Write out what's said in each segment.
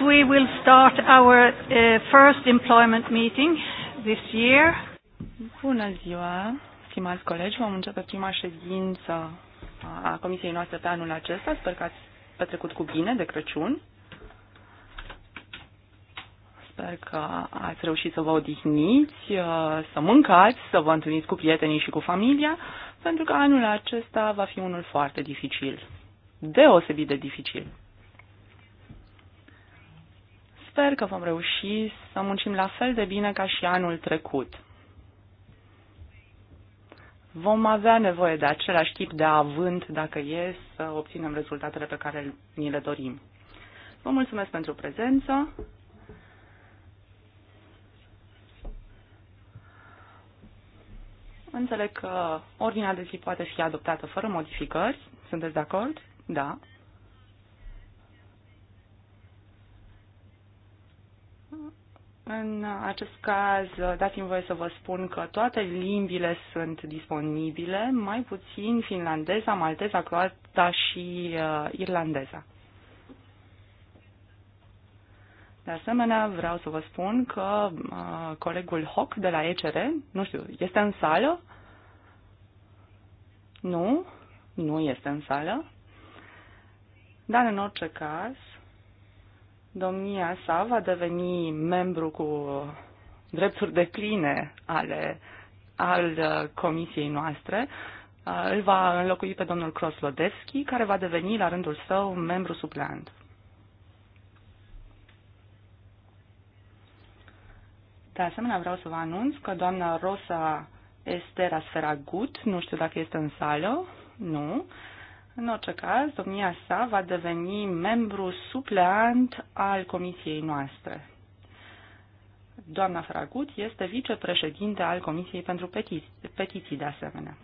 we will start our uh, first employment meeting this year. Bună ziua, stimați colegi, vom începe prima ședință a comisiei noastre pe anul acesta. Sper că ați petrecut cu bine de Crăciun. Sper că ați reușit să vă odihniți, uh, să mâncați, să vă întâlniți cu prietenii și cu familia, pentru că anul acesta va fi unul foarte dificil. Deosebit de dificil. Sper că vom reuși să muncim la fel de bine ca și anul trecut. Vom avea nevoie de același tip de avânt dacă e să obținem rezultatele pe care ni le dorim. Vă mulțumesc pentru prezență. Înțeleg că ordinea de zi poate fi adoptată fără modificări. Sunteți de acord? Da. În acest caz, dați-mi voie să vă spun că toate limbile sunt disponibile, mai puțin finlandeza, malteza, croata și uh, irlandeza. De asemenea, vreau să vă spun că uh, colegul Hoc de la ECR, nu știu, este în sală? Nu, nu este în sală. Dar în orice caz, Domnia sa va deveni membru cu drepturi de pline ale, al uh, comisiei noastre. Uh, îl va înlocui pe domnul Kroslodevski, care va deveni la rândul său membru supleant. De asemenea, vreau să vă anunț că doamna Rosa Estera Sferagut, nu știu dacă este în sală, nu, în orice caz, domnia sa va deveni membru supleant al comisiei noastre. Doamna Fragut este vicepreședinte al Comisiei pentru Petiții, petiții de asemenea.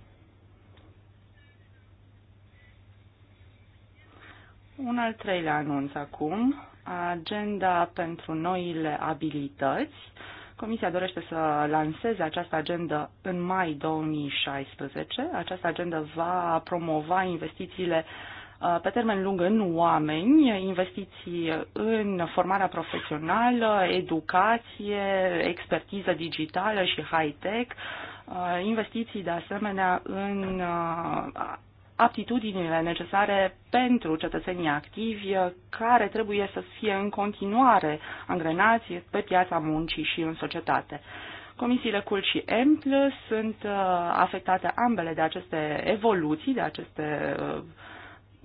Un al treilea anunț acum, agenda pentru noile abilități. Comisia dorește să lanseze această agendă în mai 2016. Această agendă va promova investițiile uh, pe termen lung în oameni, investiții în formarea profesională, educație, expertiză digitală și high-tech, uh, investiții de asemenea în uh, aptitudinile necesare pentru cetățenii activi care trebuie să fie în continuare angrenați pe piața muncii și în societate. Comisiile CUL și EMPL sunt uh, afectate ambele de aceste evoluții, de, aceste,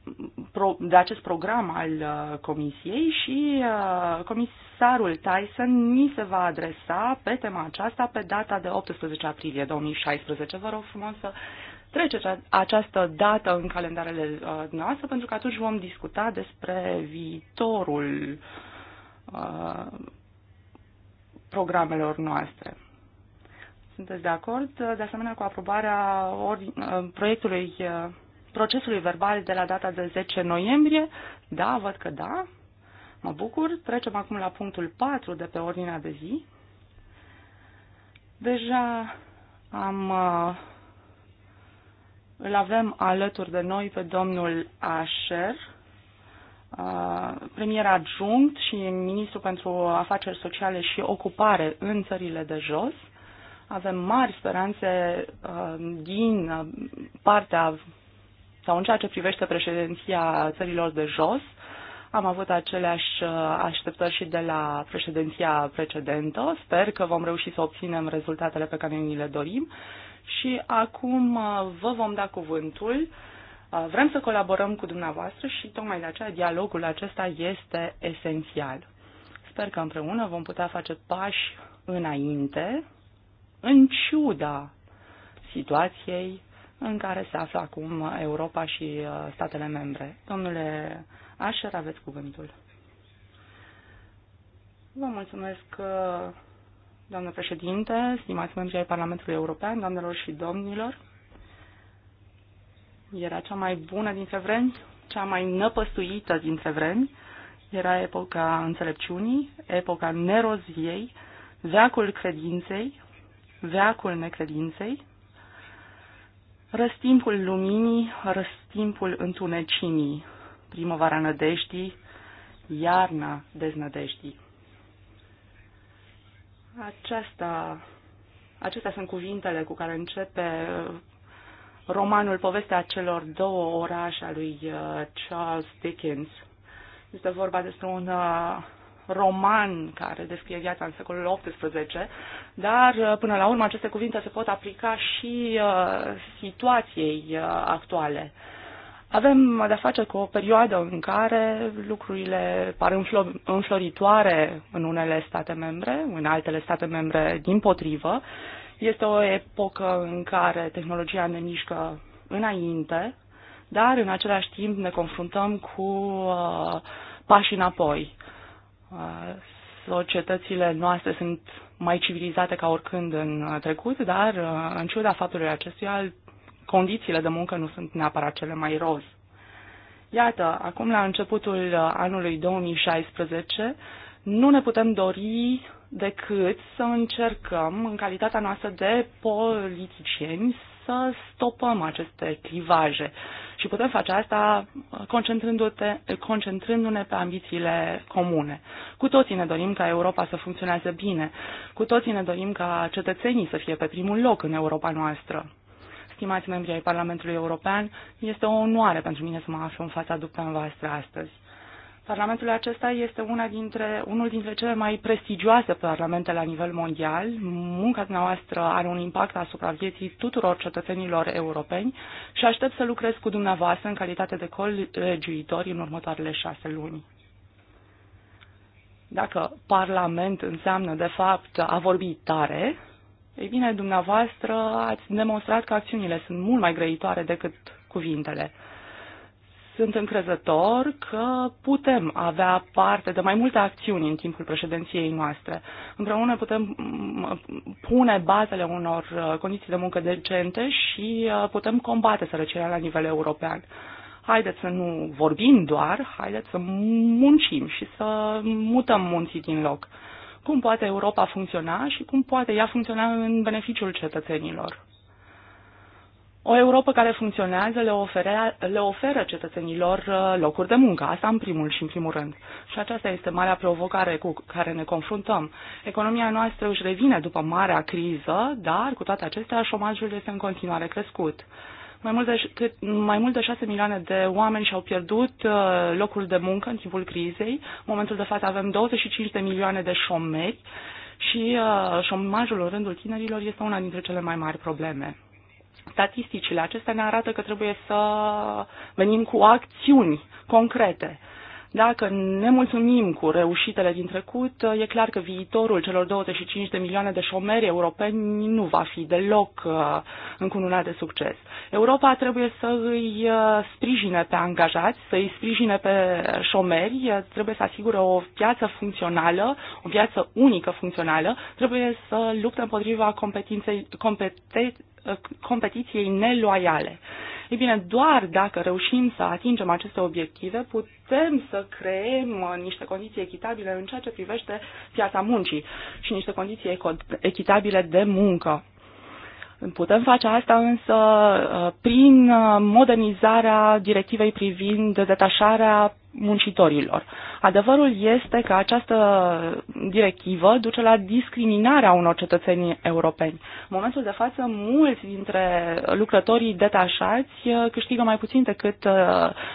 uh, de acest program al uh, Comisiei și comisarul Tyson ni se va adresa pe tema aceasta pe data de 18 aprilie 2016. Vă rog frumos să trece această dată în calendarele uh, noastre, pentru că atunci vom discuta despre viitorul uh, programelor noastre. Sunteți de acord, uh, de asemenea, cu aprobarea ori, uh, proiectului, uh, procesului verbal de la data de 10 noiembrie? Da, văd că da. Mă bucur. Trecem acum la punctul 4 de pe ordinea de zi. Deja am uh, îl avem alături de noi pe domnul Asher, premier adjunct și ministru pentru afaceri sociale și ocupare în țările de jos. Avem mari speranțe din partea sau în ceea ce privește președinția țărilor de jos. Am avut aceleași așteptări și de la președinția precedentă. Sper că vom reuși să obținem rezultatele pe care ni le dorim și acum uh, vă vom da cuvântul. Uh, vrem să colaborăm cu dumneavoastră și tocmai de aceea dialogul acesta este esențial. Sper că împreună vom putea face pași înainte, în ciuda situației în care se află acum Europa și uh, statele membre. Domnule Așer, aveți cuvântul. Vă mulțumesc doamnă președinte, stimați membri ai Parlamentului European, doamnelor și domnilor. Era cea mai bună dintre vremi, cea mai năpăstuită dintre vremi. Era epoca înțelepciunii, epoca neroziei, veacul credinței, veacul necredinței, răstimpul luminii, răstimpul întunecimii, primăvara nădejdii, iarna deznădejdii. Aceasta, acestea sunt cuvintele cu care începe uh, romanul Povestea celor două orașe a lui uh, Charles Dickens. Este vorba despre un uh, roman care descrie viața în secolul XVIII, dar până la urmă aceste cuvinte se pot aplica și situației actuale. Uh, avem de-a face cu o perioadă în care lucrurile par înfloritoare în unele state membre, în altele state membre din potrivă. Este o epocă în care tehnologia ne mișcă înainte, dar în același timp ne confruntăm cu uh, pași înapoi. Uh, societățile noastre sunt mai civilizate ca oricând în trecut, dar uh, în ciuda faptului acestuia condițiile de muncă nu sunt neapărat cele mai roz. Iată, acum la începutul anului 2016, nu ne putem dori decât să încercăm, în calitatea noastră de politicieni, să stopăm aceste clivaje. Și putem face asta concentrându-ne pe ambițiile comune. Cu toții ne dorim ca Europa să funcționeze bine. Cu toții ne dorim ca cetățenii să fie pe primul loc în Europa noastră stimați membri ai Parlamentului European, este o onoare pentru mine să mă aflu în fața dumneavoastră astăzi. Parlamentul acesta este una dintre, unul dintre cele mai prestigioase parlamente la nivel mondial. Munca dumneavoastră are un impact asupra vieții tuturor cetățenilor europeni și aștept să lucrez cu dumneavoastră în calitate de colegiuitori în următoarele șase luni. Dacă parlament înseamnă, de fapt, a vorbi tare, ei bine, dumneavoastră ați demonstrat că acțiunile sunt mult mai grăitoare decât cuvintele. Sunt încrezător că putem avea parte de mai multe acțiuni în timpul președinției noastre. Împreună putem pune bazele unor uh, condiții de muncă decente și uh, putem combate sărăcirea la nivel european. Haideți să nu vorbim doar, haideți să muncim și să mutăm munții din loc cum poate Europa funcționa și cum poate ea funcționa în beneficiul cetățenilor. O Europa care funcționează le, ofere, le oferă cetățenilor uh, locuri de muncă, asta în primul și în primul rând. Și aceasta este marea provocare cu care ne confruntăm. Economia noastră își revine după marea criză, dar cu toate acestea șomajul este în continuare crescut. Uh, mai mult, de, mai mult de 6 milioane de oameni și-au pierdut uh, locul de muncă în timpul crizei. În momentul de față avem 25 de milioane de șomeri și uh, șomajul în rândul tinerilor este una dintre cele mai mari probleme. Statisticile acestea ne arată că trebuie să venim cu acțiuni concrete dacă ne mulțumim cu reușitele din trecut, e clar că viitorul celor 25 de milioane de șomeri europeni nu va fi deloc uh, încununat de succes. Europa trebuie să îi uh, sprijine pe angajați, să îi sprijine pe șomeri, uh, trebuie să asigure o piață funcțională, o piață unică funcțională, trebuie să lupte împotriva competiției neloiale. Ei bine, doar dacă reușim să atingem aceste obiective, putem să creăm uh, niște condiții echitabile în ceea ce privește piața muncii și niște condiții echitabile de muncă. Putem face asta însă uh, prin uh, modernizarea directivei privind detașarea muncitorilor. Adevărul este că această directivă duce la discriminarea unor cetățeni europeni. În momentul de față, mulți dintre lucrătorii detașați uh, câștigă mai puțin decât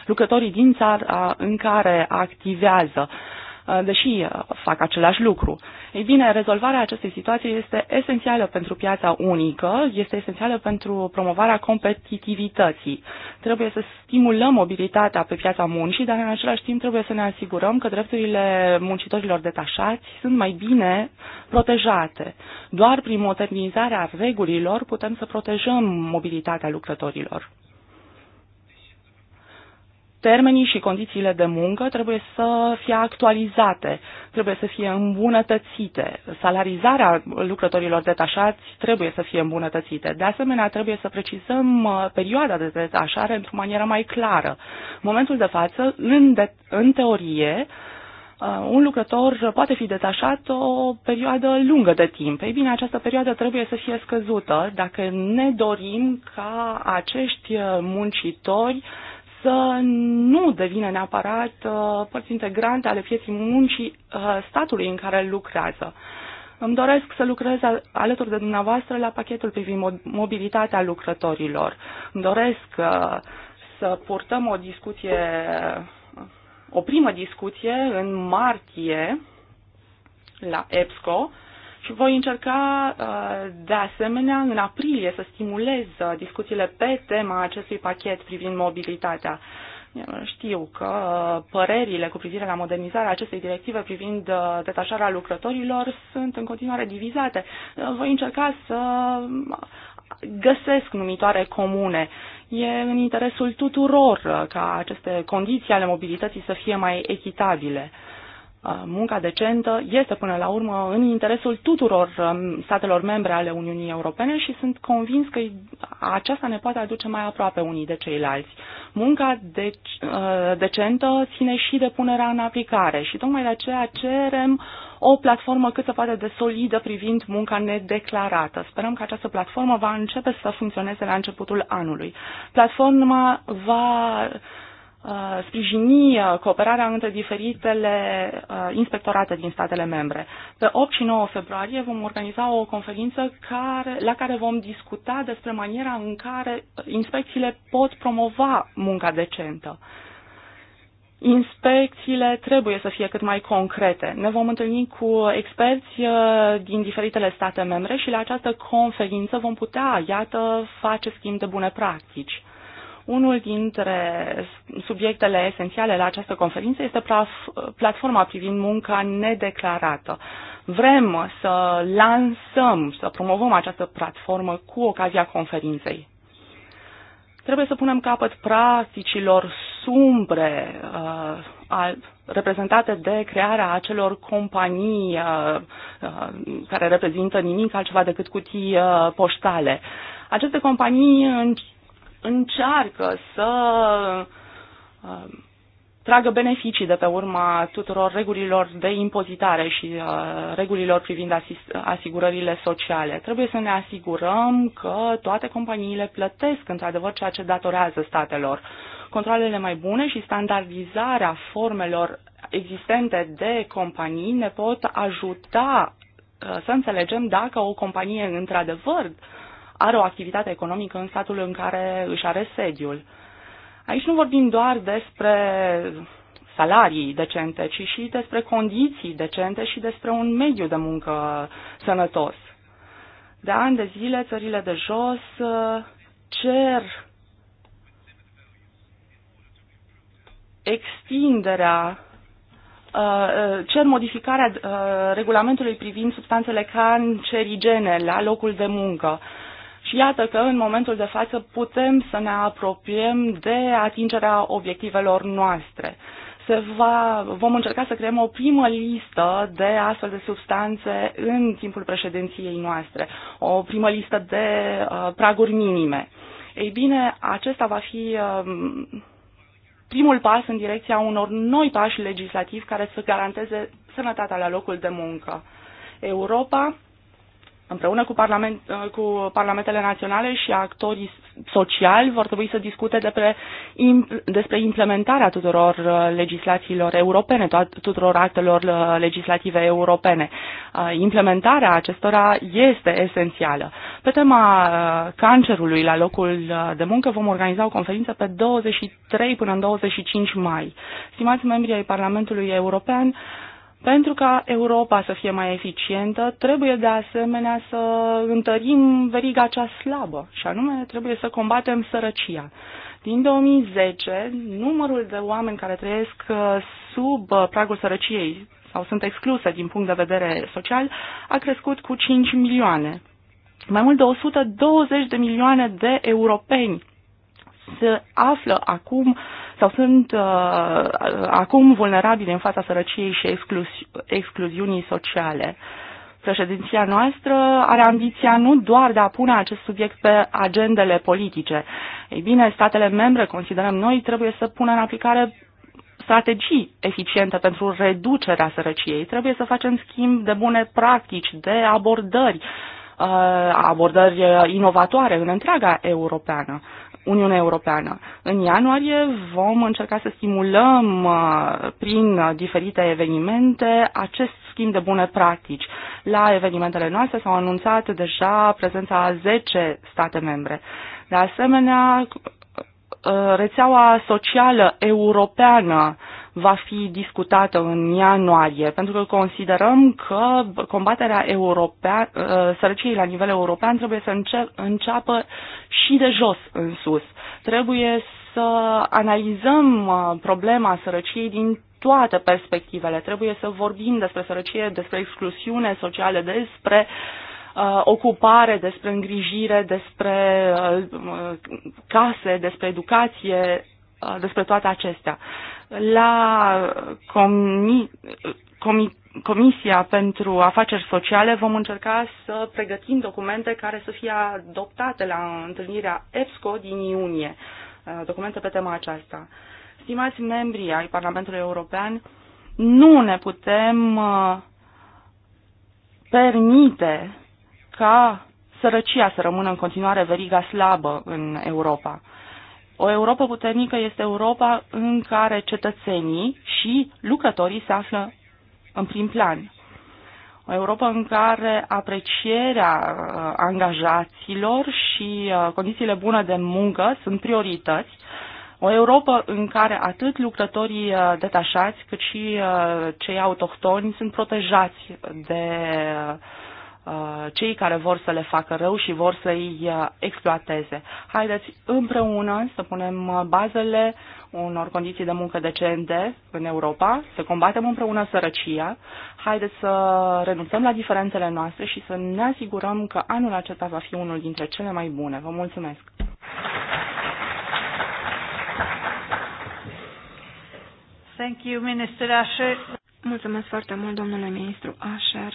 lucrătorii din țara în care activează. Uh, deși uh, fac același lucru. Ei bine, rezolvarea acestei situații este esențială pentru piața unică, este esențială pentru promovarea competitivității. Trebuie să stimulăm mobilitatea pe piața muncii, dar în același timp trebuie să ne asigurăm că drepturile muncitorilor detașați sunt mai bine protejate. Doar prin modernizarea regulilor putem să protejăm mobilitatea lucrătorilor termenii și condițiile de muncă trebuie să fie actualizate, trebuie să fie îmbunătățite. Salarizarea lucrătorilor detașați trebuie să fie îmbunătățite. De asemenea, trebuie să precizăm uh, perioada de detașare într-o manieră mai clară. În momentul de față, în, de- în teorie, uh, un lucrător poate fi detașat o perioadă lungă de timp. Ei bine, această perioadă trebuie să fie scăzută dacă ne dorim ca acești uh, muncitori să nu devină neapărat uh, părți integrante ale pieții muncii uh, statului în care lucrează. Îmi doresc să lucrez alături de dumneavoastră la pachetul privind mobilitatea lucrătorilor. Îmi doresc uh, să purtăm o discuție, o primă discuție în martie la EPSCO și voi încerca, uh, de asemenea, în aprilie să stimulez uh, discuțiile pe tema acestui pachet privind mobilitatea. Știu că uh, părerile cu privire la modernizarea acestei directive privind detașarea lucrătorilor sunt în continuare divizate. Voi încerca să găsesc numitoare comune. E în interesul tuturor ca aceste condiții ale mobilității să fie mai echitabile munca decentă este până la urmă în interesul tuturor um, statelor membre ale Uniunii Europene și sunt convins că aceasta ne poate aduce mai aproape unii de ceilalți. Munca dec- uh, decentă ține și de punerea în aplicare și tocmai de aceea cerem o platformă cât se poate de solidă privind munca nedeclarată. Sperăm că această platformă va începe să funcționeze la începutul anului. Platforma va Uh, sprijini uh, cooperarea între diferitele uh, inspectorate din statele membre. Pe 8 și 9 februarie vom organiza o conferință care, la care vom discuta despre maniera în care inspecțiile pot promova munca decentă. Inspecțiile trebuie să fie cât mai concrete. Ne vom întâlni cu experți din diferitele state membre și la această conferință vom putea, iată, face schimb de bune practici. Unul dintre subiectele esențiale la această conferință este platforma privind munca nedeclarată. Vrem să lansăm, să promovăm această platformă cu ocazia conferinței. Trebuie să punem capăt practicilor sumbre uh, al, reprezentate de crearea acelor companii uh, uh, care reprezintă nimic altceva decât cutii uh, poștale. Aceste companii încearcă să uh, tragă beneficii de pe urma tuturor regulilor de impozitare și uh, regulilor privind asigurările sociale. Trebuie să ne asigurăm că toate companiile plătesc într-adevăr ceea ce datorează statelor. Controlele mai bune și standardizarea formelor existente de companii ne pot ajuta uh, să înțelegem dacă o companie într-adevăr uh, are o activitate economică în statul în care își are sediul. Aici nu vorbim doar despre salarii decente, ci și despre condiții decente și despre un mediu de muncă sănătos. De ani de zile, țările de jos uh, cer extinderea uh, uh, cer modificarea regulamentului privind substanțele cancerigene la locul de muncă. Și iată că în momentul de față putem să ne apropiem de atingerea obiectivelor noastre. Se va, vom încerca să creăm o primă listă de astfel de substanțe în timpul președinției noastre, o primă listă de uh, praguri minime. Ei bine, acesta va fi uh, primul pas în direcția unor noi pași legislativi care să garanteze sănătatea la locul de muncă. Europa împreună cu, parlament, uh, cu parlamentele naționale și actorii sociali vor trebui să discute despre, despre implementarea tuturor uh, legislațiilor europene, tuturor actelor uh, legislative europene. Implementarea acestora este esențială. Pe tema cancerului la locul de muncă vom organiza o conferință pe 23 până în 25 mai. Stimați membrii ai Parlamentului European, pentru ca Europa să fie mai eficientă, trebuie de asemenea să întărim veriga cea slabă, și anume trebuie să combatem sărăcia. Din 2010, numărul de oameni care trăiesc uh, sub uh, pragul sărăciei sau sunt excluse din punct de vedere social a crescut cu 5 milioane. Mai mult de 120 de milioane de europeni se află acum sau sunt uh, acum vulnerabile în fața sărăciei și excluzi, excluziunii sociale. Președinția noastră are ambiția nu doar de a pune acest subiect pe agendele politice. Ei bine, statele membre, considerăm noi, trebuie să pună în aplicare strategii eficiente pentru reducerea sărăciei. Trebuie să facem schimb de bune practici, de abordări, uh, abordări uh, inovatoare în întreaga europeană. Uniunea Europeană. În ianuarie vom încerca să stimulăm uh, prin diferite evenimente acest schimb de bune practici. La evenimentele noastre s-au anunțat deja prezența a 10 state membre. De asemenea, uh, rețeaua socială europeană va fi discutată în ianuarie, pentru că considerăm că combaterea european, uh, sărăciei la nivel european trebuie să înce- înceapă și de jos în sus. Trebuie să analizăm uh, problema sărăciei din toate perspectivele. Trebuie să vorbim despre sărăcie, despre exclusiune socială, despre uh, ocupare, despre îngrijire, despre case, despre educație, despre toate acestea. La comi comi Comisia pentru Afaceri Sociale vom încerca să pregătim documente care să fie adoptate la întâlnirea EPSCO din iunie, uh, documente pe tema aceasta. Stimați membrii ai Parlamentului European, nu ne putem uh, permite ca sărăcia să rămână în continuare veriga slabă în Europa. O Europa puternică este Europa în care cetățenii și lucrătorii se află în prim plan. O Europa în care aprecierea uh, angajaților și uh, condițiile bune de muncă sunt priorități. O Europa în care atât lucrătorii uh, detașați cât și cei autohtoni sunt protejați de Uh, cei care vor să le facă rău și vor să-i uh, exploateze. Haideți împreună să punem uh, bazele unor condiții de muncă decente în Europa, să combatem împreună sărăcia, haideți să renunțăm la diferențele noastre și să ne asigurăm că anul acesta va fi unul dintre cele mai bune. Vă mulțumesc! Thank you, Minister Asher. Mulțumesc foarte mult, domnule ministru Asher.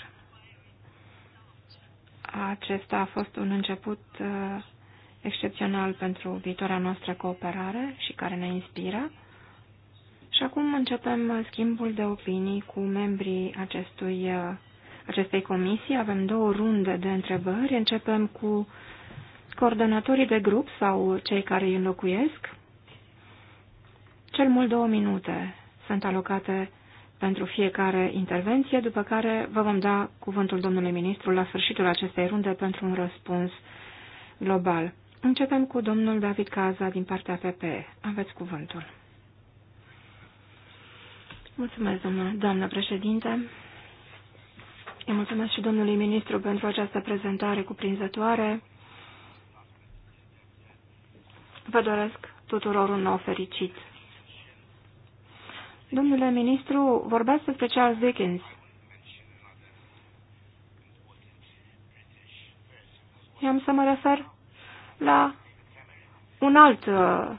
Acesta a fost un început uh, excepțional pentru viitoarea noastră cooperare și care ne inspiră. Și acum începem uh, schimbul de opinii cu membrii acestui, uh, acestei comisii. Avem două runde de întrebări. Începem cu coordonatorii de grup sau cei care îi înlocuiesc. Cel mult două minute sunt alocate pentru fiecare intervenție, după care vă vom da cuvântul domnului ministru la sfârșitul acestei runde pentru un răspuns global. Începem cu domnul David Caza din partea PP. Aveți cuvântul. Mulțumesc, domnule, doamnă președinte. Îi mulțumesc și domnului ministru pentru această prezentare cuprinzătoare. Vă doresc tuturor un nou fericit Domnule ministru, vorbeați despre Charles Dickens. Eu am să mă refer la un alt, uh,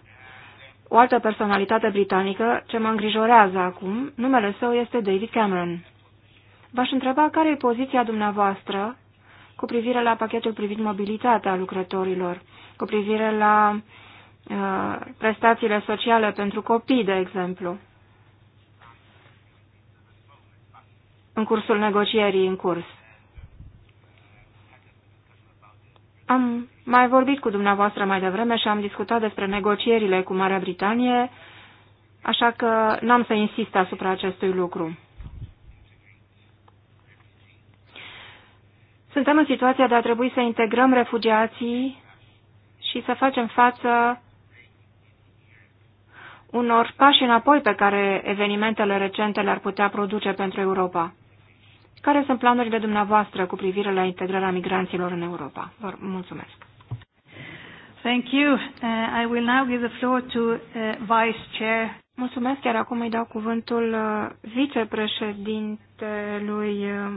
o altă personalitate britanică ce mă îngrijorează acum. Numele său este David Cameron. V-aș întreba care e poziția dumneavoastră cu privire la pachetul privind mobilitatea lucrătorilor, cu privire la uh, prestațiile sociale pentru copii, de exemplu. în cursul negocierii în curs. Am mai vorbit cu dumneavoastră mai devreme și am discutat despre negocierile cu Marea Britanie, așa că n-am să insist asupra acestui lucru. Suntem în situația de a trebui să integrăm refugiații și să facem față unor pași înapoi pe care evenimentele recente le-ar putea produce pentru Europa. Care sunt planurile dumneavoastră cu privire la integrarea migranților în Europa? Vă mulțumesc. Thank you. Uh, I will now give the floor to uh, Vice Chair. Mulțumesc, iar acum îi dau cuvântul uh, vicepreședintelui uh,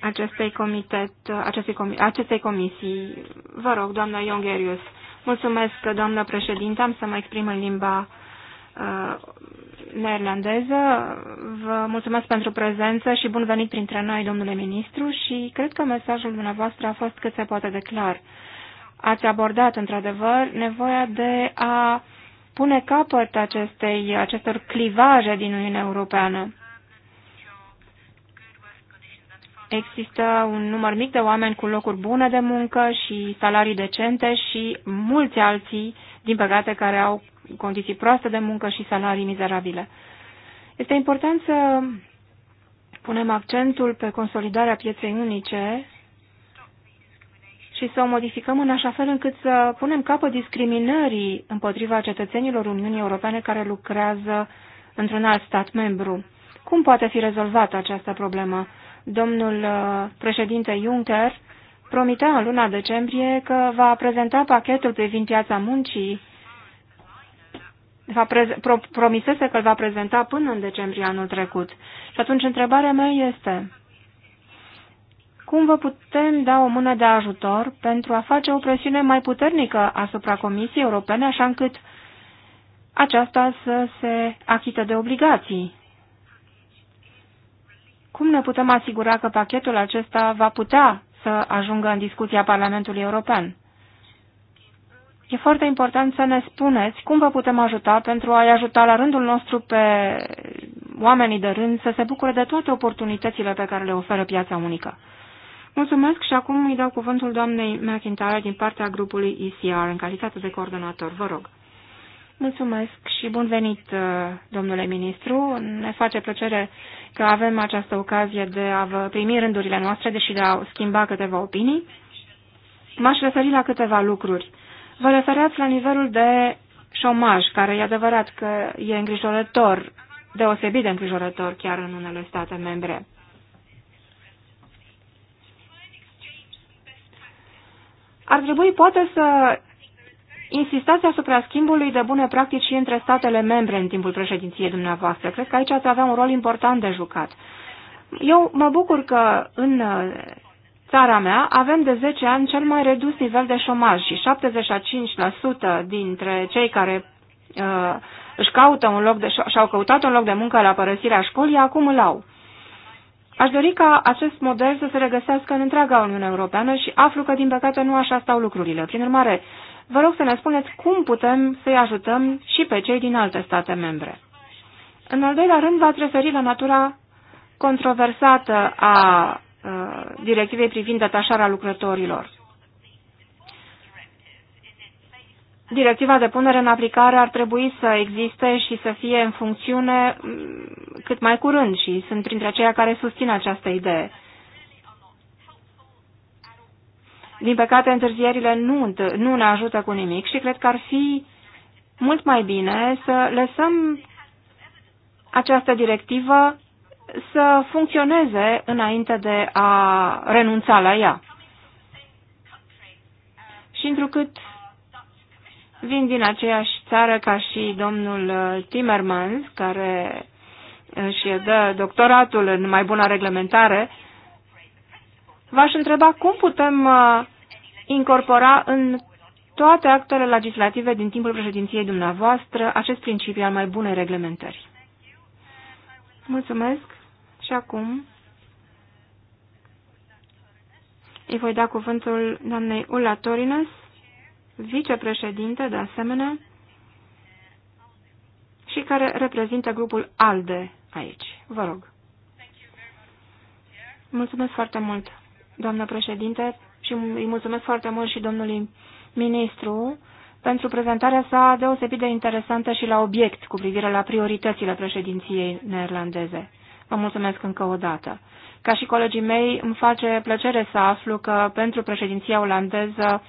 acestei, comitet, uh, acestei, comi acestei comisii. Vă rog, doamna Iongerius. Mulțumesc, doamna președinte. Am să mă exprim în limba uh, neerlandeză. Vă mulțumesc pentru prezență și bun venit printre noi, domnule ministru, și cred că mesajul dumneavoastră a fost cât se poate de clar. Ați abordat, într-adevăr, nevoia de a pune capăt acestei, acestor clivaje din Uniunea Europeană. Există un număr mic de oameni cu locuri bune de muncă și salarii decente și mulți alții, din păcate, care au condiții proaste de muncă și salarii mizerabile. Este important să punem accentul pe consolidarea pieței unice și să o modificăm în așa fel încât să punem capăt discriminării împotriva cetățenilor Uniunii Europene care lucrează într-un alt stat membru. Cum poate fi rezolvată această problemă? Domnul uh, președinte Juncker promitea în luna decembrie că va prezenta pachetul privind piața muncii va pro promisese că îl va prezenta până în decembrie anul trecut. Și atunci întrebarea mea este, cum vă putem da o mână de ajutor pentru a face o presiune mai puternică asupra Comisiei Europene, așa încât aceasta să se achită de obligații? Cum ne putem asigura că pachetul acesta va putea să ajungă în discuția Parlamentului European? E foarte important să ne spuneți cum vă putem ajuta pentru a-i ajuta la rândul nostru pe oamenii de rând să se bucure de toate oportunitățile pe care le oferă piața unică. Mulțumesc și acum îi dau cuvântul doamnei McIntyre din partea grupului ECR în calitate de coordonator. Vă rog. Mulțumesc și bun venit, uh, domnule ministru. Ne face plăcere că avem această ocazie de a vă primi rândurile noastre, deși de a schimba câteva opinii. M-aș referi la câteva lucruri Vă referați la nivelul de șomaj, care e adevărat că e îngrijorător, deosebit de îngrijorător chiar în unele state membre. Ar trebui poate să insistați asupra schimbului de bune practici și între statele membre în timpul președinției dumneavoastră. Cred că aici ați avea un rol important de jucat. Eu mă bucur că în țara mea avem de 10 ani cel mai redus nivel de șomaj și 75% dintre cei care uh, își caută un loc de, și-au căutat un loc de muncă la părăsirea școlii, acum îl au. Aș dori ca acest model să se regăsească în întreaga Uniune Europeană și aflu că, din păcate, nu așa stau lucrurile. Prin urmare, vă rog să ne spuneți cum putem să-i ajutăm și pe cei din alte state membre. În al doilea rând, v-ați referit la natura controversată a Uh, directivei privind atașarea lucrătorilor. Directiva de punere în aplicare ar trebui să existe și să fie în funcțiune mm, cât mai curând și sunt printre aceia care susțin această idee. Din păcate, întârzierile nu, nu ne ajută cu nimic și cred că ar fi mult mai bine să lăsăm această directivă să funcționeze înainte de a renunța la ea. Și întrucât vin din aceeași țară ca și domnul uh, Timmermans, care își uh, dă doctoratul în mai bună reglementare, v-aș întreba cum putem uh, incorpora în toate actele legislative din timpul președinției dumneavoastră acest principiu al mai bunei reglementări. Mulțumesc. Și acum îi voi da cuvântul doamnei Ulla Torines, vicepreședinte de asemenea, și care reprezintă grupul ALDE aici. Vă rog. Mulțumesc foarte mult, doamnă președinte, și îi mulțumesc foarte mult și domnului ministru pentru prezentarea sa deosebit de interesantă și la obiect cu privire la prioritățile președinției neerlandeze. Vă mulțumesc încă o dată. Ca și colegii mei, îmi face plăcere să aflu că pentru președinția olandeză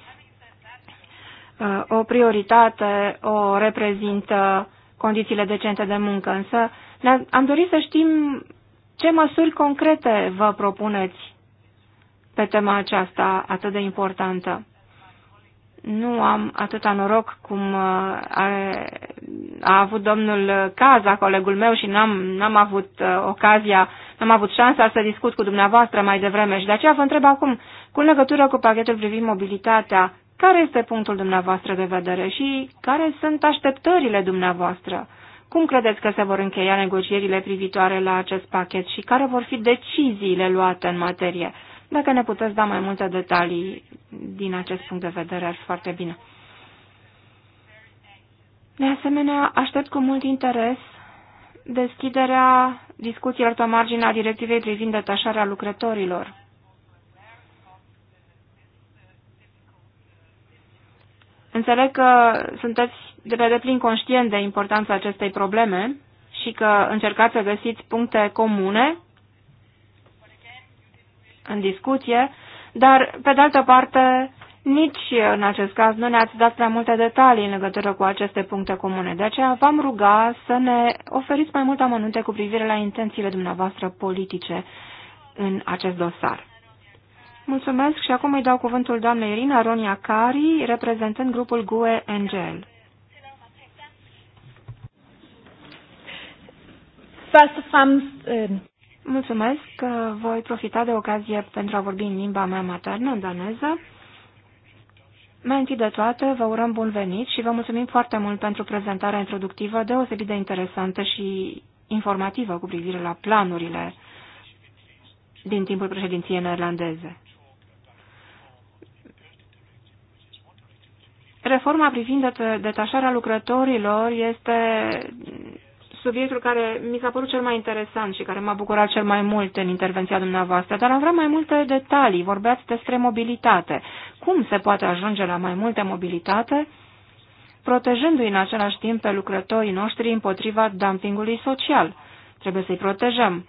uh, o prioritate o reprezintă condițiile decente de muncă, însă am dorit să știm ce măsuri concrete vă propuneți pe tema aceasta atât de importantă nu am atâta noroc cum uh, a, a avut domnul Caza, colegul meu, și n-am, n-am avut uh, ocazia, n-am avut șansa să discut cu dumneavoastră mai devreme. Și de aceea vă întreb acum, cu legătură cu pachetul privind mobilitatea, care este punctul dumneavoastră de vedere și care sunt așteptările dumneavoastră? Cum credeți că se vor încheia negocierile privitoare la acest pachet și care vor fi deciziile luate în materie? Dacă ne puteți da mai multe detalii din acest punct de vedere, ar fi foarte bine. De asemenea, aștept cu mult interes deschiderea discuțiilor pe marginea directivei privind detașarea lucrătorilor. Înțeleg că sunteți de pe deplin conștient de importanța acestei probleme și că încercați să găsiți puncte comune în discuție, dar, pe de altă parte, nici în acest caz nu ne-ați dat prea multe detalii în legătură cu aceste puncte comune. De aceea v-am ruga să ne oferiți mai multe amănunte cu privire la intențiile dumneavoastră politice în acest dosar. Mulțumesc și acum îi dau cuvântul doamnei Irina Ronia Cari, reprezentând grupul GUE Angel. Først og Mulțumesc că voi profita de ocazie pentru a vorbi în limba mea maternă, în daneză. Mai întâi de toate, vă urăm bun venit și vă mulțumim foarte mult pentru prezentarea introductivă deosebit de interesantă și informativă cu privire la planurile din timpul președinției neerlandeze. Reforma privind detașarea lucrătorilor este subiectul care mi s-a părut cel mai interesant și care m-a bucurat cel mai mult în intervenția dumneavoastră, dar am vrea mai multe detalii. Vorbeați despre mobilitate. Cum se poate ajunge la mai multă mobilitate? protejându-i în același timp pe lucrătorii noștri împotriva dumpingului social. Trebuie să-i protejăm.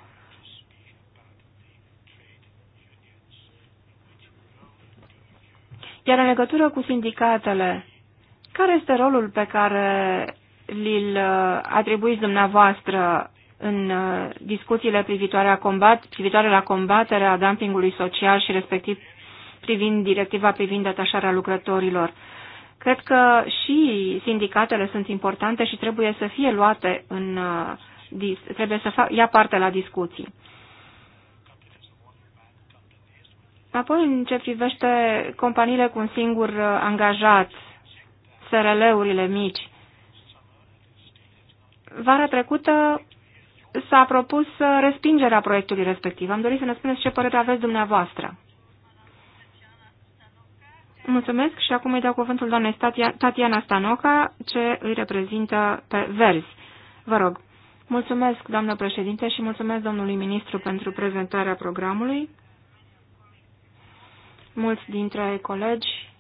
Iar în legătură cu sindicatele, care este rolul pe care li-l uh, atribuiți dumneavoastră în uh, discuțiile privitoare, a combat, privitoare la combaterea dumpingului social și respectiv privind directiva privind atașarea lucrătorilor. Cred că și sindicatele sunt importante și trebuie să fie luate în, uh, trebuie să ia parte la discuții. Apoi, în ce privește companiile cu un singur angajat, SRL-urile mici, vara trecută s-a propus respingerea proiectului respectiv. Am dorit să ne spuneți ce părere aveți dumneavoastră. Mulțumesc și acum îi dau cuvântul doamnei Tatiana Stanoca, ce îi reprezintă pe Verzi. Vă rog. Mulțumesc, doamnă președinte, și mulțumesc domnului ministru pentru prezentarea programului. Mulți dintre colegi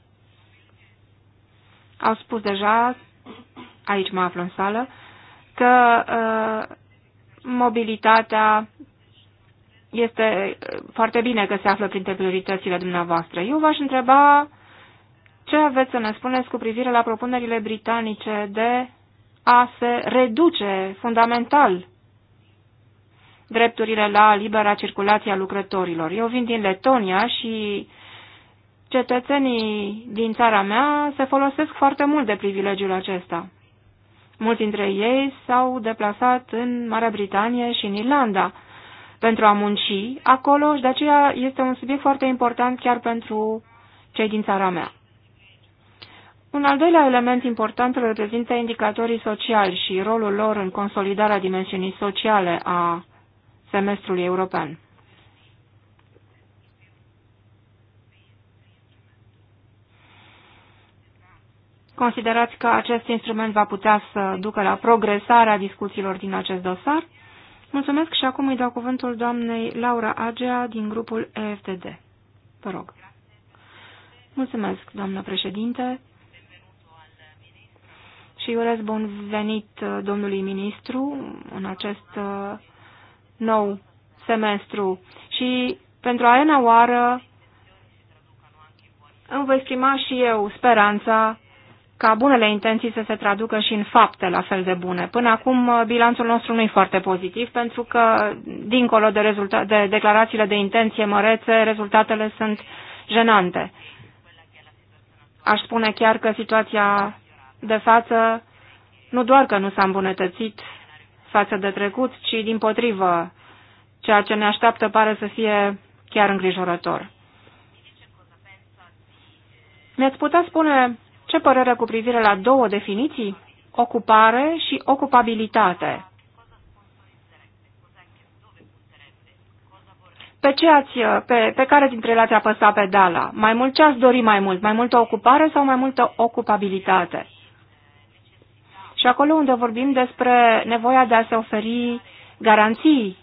au spus deja, aici mă aflu în sală, că uh, mobilitatea este uh, foarte bine că se află printre prioritățile dumneavoastră. Eu v-aș întreba ce aveți să ne spuneți cu privire la propunerile britanice de a se reduce fundamental drepturile la libera circulație a lucrătorilor. Eu vin din Letonia și cetățenii din țara mea se folosesc foarte mult de privilegiul acesta. Mulți dintre ei s-au deplasat în Marea Britanie și în Irlanda pentru a munci acolo și de aceea este un subiect foarte important chiar pentru cei din țara mea. Un al doilea element important îl reprezintă indicatorii sociali și rolul lor în consolidarea dimensiunii sociale a semestrului european. Considerați că acest instrument va putea să ducă la progresarea discuțiilor din acest dosar? Mulțumesc și acum îi dau cuvântul doamnei Laura Agea din grupul EFTD. Vă rog. Mulțumesc, doamnă președinte. Și urez bun venit uh, domnului ministru în acest uh, nou semestru. Și pentru a ena oară îmi voi exprima și eu speranța ca bunele intenții să se traducă și în fapte la fel de bune. Până acum, uh, bilanțul nostru nu e foarte pozitiv, pentru că, dincolo de, de declarațiile de intenție mărețe, rezultatele sunt jenante. Aș spune chiar că situația de față nu doar că nu s-a îmbunătățit față de trecut, ci din potrivă, ceea ce ne așteaptă pare să fie chiar îngrijorător. mi ați putea spune ce părere cu privire la două definiții? Ocupare și ocupabilitate. Pe, ce ați, pe, pe care dintre ele ați apăsat pedala? Mai mult ce ați dori mai mult? Mai multă ocupare sau mai multă ocupabilitate? Și acolo unde vorbim despre nevoia de a se oferi garanții,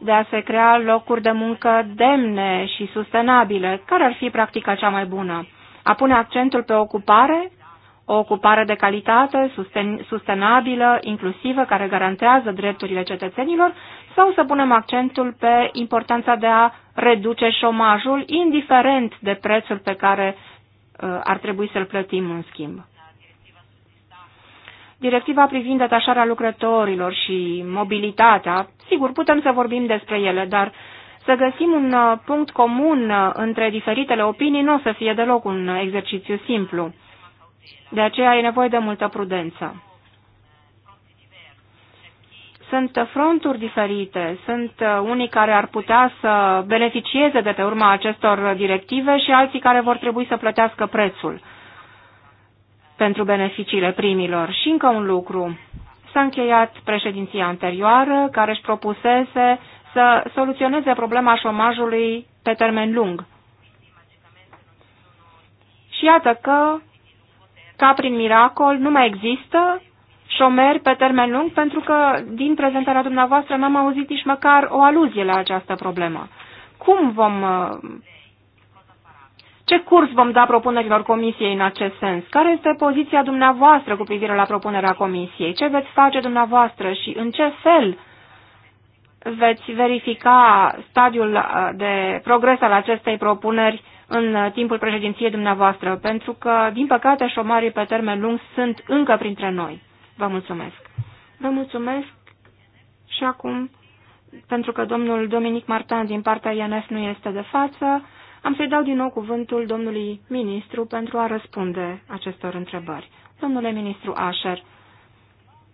de a se crea locuri de muncă demne și sustenabile, care ar fi practica cea mai bună? a pune accentul pe ocupare, o ocupare de calitate, susten sustenabilă, inclusivă, care garantează drepturile cetățenilor, sau să punem accentul pe importanța de a reduce șomajul, indiferent de prețul pe care uh, ar trebui să-l plătim în schimb. Directiva privind detașarea lucrătorilor și mobilitatea, sigur, putem să vorbim despre ele, dar să găsim un uh, punct comun uh, între diferitele opinii nu o să fie deloc un exercițiu simplu. De aceea e nevoie de multă prudență. Sunt uh, fronturi diferite, sunt unii care ar putea să beneficieze de pe urma acestor directive și alții care vor trebui să plătească prețul pentru beneficiile primilor. Și încă un lucru. S-a încheiat președinția anterioară care își propusese să soluționeze problema șomajului pe termen lung. Și iată că, ca prin miracol, nu mai există șomeri pe termen lung, pentru că din prezentarea dumneavoastră n-am auzit nici măcar o aluzie la această problemă. Cum vom... Uh, ce curs vom da propunerilor comisiei în acest sens? Care este poziția dumneavoastră cu privire la propunerea comisiei? Ce veți face dumneavoastră și în ce fel uh, veți verifica stadiul uh, de progres al acestei propuneri în uh, timpul președinției dumneavoastră, pentru că, din păcate, șomarii pe termen lung sunt încă printre noi. Vă mulțumesc. Vă mulțumesc și acum, pentru că domnul Dominic Martan din partea INF nu este de față, am să-i dau din nou cuvântul domnului ministru pentru a răspunde acestor întrebări. Domnule ministru Asher,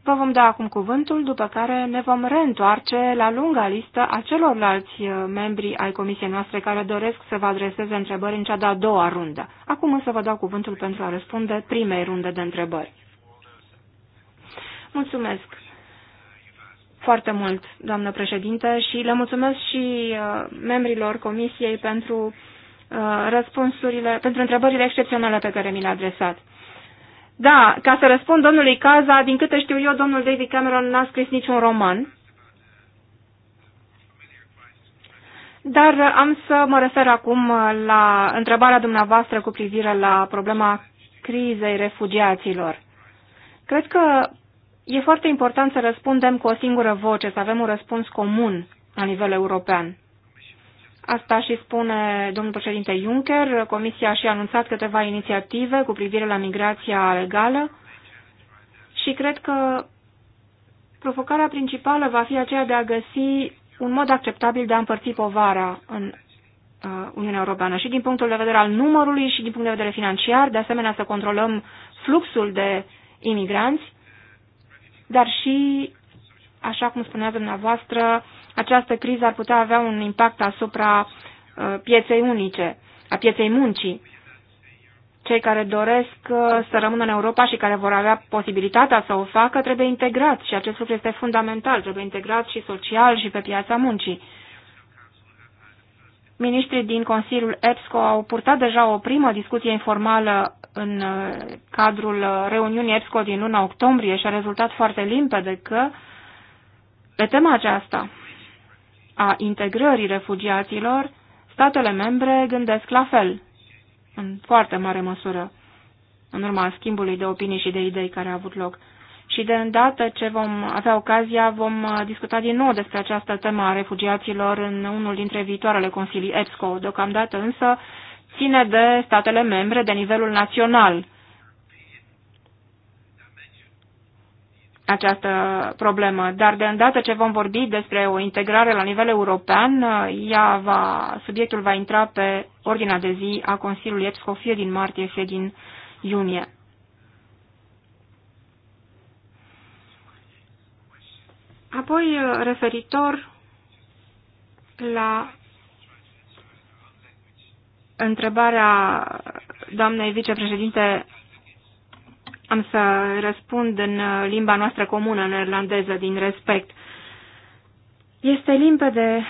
Vă vom da acum cuvântul, după care ne vom reîntoarce la lunga listă a celorlalți uh, membri ai comisiei noastre care doresc să vă adreseze întrebări în cea de-a doua rundă. Acum însă vă dau cuvântul pentru a răspunde primei runde de întrebări. Mulțumesc foarte mult, doamnă președinte, și le mulțumesc și uh, membrilor comisiei pentru uh, răspunsurile, pentru întrebările excepționale pe care mi le-a adresat. Da, ca să răspund domnului Caza, din câte știu eu, domnul David Cameron n-a scris niciun roman. Dar am să mă refer acum la întrebarea dumneavoastră cu privire la problema crizei refugiaților. Cred că e foarte important să răspundem cu o singură voce, să avem un răspuns comun la nivel european. Asta și spune domnul președinte Juncker. Comisia și-a anunțat câteva inițiative cu privire la migrația legală și cred că provocarea principală va fi aceea de a găsi un mod acceptabil de a împărți povara în uh, Uniunea Europeană și din punctul de vedere al numărului și din punct de vedere financiar, de asemenea să controlăm fluxul de imigranți, dar și, așa cum spunea dumneavoastră, această criză ar putea avea un impact asupra uh, pieței unice, a pieței muncii. Cei care doresc uh, să rămână în Europa și care vor avea posibilitatea să o facă trebuie integrați și acest lucru este fundamental. Trebuie integrat și social și pe piața muncii. Ministrii din Consiliul EPSCO au purtat deja o primă discuție informală în uh, cadrul reuniunii EPSCO din luna octombrie și a rezultat foarte limpede că pe tema aceasta a integrării refugiaților, statele membre gândesc la fel, în foarte mare măsură, în urma schimbului de opinii și de idei care a avut loc. Și de îndată ce vom avea ocazia, vom uh, discuta din nou despre această temă a refugiaților în unul dintre viitoarele consilii EPSCO. Deocamdată însă ține de statele membre de nivelul național această problemă, dar de îndată ce vom vorbi despre o integrare la nivel european, ea va, subiectul va intra pe ordinea de zi a Consiliului EPSCO, fie din martie, fie din iunie. Apoi, referitor la întrebarea doamnei vicepreședinte am să răspund în uh, limba noastră comună, în irlandeză, din respect. Este limpede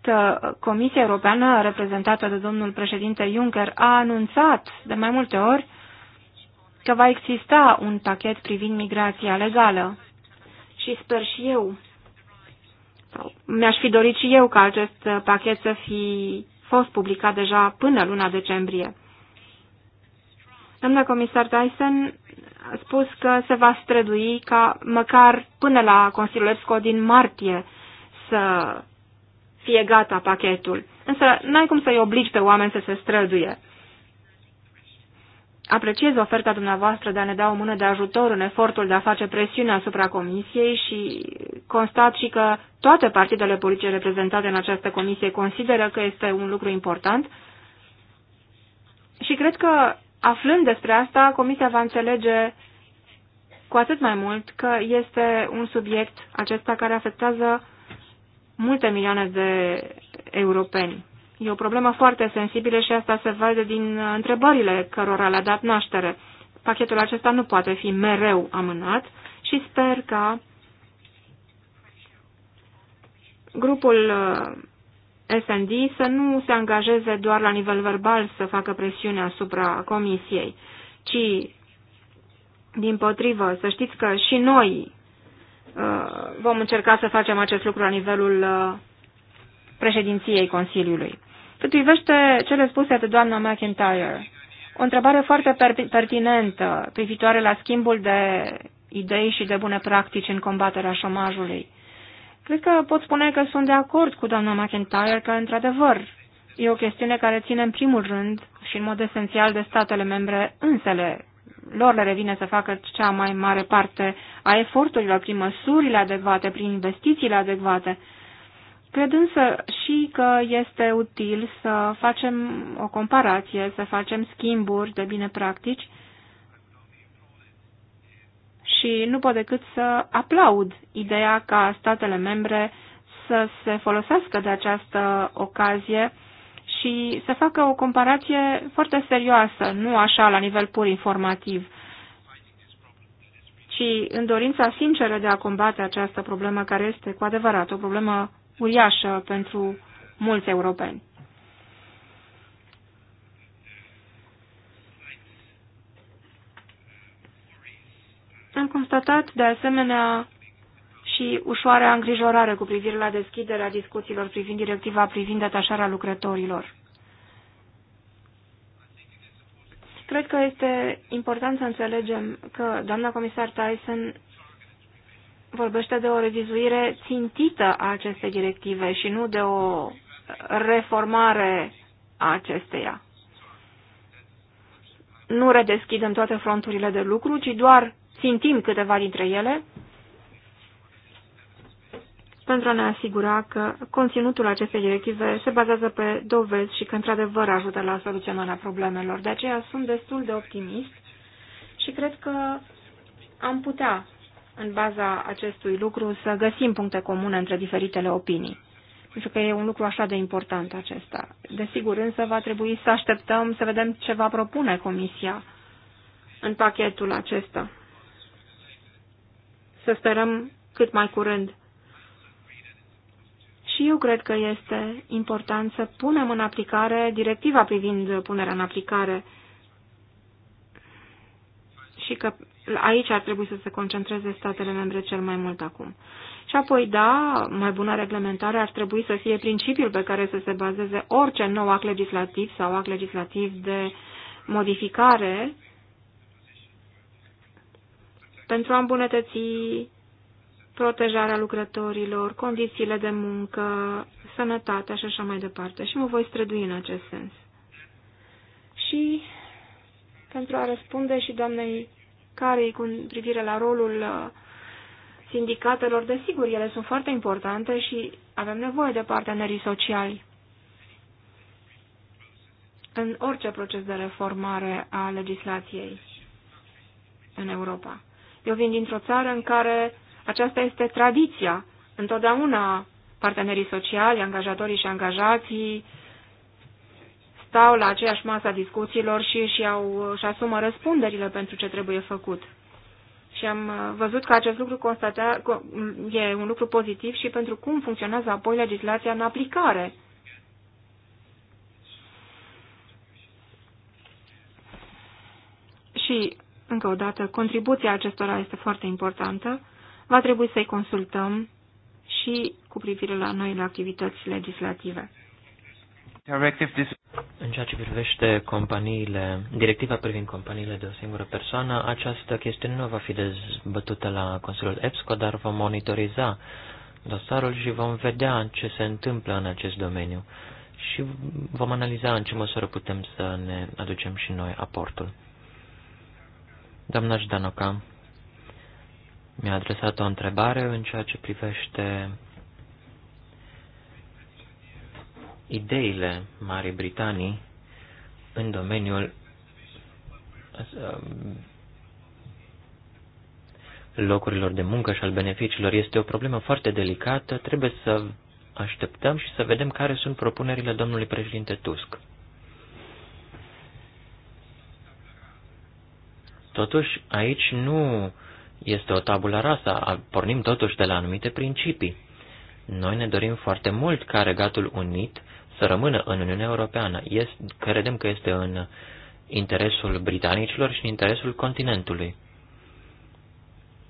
că Comisia Europeană, reprezentată de domnul președinte Juncker, a anunțat de mai multe ori că va exista un pachet privind migrația legală. Și sper și eu, mi-aș fi dorit și eu ca acest pachet să fi fost publicat deja până luna decembrie. Domnul comisar Tyson a spus că se va strădui ca măcar până la Consiliul EPSCO din martie să fie gata pachetul. Însă n-ai cum să-i obligi pe oameni să se străduie. Apreciez oferta dumneavoastră de a ne da o mână de ajutor în efortul de a face presiune asupra Comisiei și constat și că toate partidele politice reprezentate în această Comisie consideră că este un lucru important și cred că aflând despre asta, Comisia va înțelege cu atât mai mult că este un subiect acesta care afectează multe milioane de europeni. E o problemă foarte sensibilă și asta se vede din întrebările cărora le-a dat naștere. Pachetul acesta nu poate fi mereu amânat și sper ca grupul uh, SND să nu se angajeze doar la nivel verbal să facă presiune asupra Comisiei, ci, din potrivă, să știți că și noi uh, vom încerca să facem acest lucru la nivelul uh, președinției Consiliului. Cât privește cele spuse de doamna McIntyre, o întrebare foarte pertinentă privitoare la schimbul de idei și de bune practici în combaterea șomajului. Cred că pot spune că sunt de acord cu doamna McIntyre că, într-adevăr, e o chestiune care ține în primul rând și în mod esențial de statele membre însele. Lor le revine să facă cea mai mare parte a eforturilor prin măsurile adecvate, prin investițiile adecvate. Cred însă și că este util să facem o comparație, să facem schimburi de bine practici și nu pot decât să aplaud ideea ca statele membre să se folosească de această ocazie și să facă o comparație foarte serioasă, nu așa la nivel pur informativ, ci în dorința sinceră de a combate această problemă care este cu adevărat o problemă uriașă pentru mulți europeni. Am constatat, de asemenea, și ușoarea îngrijorare cu privire la deschiderea discuțiilor privind directiva privind atașarea lucrătorilor. Cred că este important să înțelegem că doamna comisar Tyson vorbește de o revizuire țintită a acestei directive și nu de o reformare a acesteia. Nu redeschidem toate fronturile de lucru, ci doar țintim câteva dintre ele pentru a ne asigura că conținutul acestei directive se bazează pe dovezi și că într-adevăr ajută la soluționarea problemelor. De aceea sunt destul de optimist și cred că am putea în baza acestui lucru să găsim puncte comune între diferitele opinii. Pentru că e un lucru așa de important acesta. Desigur, însă va trebui să așteptăm să vedem ce va propune Comisia în pachetul acesta. Să sperăm cât mai curând. Și eu cred că este important să punem în aplicare directiva privind punerea în aplicare și că aici ar trebui să se concentreze statele membre cel mai mult acum. Și apoi, da, mai bună reglementare ar trebui să fie principiul pe care să se bazeze orice nou act legislativ sau act legislativ de modificare pentru a îmbunătăți protejarea lucrătorilor, condițiile de muncă, sănătatea și așa mai departe. Și mă voi strădui în acest sens. Și pentru a răspunde și doamnei care cu privire la rolul uh, sindicatelor, desigur, ele sunt foarte importante și avem nevoie de partenerii sociali în orice proces de reformare a legislației în Europa. Eu vin dintr-o țară în care aceasta este tradiția. Întotdeauna partenerii sociali, angajatorii și angajații, stau la aceeași masă a discuțiilor și și au și asumă răspunderile pentru ce trebuie făcut. Și am uh, văzut că acest lucru constatea, mm, e un lucru pozitiv și pentru cum funcționează apoi legislația în aplicare. Și, încă o dată, contribuția acestora este foarte importantă. Va trebui să-i consultăm și cu privire la noile activități legislative. În ceea ce privește companiile, directiva privind companiile de o singură persoană, această chestiune nu va fi dezbătută la Consiliul EPSCO, dar vom monitoriza dosarul și vom vedea ce se întâmplă în acest domeniu și vom analiza în ce măsură putem să ne aducem și noi aportul. Doamna Jdanoca mi-a adresat o întrebare în ceea ce privește ideile Marii Britanii în domeniul um, locurilor de muncă și al beneficiilor este o problemă foarte delicată. Trebuie să așteptăm și să vedem care sunt propunerile domnului președinte Tusk. Totuși, aici nu este o tabula rasa, pornim totuși de la anumite principii. Noi ne dorim foarte mult ca Regatul Unit să rămână în Uniunea Europeană. Este, credem că este în interesul britanicilor și în interesul continentului.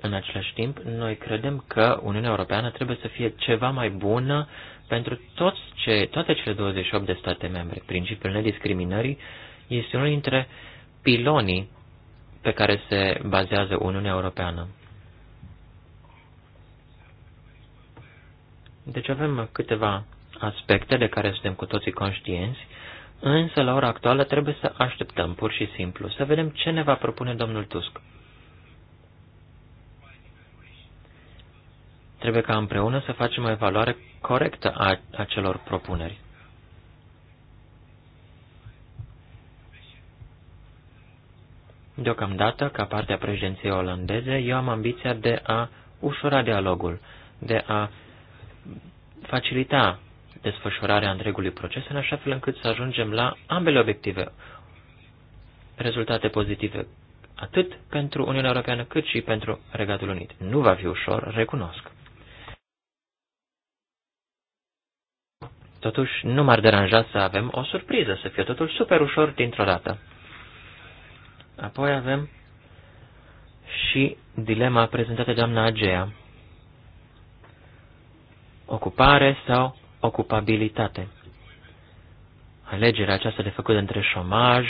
În același timp, noi credem că Uniunea Europeană trebuie să fie ceva mai bună pentru toți ce, toate cele 28 de state membre. Principiul nediscriminării este unul dintre pilonii pe care se bazează Uniunea Europeană. Deci avem câteva aspecte de care suntem cu toții conștienți, însă la ora actuală trebuie să așteptăm pur și simplu, să vedem ce ne va propune domnul Tusk. Trebuie ca împreună să facem o evaluare corectă a acelor propuneri. Deocamdată, ca parte a președinției olandeze, eu am ambiția de a ușura dialogul, de a facilita desfășurarea întregului proces, în așa fel încât să ajungem la ambele obiective, rezultate pozitive atât pentru Uniunea Europeană cât și pentru Regatul Unit. Nu va fi ușor, recunosc. Totuși, nu m-ar deranja să avem o surpriză, să fie totul super ușor dintr-o dată. Apoi avem și dilema prezentată de doamna Agea. Ocupare sau ocupabilitate. Alegerea aceasta de făcut între șomaj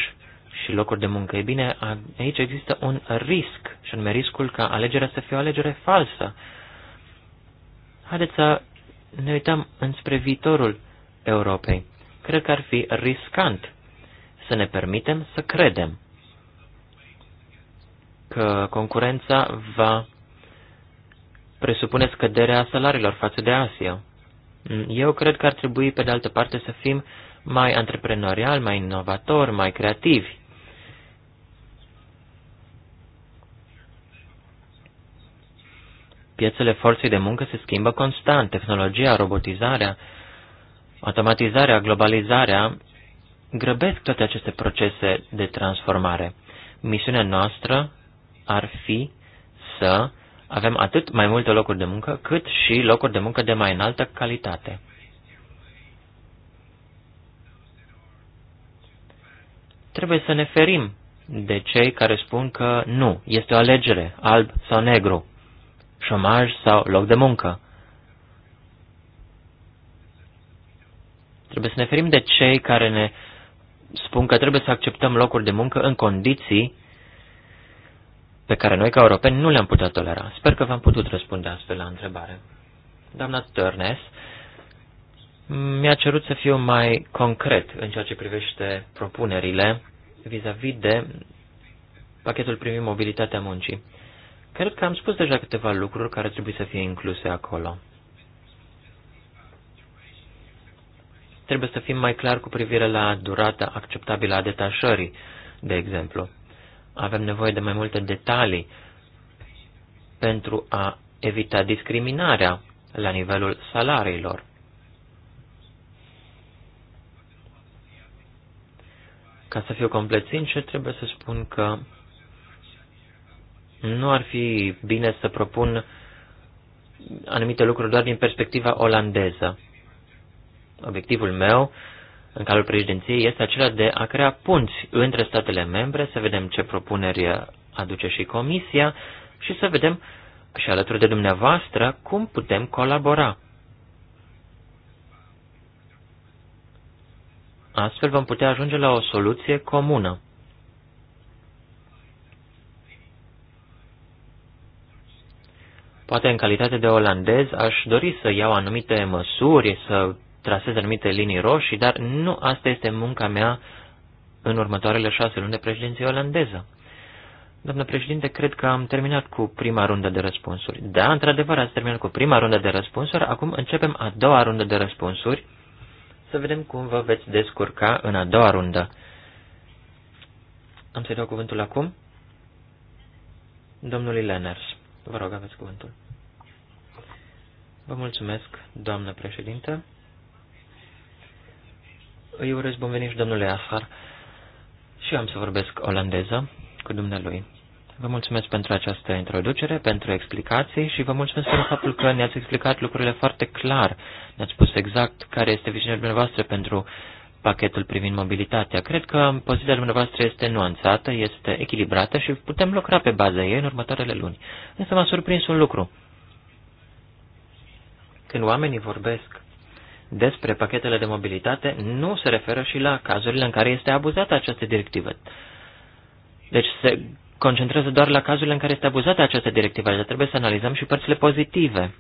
și locuri de muncă. E bine, aici există un risc, și anume riscul ca alegerea să fie o alegere falsă. Haideți să ne uităm înspre viitorul Europei. Cred că ar fi riscant să ne permitem să credem că concurența va presupune scăderea salariilor față de Asia. Eu cred că ar trebui, pe de altă parte, să fim mai antreprenorial, mai inovatori, mai creativi. Piețele forței de muncă se schimbă constant. Tehnologia, robotizarea, automatizarea, globalizarea grăbesc toate aceste procese de transformare. Misiunea noastră ar fi să avem atât mai multe locuri de muncă, cât și locuri de muncă de mai înaltă calitate. Trebuie să ne ferim de cei care spun că nu, este o alegere, alb sau negru, șomaj sau loc de muncă. Trebuie să ne ferim de cei care ne spun că trebuie să acceptăm locuri de muncă în condiții pe care noi, ca europeni, nu le-am putea tolera. Sper că v-am putut răspunde astfel la întrebare. Doamna Turnes mi-a cerut să fiu mai concret în ceea ce privește propunerile vis-a-vis -vis de pachetul primit mobilitatea muncii. Cred că am spus deja câteva lucruri care trebuie să fie incluse acolo. Trebuie să fim mai clar cu privire la durata acceptabilă a detașării, de exemplu avem nevoie de mai multe detalii pentru a evita discriminarea la nivelul salariilor. Ca să fiu complet sincer, trebuie să spun că nu ar fi bine să propun anumite lucruri doar din perspectiva olandeză. Obiectivul meu în calul președinției este acela de a crea punți între statele membre, să vedem ce propuneri aduce și Comisia și să vedem și alături de dumneavoastră cum putem colabora. Astfel vom putea ajunge la o soluție comună. Poate în calitate de olandez aș dori să iau anumite măsuri, să trasez anumite linii roșii, dar nu asta este munca mea în următoarele șase luni de președinție olandeză. Doamnă președinte, cred că am terminat cu prima rundă de răspunsuri. Da, într-adevăr, ați terminat cu prima rundă de răspunsuri, acum începem a doua rundă de răspunsuri, să vedem cum vă veți descurca în a doua rundă. Am să-i dau cuvântul acum? Domnului Lenners, vă rog, aveți cuvântul. Vă mulțumesc, doamnă președinte. Îi urez bun venit și domnule Afar și am să vorbesc olandeză cu dumnealui. Vă mulțumesc pentru această introducere, pentru explicații și vă mulțumesc pentru faptul că ne-ați explicat lucrurile foarte clar. Ne-ați spus exact care este viziunea dumneavoastră pentru pachetul privind mobilitatea. Cred că poziția dumneavoastră este nuanțată, este echilibrată și putem lucra pe baza ei în următoarele luni. Însă m-a surprins un lucru. Când oamenii vorbesc despre pachetele de mobilitate nu se referă și la cazurile în care este abuzată această directivă. Deci se concentrează doar la cazurile în care este abuzată această directivă, dar trebuie să analizăm și părțile pozitive.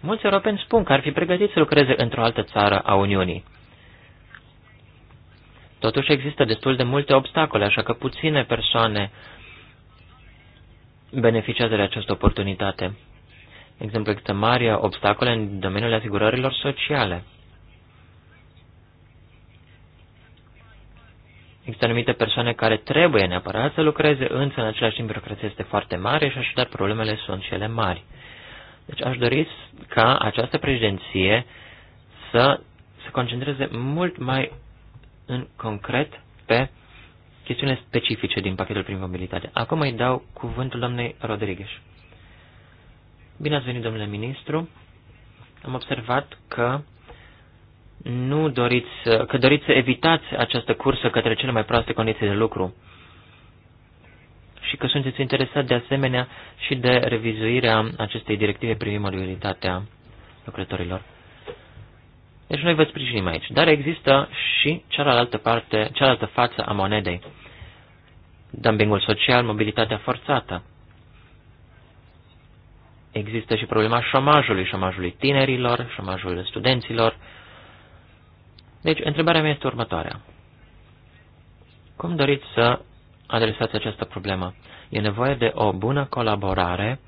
Mulți europeni spun că ar fi pregătiți să lucreze într-o altă țară a Uniunii. Totuși există destul de multe obstacole, așa că puține persoane beneficiază de această oportunitate exemplu, există mari obstacole în domeniul asigurărilor sociale. Există anumite persoane care trebuie neapărat să lucreze, însă în același timp birocrația este foarte mare și așadar problemele sunt cele mari. Deci aș dori ca această președinție să se concentreze mult mai în concret pe chestiune specifice din pachetul prin mobilitate. Acum îi dau cuvântul doamnei Rodriguez. Bine ați venit, domnule ministru. Am observat că nu doriți, că doriți să evitați această cursă către cele mai proaste condiții de lucru și că sunteți interesat de asemenea și de revizuirea acestei directive privind mobilitatea lucrătorilor. Deci noi vă sprijinim aici, dar există și cealaltă parte, cealaltă față a monedei. Dumpingul social, mobilitatea forțată există și problema șomajului, șomajului tinerilor, șomajului studenților. Deci, întrebarea mea este următoarea. Cum doriți să adresați această problemă? E nevoie de o bună colaborare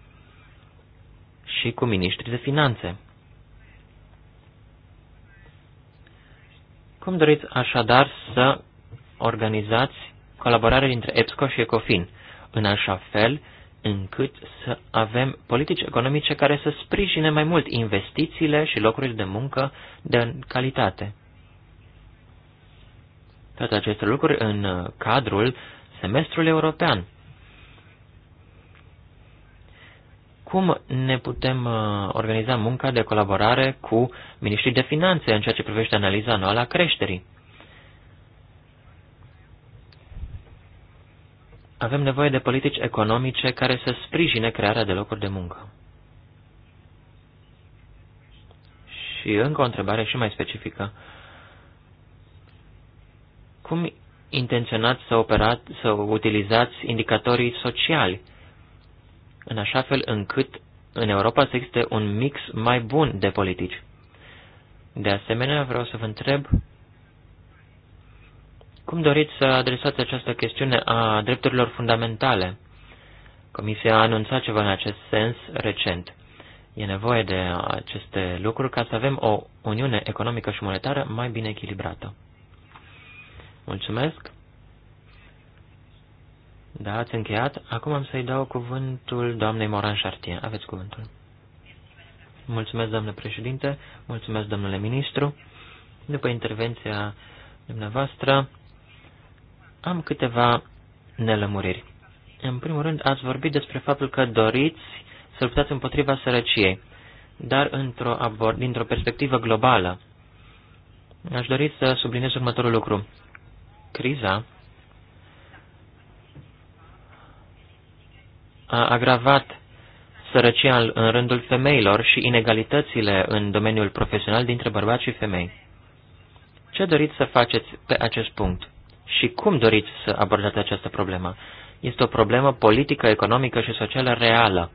și cu ministrii de finanțe. Cum doriți așadar să organizați colaborarea dintre EPSCO și ECOFIN, în așa fel încât să avem politici economice care să sprijine mai mult investițiile și locurile de muncă de calitate. Toate aceste lucruri în uh, cadrul semestrului european. Cum ne putem uh, organiza munca de colaborare cu Ministrii de Finanțe în ceea ce privește analiza anuală a creșterii? Avem nevoie de politici economice care să sprijine crearea de locuri de muncă. Și încă o întrebare și mai specifică. Cum intenționați să, operați, să utilizați indicatorii sociali, în așa fel încât în Europa să existe un mix mai bun de politici? De asemenea, vreau să vă întreb cum doriți să adresați această chestiune a drepturilor fundamentale? Comisia a anunțat ceva în acest sens recent. E nevoie de aceste lucruri ca să avem o uniune economică și monetară mai bine echilibrată. Mulțumesc! Da, ați încheiat. Acum am să-i dau cuvântul doamnei Moran Chartier. Aveți cuvântul. Mulțumesc, doamne președinte. Mulțumesc, domnule ministru. După intervenția dumneavoastră, am câteva nelămuriri. În primul rând, ați vorbit despre faptul că doriți să luptați împotriva sărăciei, dar într-o abord, dintr-o perspectivă globală. Aș dori să subliniez următorul lucru. Criza a agravat sărăcia în rândul femeilor și inegalitățile în domeniul profesional dintre bărbați și femei. Ce doriți să faceți pe acest punct? și cum doriți să abordați această problemă. Este o problemă politică, economică și socială reală.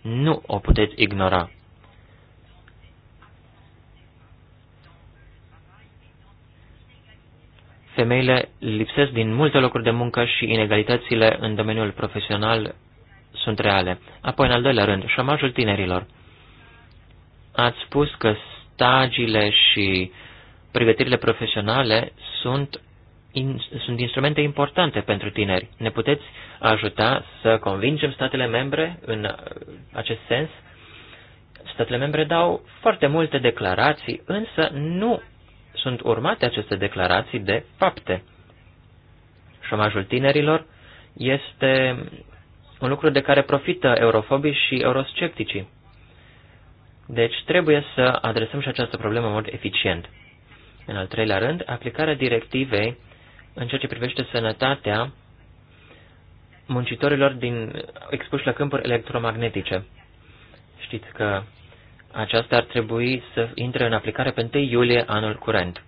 Nu o puteți ignora. Femeile lipsesc din multe locuri de muncă și inegalitățile în domeniul profesional sunt reale. Apoi, în al doilea rând, șomajul tinerilor. Ați spus că stagiile și pregătirile profesionale sunt in, sunt instrumente importante pentru tineri. Ne puteți ajuta să convingem statele membre în acest sens? Statele membre dau foarte multe declarații, însă nu sunt urmate aceste declarații de fapte. Șomajul tinerilor este un lucru de care profită eurofobii și euroscepticii. Deci trebuie să adresăm și această problemă în mod eficient. În al treilea rând, aplicarea directivei în ceea ce privește sănătatea muncitorilor din, expuși la câmpuri electromagnetice. Știți că aceasta ar trebui să intre în aplicare pe 1 iulie anul curent.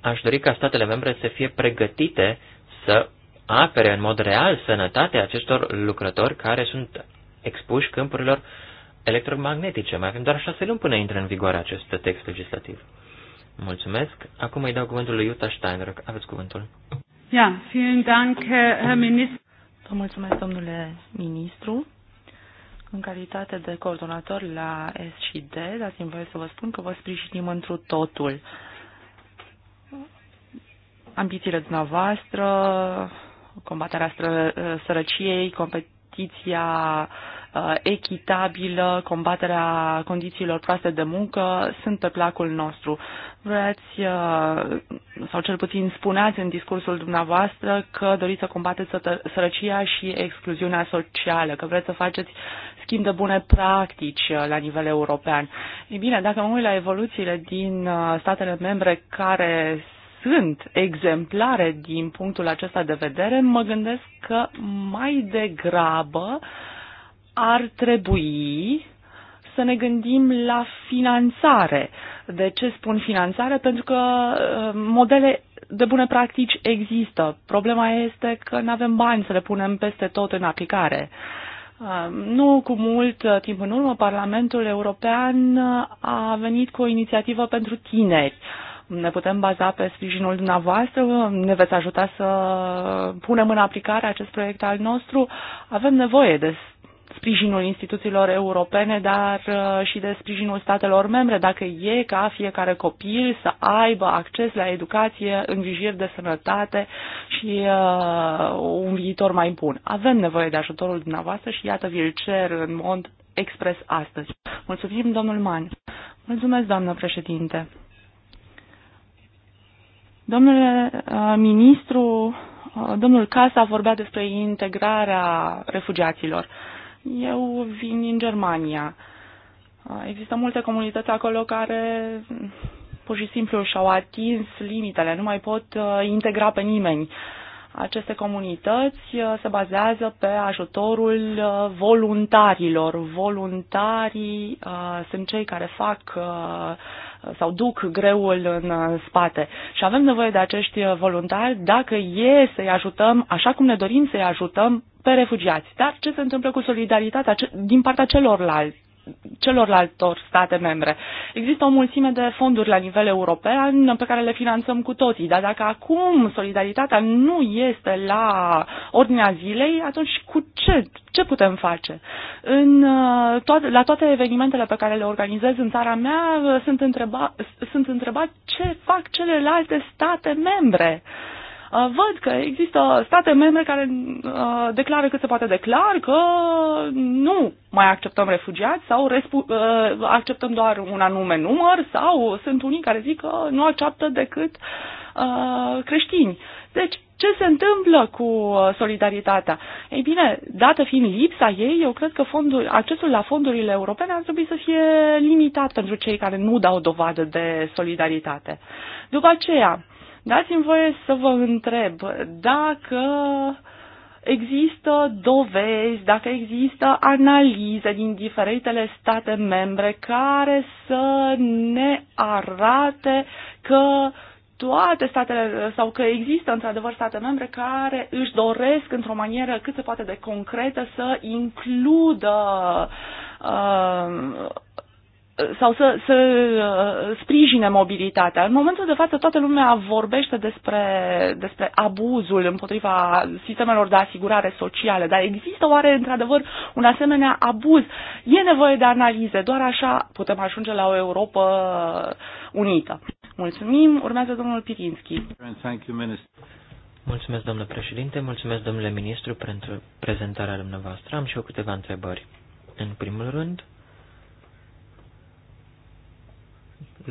Aș dori ca statele membre să fie pregătite să apere în mod real sănătatea acestor lucrători care sunt expuși câmpurilor electromagnetice. Mai avem doar șase luni până intră în vigoare acest text legislativ. Mulțumesc. Acum îi dau cuvântul lui Jutta Steinrück. Aveți cuvântul. Ja, vielen Dank, Herr Minister. Vă mulțumesc, domnule ministru. În calitate de coordonator la S și D, dați-mi voie să vă spun că vă sprijinim întru totul. Ambițiile dumneavoastră, combaterea sărăciei, competiția Uh, echitabilă, combaterea condițiilor proaste de muncă sunt pe placul nostru. Vreți, uh, sau cel puțin spuneați în discursul dumneavoastră, că doriți să combateți sărăcia și excluziunea socială, că vreți să faceți schimb de bune practici uh, la nivel european. E bine, dacă mă uit la evoluțiile din statele membre care sunt exemplare din punctul acesta de vedere, mă gândesc că mai degrabă uh, ar trebui să ne gândim la finanțare. De ce spun finanțare? Pentru că uh, modele de bune practici există. Problema este că nu avem bani să le punem peste tot în aplicare. Uh, nu cu mult uh, timp în urmă, Parlamentul European a venit cu o inițiativă pentru tineri. Ne putem baza pe sprijinul dumneavoastră, ne veți ajuta să punem în aplicare acest proiect al nostru. Avem nevoie de sprijinul instituțiilor europene, dar uh, și de sprijinul statelor membre, dacă e ca fiecare copil să aibă acces la educație, îngrijiri de sănătate și uh, un viitor mai bun. Avem nevoie de ajutorul dumneavoastră și iată vi-l cer în mod expres astăzi. Mulțumim, domnul Man. Mulțumesc, doamnă președinte. Domnule uh, ministru, uh, Domnul Casa vorbea despre integrarea refugiaților. Eu vin din Germania. Există multe comunități acolo care pur și simplu și-au atins limitele, nu mai pot integra pe nimeni. Aceste comunități se bazează pe ajutorul voluntarilor. Voluntarii sunt cei care fac sau duc greul în spate. Și avem nevoie de acești voluntari dacă e să-i ajutăm, așa cum ne dorim să-i ajutăm pe refugiați. Dar ce se întâmplă cu solidaritatea din partea celorlalți? celorlaltor state membre. Există o mulțime de fonduri la nivel european pe care le finanțăm cu toții, dar dacă acum solidaritatea nu este la ordinea zilei, atunci cu ce, ce putem face? În, uh, toate, la toate evenimentele pe care le organizez în țara mea uh, sunt, întreba, sunt ce fac celelalte state membre. Uh, Uh, văd că există state membre care uh, declară cât se poate declar că nu mai acceptăm refugiați sau uh, acceptăm doar un anume număr sau sunt unii care zic că nu acceptă decât creștini. Deci, ce se întâmplă cu solidaritatea? Ei bine, dată fiind lipsa ei, eu cred că fondul, accesul la fondurile europene ar trebui să fie limitat pentru cei care nu dau dovadă de solidaritate. După aceea, Dați-mi voie să vă întreb dacă există dovezi, dacă există analize din diferitele state membre care să ne arate că toate statele sau că există într-adevăr state membre care își doresc într-o manieră cât se poate de concretă să includă uh, sau să, să uh, sprijine mobilitatea. În momentul de față toată lumea vorbește despre, despre abuzul împotriva sistemelor de asigurare sociale, dar există oare într-adevăr un asemenea abuz? E nevoie de analize, doar așa putem ajunge la o Europa unită. Mulțumim, urmează domnul Pirinski. Mulțumesc, domnule președinte, mulțumesc, domnule ministru, pentru prezentarea dumneavoastră. Am și eu câteva întrebări. În primul rând,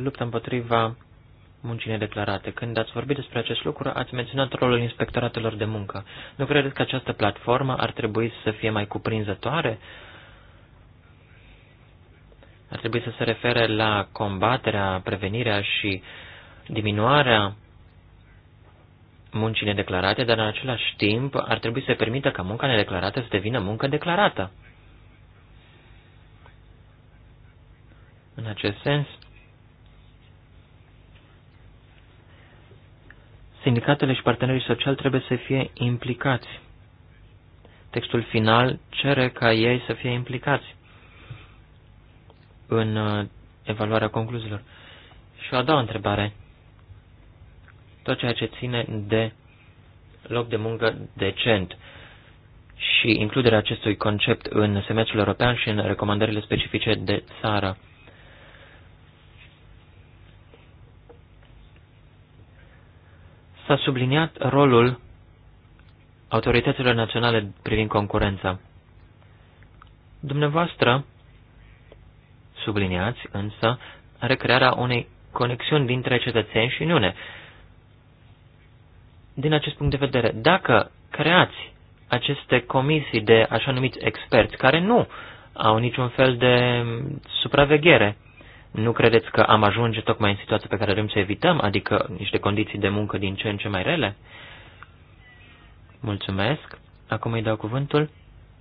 luptă împotriva muncii nedeclarate. Când ați vorbit despre acest lucru, ați menționat rolul inspectoratelor de muncă. Nu credeți că această platformă ar trebui să fie mai cuprinzătoare? Ar trebui să se refere la combaterea, prevenirea și diminuarea muncii nedeclarate, dar în același timp ar trebui să permită ca munca nedeclarată să devină muncă declarată. În acest sens, Sindicatele și partenerii sociali trebuie să fie implicați. Textul final cere ca ei să fie implicați în uh, evaluarea concluziilor. Și o a doua întrebare. Tot ceea ce ține de loc de muncă decent și includerea acestui concept în semestrul european și în recomandările specifice de țară. s-a subliniat rolul autorităților naționale privind concurența. Dumneavoastră subliniați însă recrearea unei conexiuni dintre cetățeni și Uniune. Din acest punct de vedere, dacă creați aceste comisii de așa numiți experți care nu au niciun fel de supraveghere nu credeți că am ajunge tocmai în situația pe care vrem să evităm, adică niște condiții de muncă din ce în ce mai rele? Mulțumesc. Acum îi dau cuvântul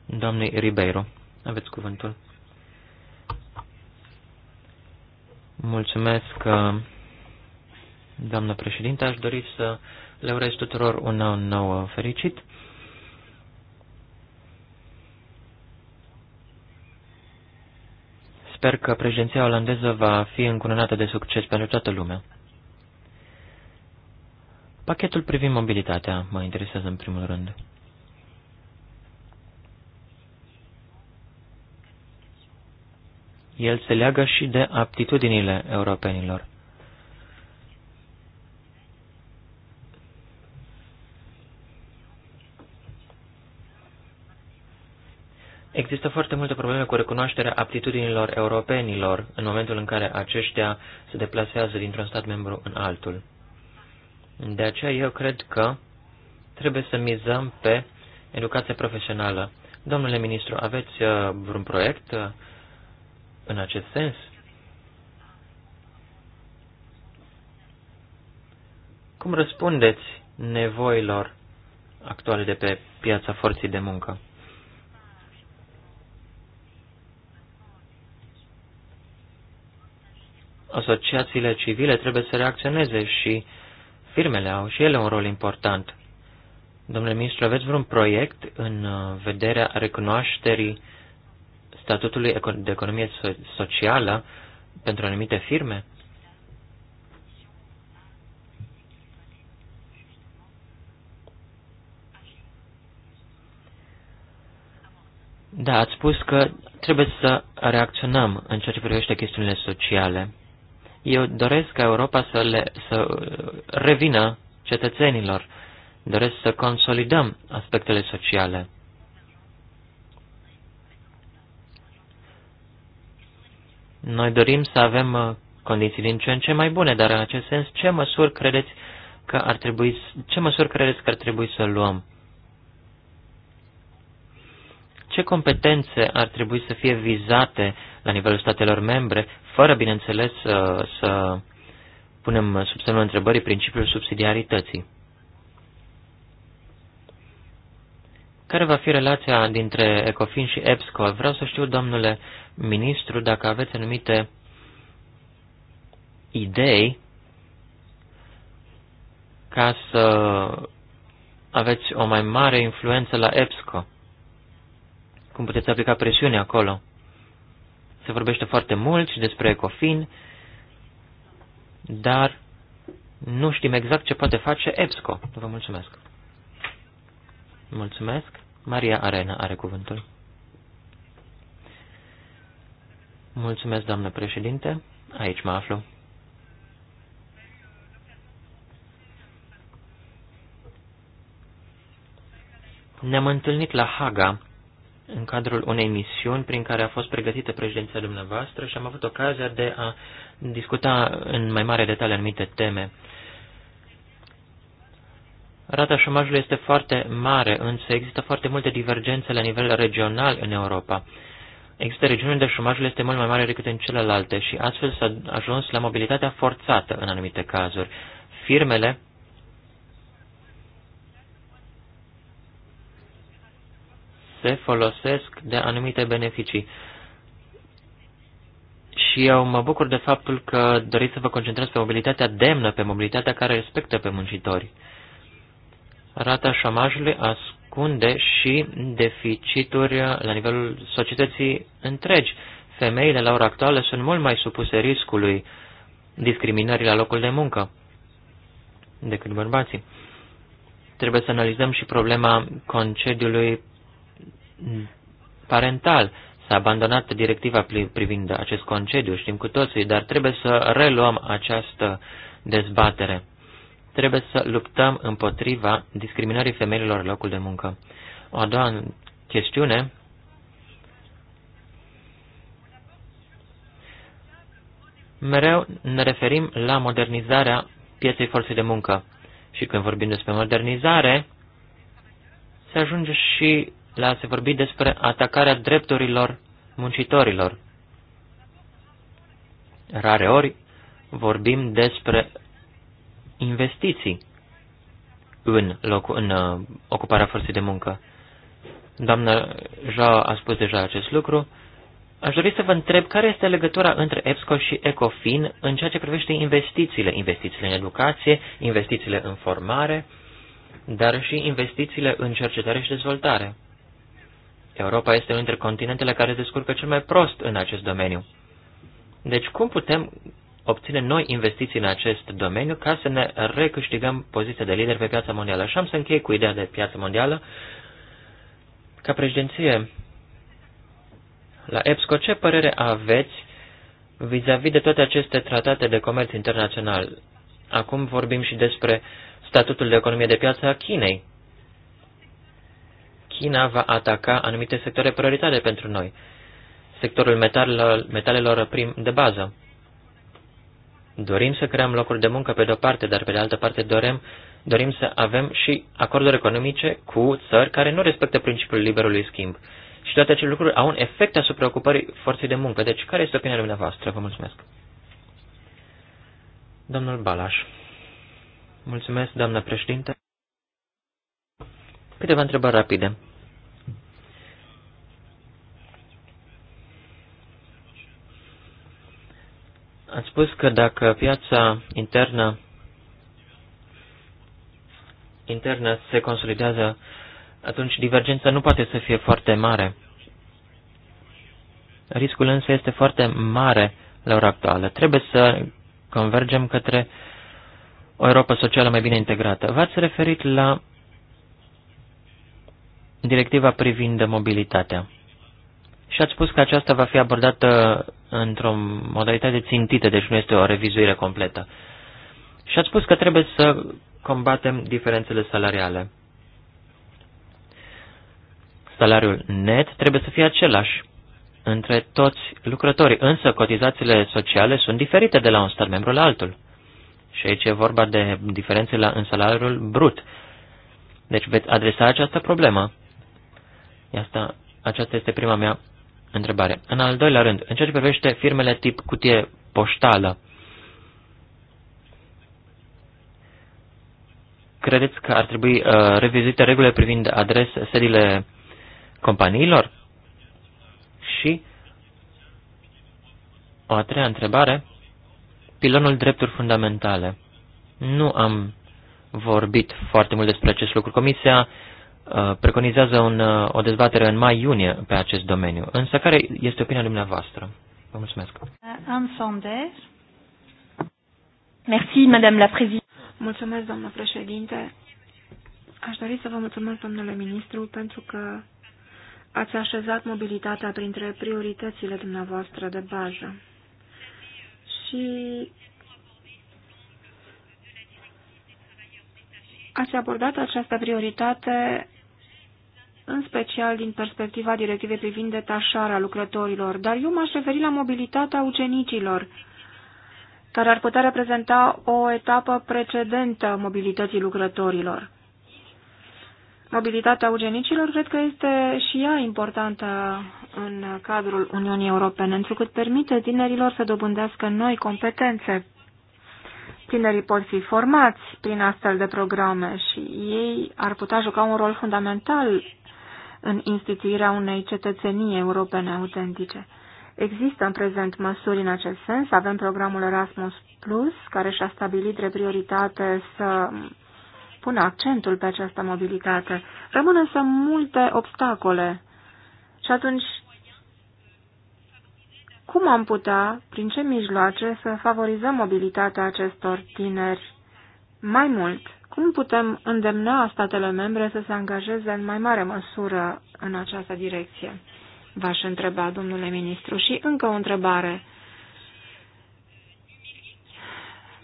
doamnei Ribeiro. Aveți cuvântul. Mulțumesc, doamnă președinte. Aș dori să le urez tuturor un nou, nou fericit. Sper că președinția olandeză va fi încununată de succes pentru toată lumea. Pachetul privind mobilitatea mă interesează în primul rând. El se leagă și de aptitudinile europenilor. Există foarte multe probleme cu recunoașterea aptitudinilor europenilor în momentul în care aceștia se deplasează dintr-un stat membru în altul. De aceea eu cred că trebuie să mizăm pe educația profesională. Domnule ministru, aveți uh, vreun proiect uh, în acest sens? Cum răspundeți nevoilor actuale de pe piața forței de muncă? asociațiile civile trebuie să reacționeze și firmele au și ele un rol important. Domnule ministru, aveți vreun proiect în uh, vederea recunoașterii statutului de economie socială pentru anumite firme? Da, ați spus că trebuie să reacționăm în ceea ce privește chestiunile sociale. Eu doresc ca Europa să, le, să revină cetățenilor. Doresc să consolidăm aspectele sociale. Noi dorim să avem uh, condiții din ce în ce mai bune, dar în acest sens, ce măsuri credeți că ar trebui, ce măsuri credeți că ar trebui să luăm? ce competențe ar trebui să fie vizate la nivelul statelor membre, fără, bineînțeles, să, să punem sub semnul întrebării principiul subsidiarității. Care va fi relația dintre ECOFIN și EPSCO? Vreau să știu, domnule ministru, dacă aveți anumite idei ca să aveți o mai mare influență la EPSCO cum puteți aplica presiune acolo. Se vorbește foarte mult și despre ECOFIN, dar nu știm exact ce poate face EBSCO. Vă mulțumesc. Mulțumesc. Maria Arena are cuvântul. Mulțumesc, doamnă președinte. Aici mă aflu. Ne-am întâlnit la Haga în cadrul unei misiuni prin care a fost pregătită președinția dumneavoastră și am avut ocazia de a discuta în mai mare detalii anumite teme. Rata șomajului este foarte mare, însă există foarte multe divergențe la nivel regional în Europa. Există regiuni unde șomajul este mult mai mare decât în celelalte și astfel s-a ajuns la mobilitatea forțată în anumite cazuri. Firmele se folosesc de anumite beneficii. Și eu mă bucur de faptul că doriți să vă concentrați pe mobilitatea demnă, pe mobilitatea care respectă pe muncitori. Rata șomajului ascunde și deficituri la nivelul societății întregi. Femeile la ora actuală sunt mult mai supuse riscului discriminării la locul de muncă decât bărbații. Trebuie să analizăm și problema concediului Mm. parental. S-a abandonat directiva privind acest concediu, știm cu toții, dar trebuie să reluăm această dezbatere. Trebuie să luptăm împotriva discriminării femeilor la locul de muncă. O a doua chestiune mereu ne referim la modernizarea pieței forței de muncă. Și când vorbim despre modernizare, se ajunge și la a se vorbi despre atacarea drepturilor muncitorilor. Rareori vorbim despre investiții în, locu- în uh, ocuparea forței de muncă. Doamna Joa a spus deja acest lucru. Aș dori să vă întreb care este legătura între EPSCO și ECOFIN în ceea ce privește investițiile, investițiile în educație, investițiile în formare, dar și investițiile în cercetare și dezvoltare. Europa este unul dintre continentele care descurcă cel mai prost în acest domeniu. Deci cum putem obține noi investiții în acest domeniu ca să ne recâștigăm poziția de lider pe piața mondială? Așa am să închei cu ideea de piață mondială. Ca președinție la EPSCO, ce părere aveți vis-a-vis -vis de toate aceste tratate de comerț internațional? Acum vorbim și despre statutul de economie de piață a Chinei. China va ataca anumite sectoare prioritare pentru noi, sectorul metalelor, metalelor prim de bază. Dorim să creăm locuri de muncă pe de-o parte, dar pe de altă parte dorim, dorim să avem și acorduri economice cu țări care nu respectă principiul liberului schimb. Și toate acele lucruri au un efect asupra ocupării forței de muncă. Deci, care este opinia dumneavoastră? Vă mulțumesc. Domnul Balaș. Mulțumesc, doamnă președinte. Câteva întrebări rapide. Ați spus că dacă piața internă internă se consolidează, atunci divergența nu poate să fie foarte mare. Riscul însă este foarte mare la ora actuală. Trebuie să convergem către o Europa socială mai bine integrată. V-ați referit la directiva privind mobilitatea și ați spus că aceasta va fi abordată într-o modalitate țintită, deci nu este o revizuire completă. Și ați spus că trebuie să combatem diferențele salariale. Salariul net trebuie să fie același între toți lucrătorii, însă cotizațiile sociale sunt diferite de la un stat membru la altul. Și aici e vorba de diferențe la, în salariul brut. Deci veți adresa această problemă. Asta, aceasta este prima mea întrebare. În al doilea rând, în ceea ce privește firmele tip cutie poștală, credeți că ar trebui uh, revizuite regulile privind adres sediile companiilor? Și o a treia întrebare, pilonul drepturi fundamentale. Nu am vorbit foarte mult despre acest lucru. Comisia Uh, preconizează un, uh, o dezbatere în mai-iunie pe acest domeniu. Însă care este opinia dumneavoastră? Vă mulțumesc. Uh, Anne Merci, Madame la Mulțumesc, doamnă președinte. Aș dori să vă mulțumesc, domnule ministru, pentru că ați așezat mobilitatea printre prioritățile dumneavoastră de bază. Și ați abordat această prioritate în special din perspectiva directivei privind detașarea lucrătorilor, dar eu m-aș referi la mobilitatea ucenicilor, care ar putea reprezenta o etapă precedentă mobilității lucrătorilor. Mobilitatea ucenicilor cred că este și ea importantă în cadrul Uniunii Europene, întrucât permite tinerilor să dobândească noi competențe. Tinerii pot fi formați prin astfel de programe și ei ar putea juca un rol fundamental în instituirea unei cetățenii europene autentice. Există în prezent măsuri în acest sens. Avem programul Erasmus Plus, care și-a stabilit de prioritate să pună accentul pe această mobilitate. Rămân însă multe obstacole. Și atunci, cum am putea, prin ce mijloace, să favorizăm mobilitatea acestor tineri mai mult? Cum putem îndemna statele membre să se angajeze în mai mare măsură în această direcție? V-aș întreba, domnule ministru. Și încă o întrebare.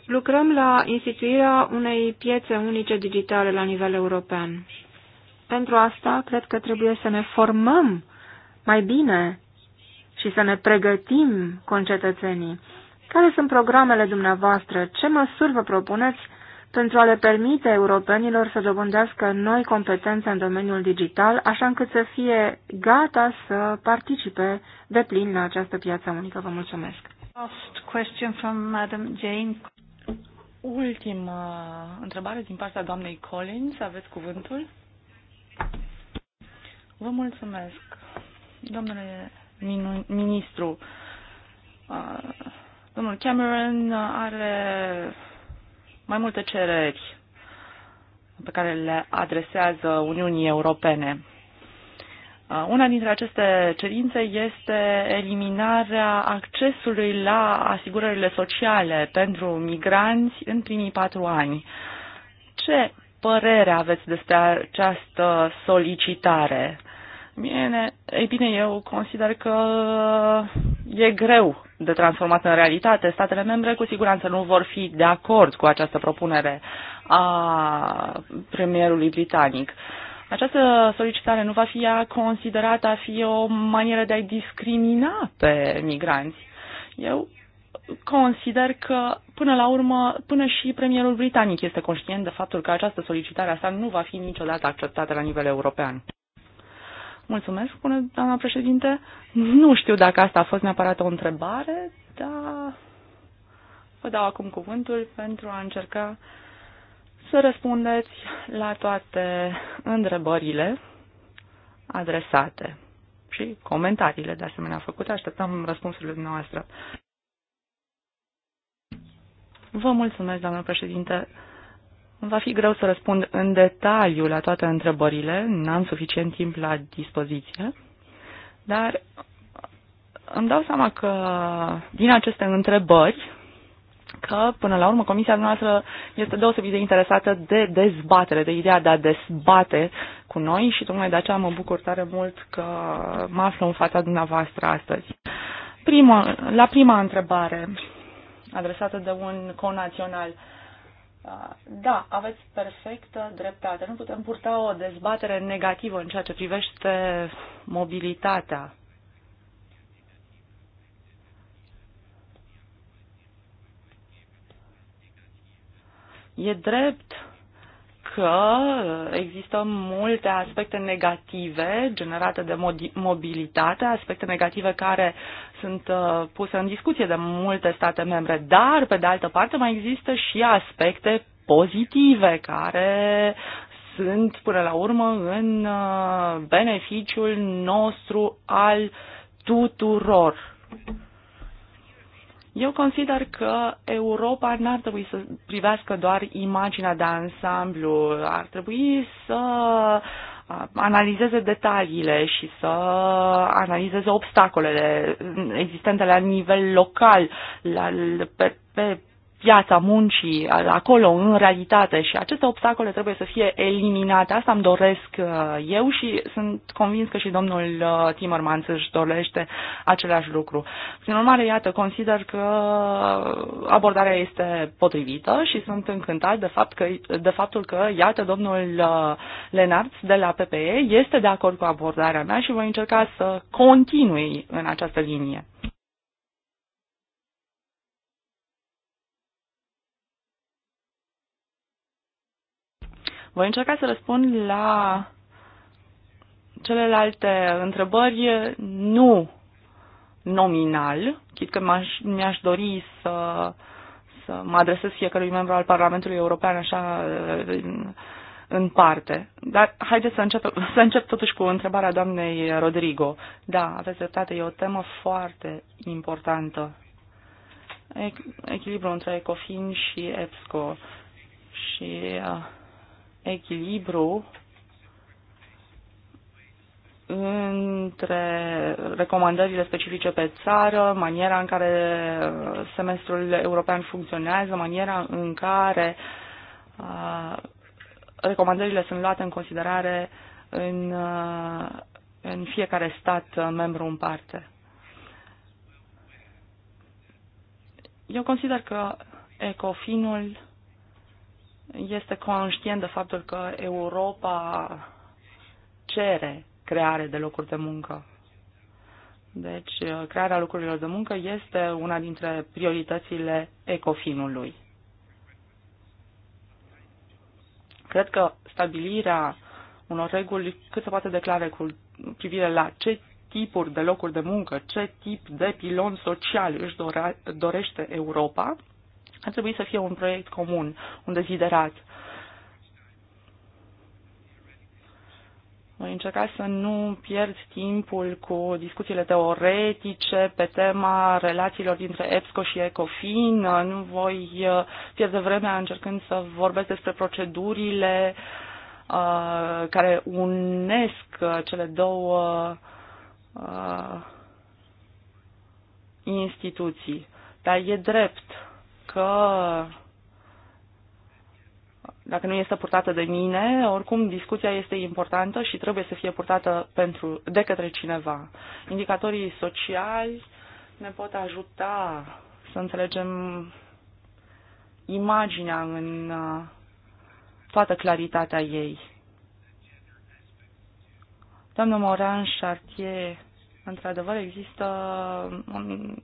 Lucrăm la instituirea unei piețe unice digitale la nivel european. Pentru asta, cred că trebuie să ne formăm mai bine și să ne pregătim concetățenii. Care sunt programele dumneavoastră? Ce măsuri vă propuneți pentru a le permite europenilor să dobândească noi competențe în domeniul digital, așa încât să fie gata să participe de plin la această piață unică. Vă mulțumesc. Last question from Madam Jane. Ultima întrebare din partea doamnei Collins. Aveți cuvântul? Vă mulțumesc, domnule ministru. Uh, domnul Cameron are mai multe cereri pe care le adresează Uniunii Europene. Uh, una dintre aceste cerințe este eliminarea accesului la asigurările sociale pentru migranți în primii patru ani. Ce părere aveți despre această solicitare? Bine, ei bine, eu consider că e greu de transformat în realitate, statele membre cu siguranță nu vor fi de acord cu această propunere a premierului britanic. Această solicitare nu va fi considerată a fi o manieră de a-i discrimina pe migranți. Eu consider că, până la urmă, până și premierul britanic este conștient de faptul că această solicitare asta nu va fi niciodată acceptată la nivel european. Mulțumesc, spune doamna președinte. Nu știu dacă asta a fost neapărat o întrebare, dar vă dau acum cuvântul pentru a încerca să răspundeți la toate întrebările adresate și comentariile de asemenea făcute. Așteptăm răspunsurile noastre. Vă mulțumesc, doamnă președinte. Va fi greu să răspund în detaliu la toate întrebările, n-am suficient timp la dispoziție, dar îmi dau seama că din aceste întrebări, că până la urmă comisia noastră este deosebit de interesată de dezbatere, de ideea de a dezbate cu noi și tocmai de aceea mă bucur tare mult că mă aflu în fața dumneavoastră astăzi. Prima, la prima întrebare adresată de un conațional, Uh, da, aveți perfectă dreptate. Nu putem purta o dezbatere negativă în ceea ce privește mobilitatea. E drept că există multe aspecte negative generate de mobilitate, aspecte negative care sunt uh, puse în discuție de multe state membre, dar, pe de altă parte, mai există și aspecte pozitive care sunt, până la urmă, în uh, beneficiul nostru al tuturor. Eu consider că Europa n-ar trebui să privească doar imaginea de ansamblu, ar trebui să analizeze detaliile și să analizeze obstacolele existente la nivel local, la, pe, pe piața muncii acolo în realitate și aceste obstacole trebuie să fie eliminate. Asta îmi doresc uh, eu și sunt convins că și domnul uh, Timmermans își dorește același lucru. Prin urmare, iată, consider că abordarea este potrivită și sunt încântat de, fapt că, de faptul că, iată, domnul uh, Lenarț de la PPE este de acord cu abordarea mea și voi încerca să continui în această linie. Voi încerca să răspund la celelalte întrebări nu nominal, chit că mi-aș dori să, să mă adresez fiecărui membru al Parlamentului European așa în parte. Dar haideți să încep, să încep totuși cu întrebarea doamnei Rodrigo. Da, aveți dreptate, e o temă foarte importantă. Echilibru între ECOFIN și EPSCO și uh, echilibru între recomandările specifice pe țară, maniera în care semestrul european funcționează, maniera în care uh, recomandările sunt luate în considerare în, uh, în fiecare stat uh, membru în parte. Eu consider că ecofinul este conștient de faptul că Europa cere creare de locuri de muncă. Deci, uh, crearea locurilor de muncă este una dintre prioritățile ecofinului. Cred că stabilirea unor reguli cât se poate declare cu privire la ce tipuri de locuri de muncă, ce tip de pilon social își dorește Europa, ar trebui să fie un proiect comun, un deziderat. Voi încerca să nu pierd timpul cu discuțiile teoretice pe tema relațiilor dintre EPSCO și ECOFIN. Nu voi uh, pierde vremea încercând să vorbesc despre procedurile uh, care unesc uh, cele două uh, instituții. Dar e drept că dacă nu este purtată de mine, oricum discuția este importantă și trebuie să fie purtată pentru, de către cineva. Indicatorii sociali ne pot ajuta să înțelegem imaginea în uh, toată claritatea ei. Doamna Moran Chartier, într-adevăr există un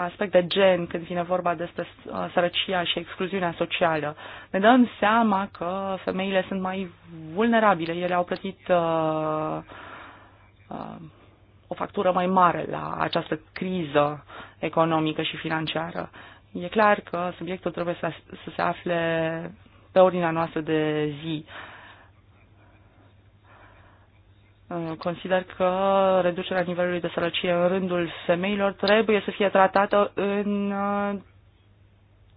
aspect de gen când vine vorba despre uh, sărăcia și excluziunea socială. Ne dăm seama că femeile sunt mai vulnerabile, ele au plătit uh, uh, o factură mai mare la această criză economică și financiară. E clar că subiectul trebuie să, să se afle pe ordinea noastră de zi. Uh, Uh, consider că reducerea nivelului de sărăcie în rândul femeilor trebuie să fie tratată în uh,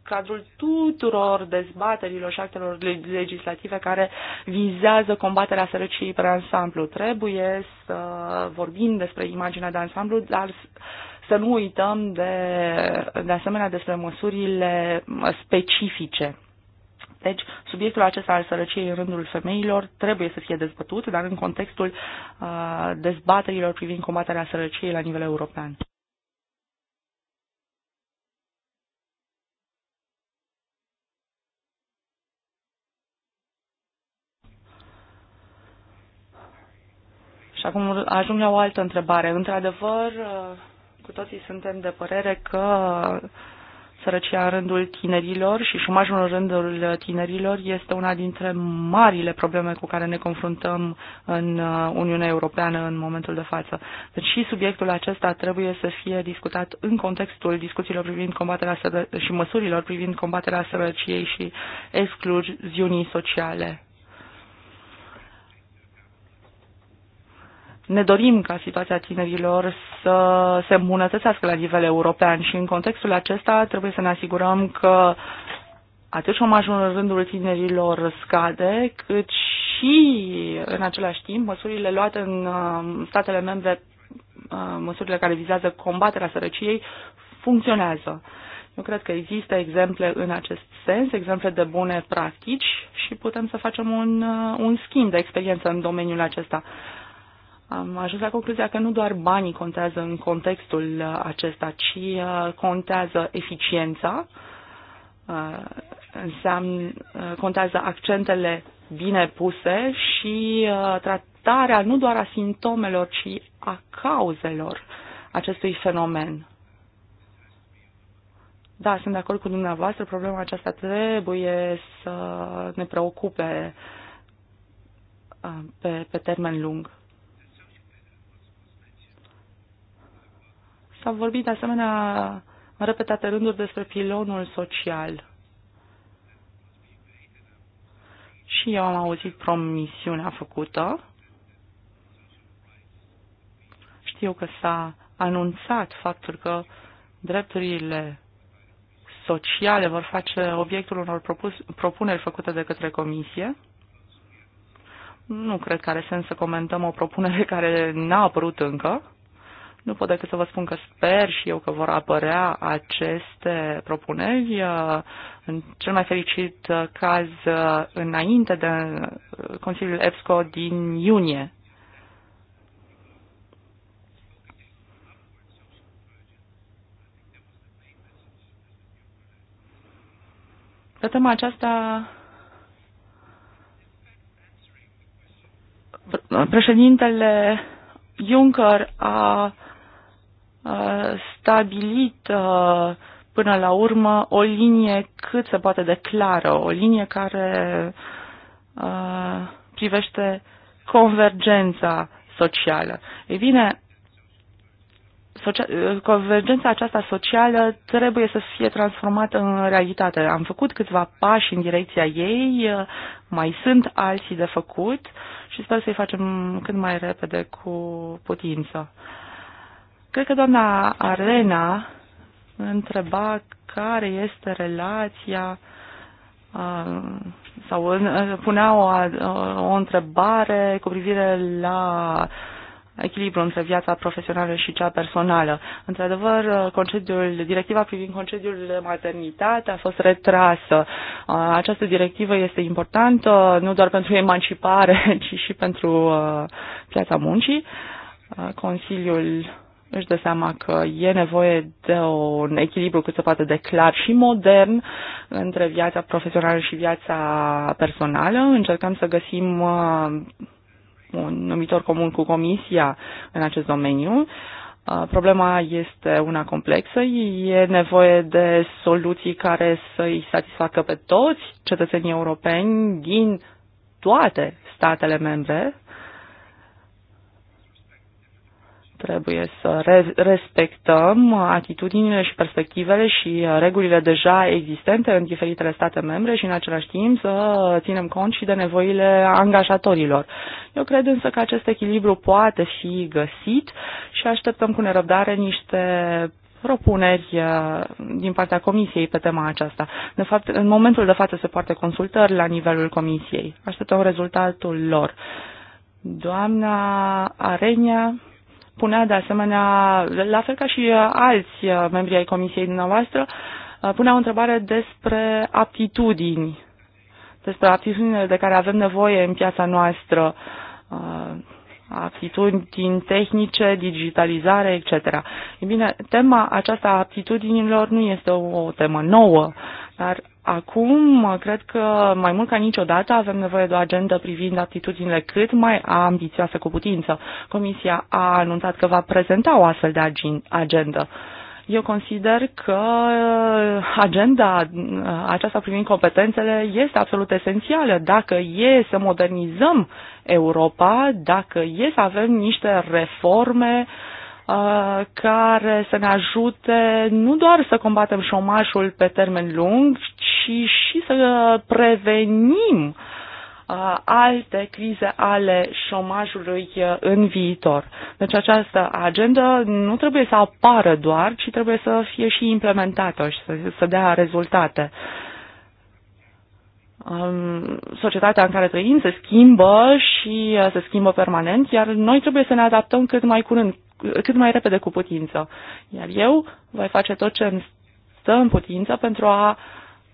cadrul tuturor dezbaterilor și actelor legislative care vizează combaterea sărăciei pe ansamblu. Trebuie să vorbim despre imaginea de ansamblu, dar să nu uităm de, de asemenea despre măsurile specifice. Deci, subiectul acesta al sărăciei în rândul femeilor trebuie să fie dezbătut, dar în contextul uh, dezbaterilor privind combaterea sărăciei la nivel european. Și acum ajung la o altă întrebare. Într-adevăr, uh, cu toții suntem de părere că Sărăcia în rândul tinerilor și șomajul în rândul tinerilor este una dintre marile probleme cu care ne confruntăm în uh, Uniunea Europeană în momentul de față. Deci și subiectul acesta trebuie să fie discutat în contextul discuțiilor privind combaterea și măsurilor privind combaterea sărăciei și excluziunii sociale. ne dorim ca situația tinerilor să se îmbunătățească la nivel european și în contextul acesta trebuie să ne asigurăm că atât șomajul în rândul tinerilor scade, cât și în același timp măsurile luate în um, statele membre, um, măsurile care vizează combaterea sărăciei, funcționează. Eu cred că există exemple în acest sens, exemple de bune practici și putem să facem un, uh, un schimb de experiență în domeniul acesta. Am ajuns la concluzia că nu doar banii contează în contextul acesta, ci uh, contează eficiența, uh, înseamnă, uh, contează accentele bine puse și tratarea nu doar a simptomelor, ci a cauzelor acestui fenomen. Da, sunt de acord cu dumneavoastră, problema aceasta trebuie să ne preocupe pe, pe termen lung. S-a vorbit de asemenea în repetate rânduri despre pilonul social. Și eu am auzit promisiunea făcută. Știu că s-a anunțat faptul că drepturile sociale vor face obiectul unor propus, propuneri făcute de către Comisie. Nu cred că are sens să comentăm o propunere care n-a apărut încă. Nu pot decât să vă spun că sper și eu că vor apărea aceste propuneri. În cel mai fericit caz, înainte de Consiliul EPSCO din iunie. Pe tema aceasta, președintele Juncker a Uh, stabilit uh, până la urmă o linie cât se poate de clară, o linie care uh, privește convergența socială. Ei bine, convergența aceasta socială trebuie să fie transformată în realitate. Am făcut câțiva pași în direcția ei, mai sunt alții de făcut și sper să-i facem cât mai repede cu putință. Cred că doamna Arena întreba care este relația uh, sau punea o, uh, o întrebare cu privire la echilibru între viața profesională și cea personală. Într-adevăr, concediul, directiva privind concediul de maternitate a fost retrasă. Uh, această directivă este importantă nu doar pentru emancipare, ci și pentru piața muncii. Consiliul își dă seama că e nevoie de un echilibru cât se poate de clar și modern între viața profesională și viața personală. Încercăm să găsim uh, un numitor comun cu Comisia în acest domeniu. Uh, problema este una complexă, e nevoie de soluții care să-i satisfacă pe toți cetățenii europeni din toate statele membre, Trebuie să re- respectăm atitudinile și perspectivele și regulile deja existente în diferitele state membre și în același timp să ținem cont și de nevoile angajatorilor. Eu cred însă că acest echilibru poate fi găsit și așteptăm cu nerăbdare niște propuneri uh, din partea Comisiei pe tema aceasta. De fapt, în momentul de față se poartă consultări la nivelul Comisiei. Așteptăm rezultatul lor. Doamna Arenia punea de asemenea, la fel ca și uh, alți uh, membri ai comisiei dumneavoastră, uh, punea o întrebare despre aptitudini, despre aptitudinile de care avem nevoie în piața noastră, aptitudini tehnice, digitalizare, etc. E bine, tema aceasta a aptitudinilor nu este o temă nouă, dar Acum, cred că mai mult ca niciodată avem nevoie de o agendă privind aptitudinile cât mai ambițioasă cu putință. Comisia a anunțat că va prezenta o astfel de agendă. Eu consider că uh, agenda uh, aceasta privind competențele este absolut esențială. Dacă e să modernizăm Europa, dacă e să avem niște reforme uh, care să ne ajute nu doar să combatem șomajul pe termen lung, și, și să prevenim uh, alte crize ale șomajului uh, în viitor. Deci această agendă nu trebuie să apară doar, ci trebuie să fie și implementată și să, să dea rezultate um, societatea în care trăim se schimbă și uh, se schimbă permanent, iar noi trebuie să ne adaptăm cât mai curând, cât mai repede cu putință. Iar eu voi face tot ce îmi stă în putință pentru a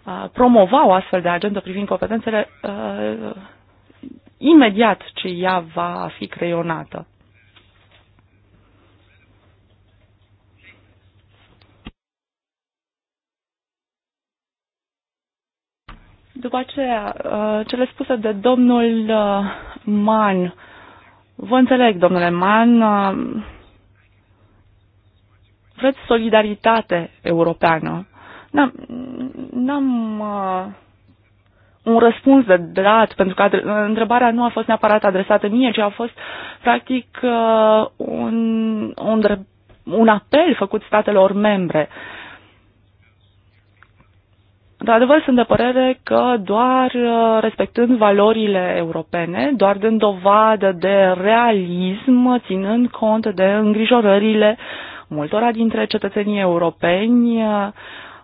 Uh, promova o astfel de agendă privind competențele uh, imediat ce ea va fi creionată. După aceea, uh, cele spuse de domnul Man, vă înțeleg, domnule Man, vreți solidaritate europeană. N-am, n-am uh, un răspuns de dat, pentru că întrebarea nu a fost neapărat adresată mie, ci a fost, practic, uh, un, un, un apel făcut statelor membre. De adevăr, sunt de părere că doar uh, respectând valorile europene, doar dând dovadă de realism, ținând cont de îngrijorările multora dintre cetățenii europeni, uh,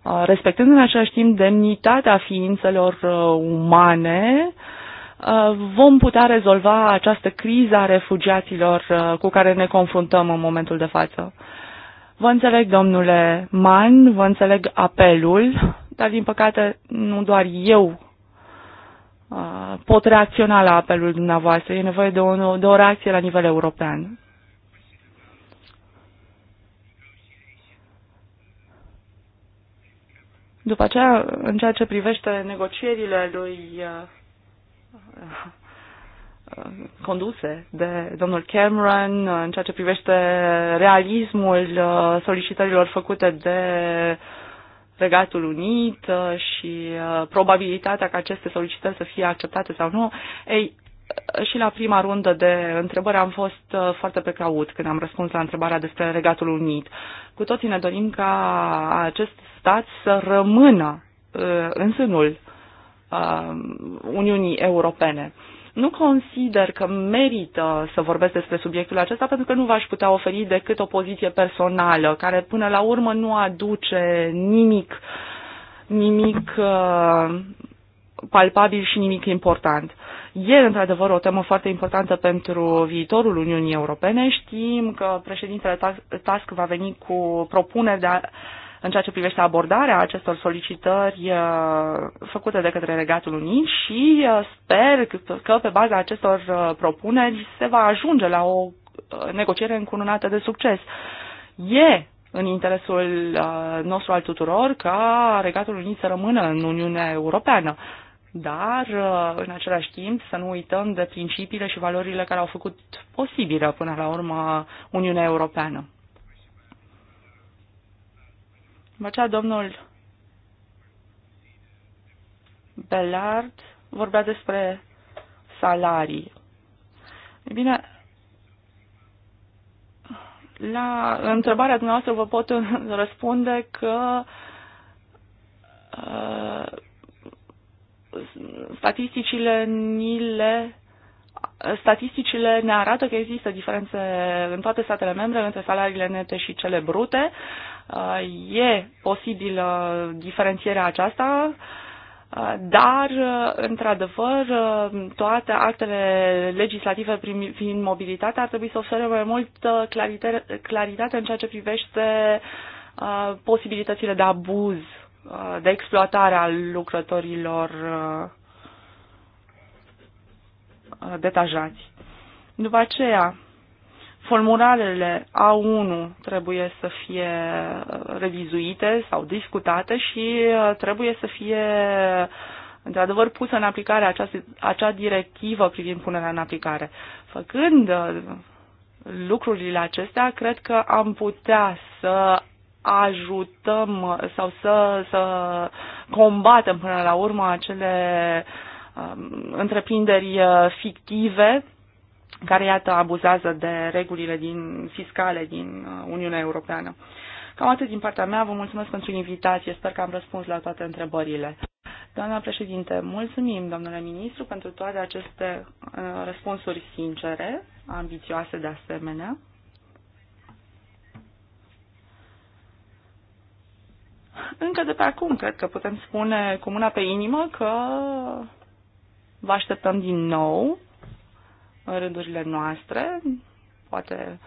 Uh, respectând în același timp demnitatea ființelor uh, umane, uh, vom putea rezolva această criză a refugiaților cu care ne confruntăm în momentul de față. Vă înțeleg, domnule Mann, vă înțeleg apelul, dar din păcate nu doar eu pot reacționa la apelul dumneavoastră. E nevoie de o, de o reacție la nivel european. După aceea, în ceea ce privește negocierile lui uh, uh, conduse de domnul Cameron, uh, în ceea ce privește realismul solicitărilor făcute de Regatul Unit și probabilitatea ca aceste solicitări să fie acceptate sau nu. Ei, și la prima rundă de întrebări am fost uh, foarte precaut când am răspuns la întrebarea despre Regatul Unit. Cu toții ne dorim ca acest stat să rămână uh, în sânul uh, Uniunii Europene. Nu consider că merită să vorbesc despre subiectul acesta pentru că nu v-aș putea oferi decât o poziție personală care până la urmă nu aduce nimic nimic uh, palpabil și nimic important. E într-adevăr o temă foarte importantă pentru viitorul Uniunii Europene. Știm că președintele Task va veni cu propuneri de a, în ceea ce privește abordarea acestor solicitări uh, făcute de către Regatul Unit și uh, sper că pe baza acestor uh, propuneri se va ajunge la o negociere încununată de succes. E în interesul nostru al tuturor ca Regatul Unit să rămână în Uniunea Europeană dar uh, în același timp să nu uităm de principiile și valorile care au făcut posibilă până la urmă Uniunea Europeană. După aceea, domnul Bellard vorbea despre salarii. E bine, la întrebarea dumneavoastră vă pot răspunde că uh, statisticile ni le statisticile ne arată că există diferențe în toate statele membre între salariile nete și cele brute. Uh, e posibilă diferențierea aceasta, uh, dar, uh, într-adevăr, toate actele legislative prin mobilitate ar trebui să ofere mai mult claritate în ceea ce privește posibilitățile de abuz Uh, de exploatare a lucrătorilor uh, uh, detajați. După aceea, formularele A1 trebuie să fie revizuite sau discutate și trebuie să fie într-adevăr pusă în aplicare această, acea directivă privind punerea în aplicare. Făcând lucrurile acestea, cred că am putea să ajutăm sau să, să combatem până la urmă acele um, întreprinderi uh, fictive care, iată, abuzează de regulile din, fiscale din uh, Uniunea Europeană. Cam atât din partea mea. Vă mulțumesc pentru invitație. Sper că am răspuns la toate întrebările. Doamna președinte, mulțumim, domnule ministru, pentru toate aceste uh, răspunsuri sincere, ambițioase de asemenea. Încă de pe acum cred că putem spune cu mâna pe inimă că vă așteptăm din nou în rândurile noastre, poate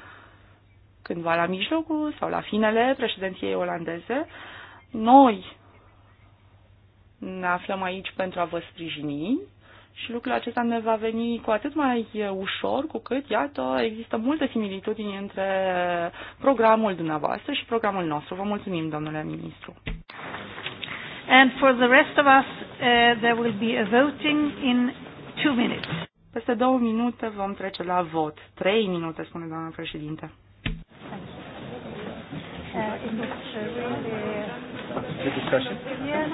cândva la mijlocul sau la finele președinției olandeze. Noi ne aflăm aici pentru a vă sprijini, și lucrul acesta ne va veni cu atât mai ușor cu cât, iată, există multe similitudini între programul dumneavoastră și programul nostru. Vă mulțumim, domnule ministru. And for the rest of us, uh, there will be a voting in two minutes. Peste două minute vom trece la vot. Trei minute, spune doamna președinte. Uh, in the, uh, the discussion? Yeah,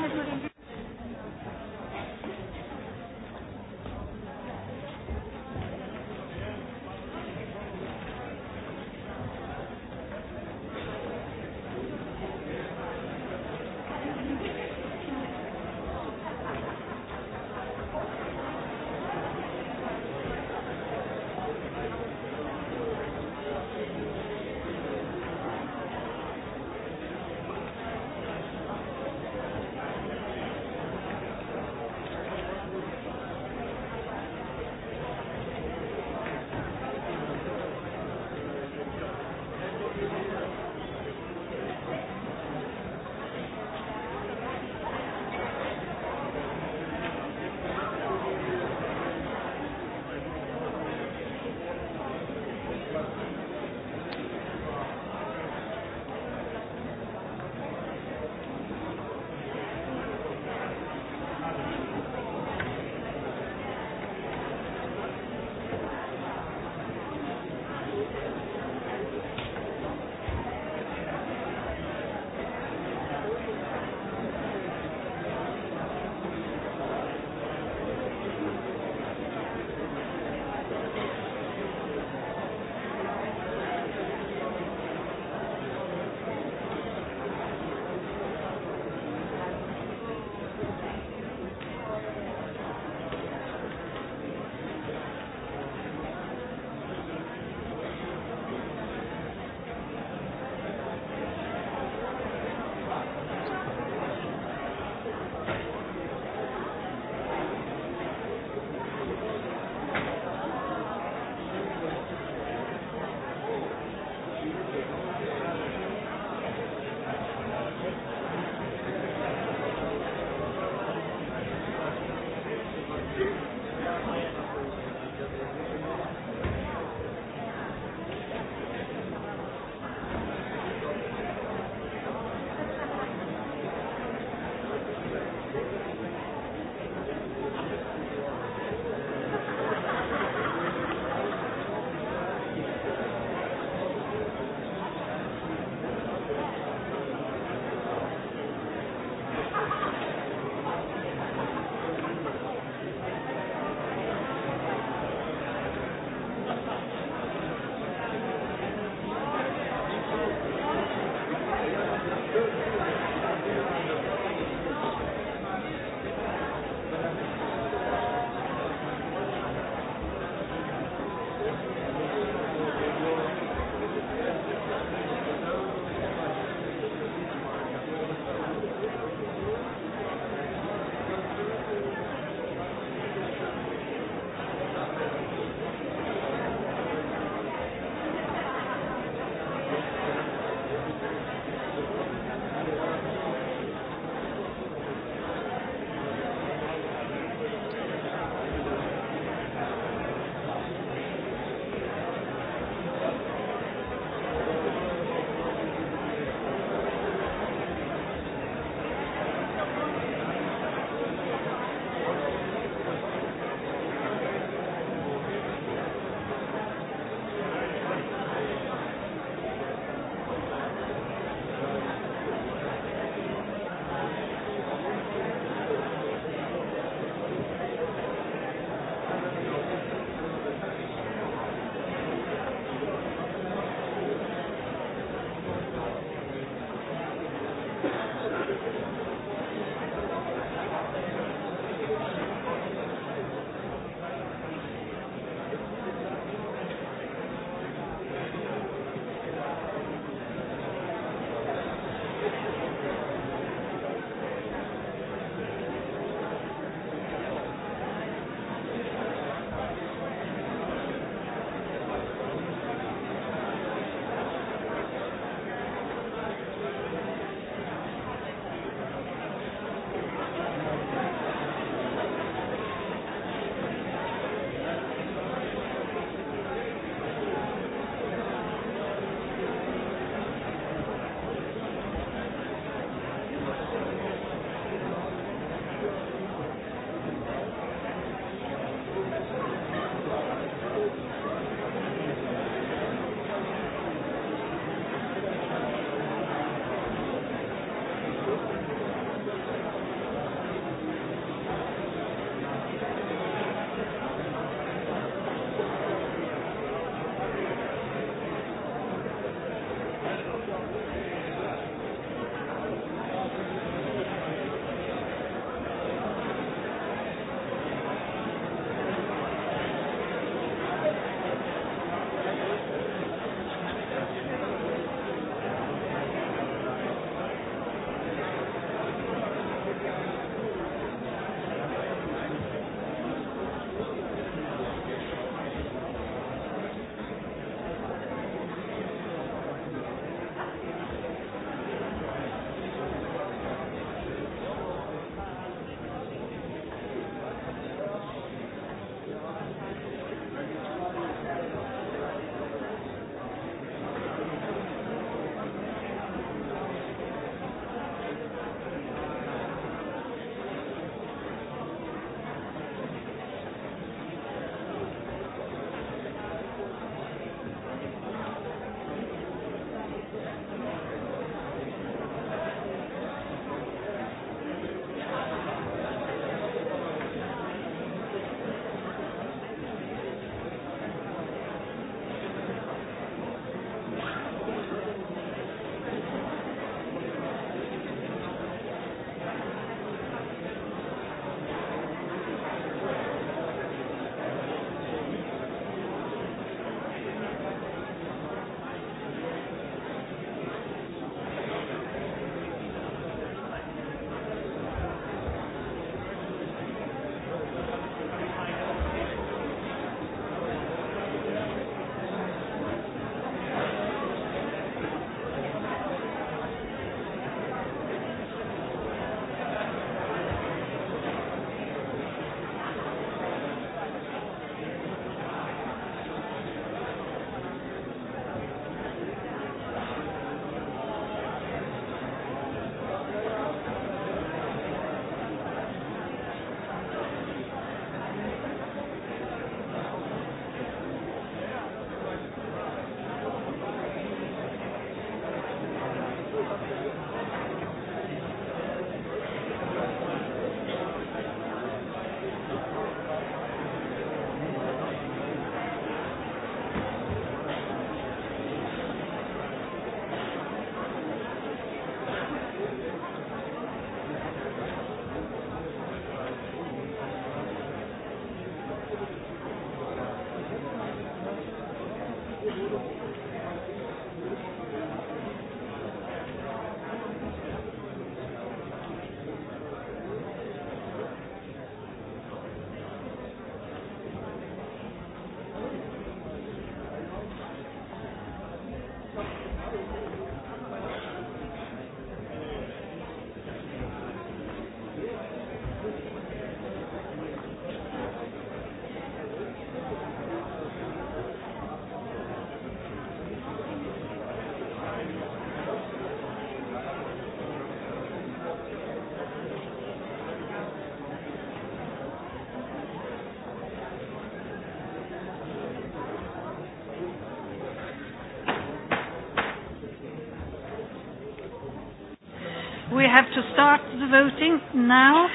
we have to start the voting now.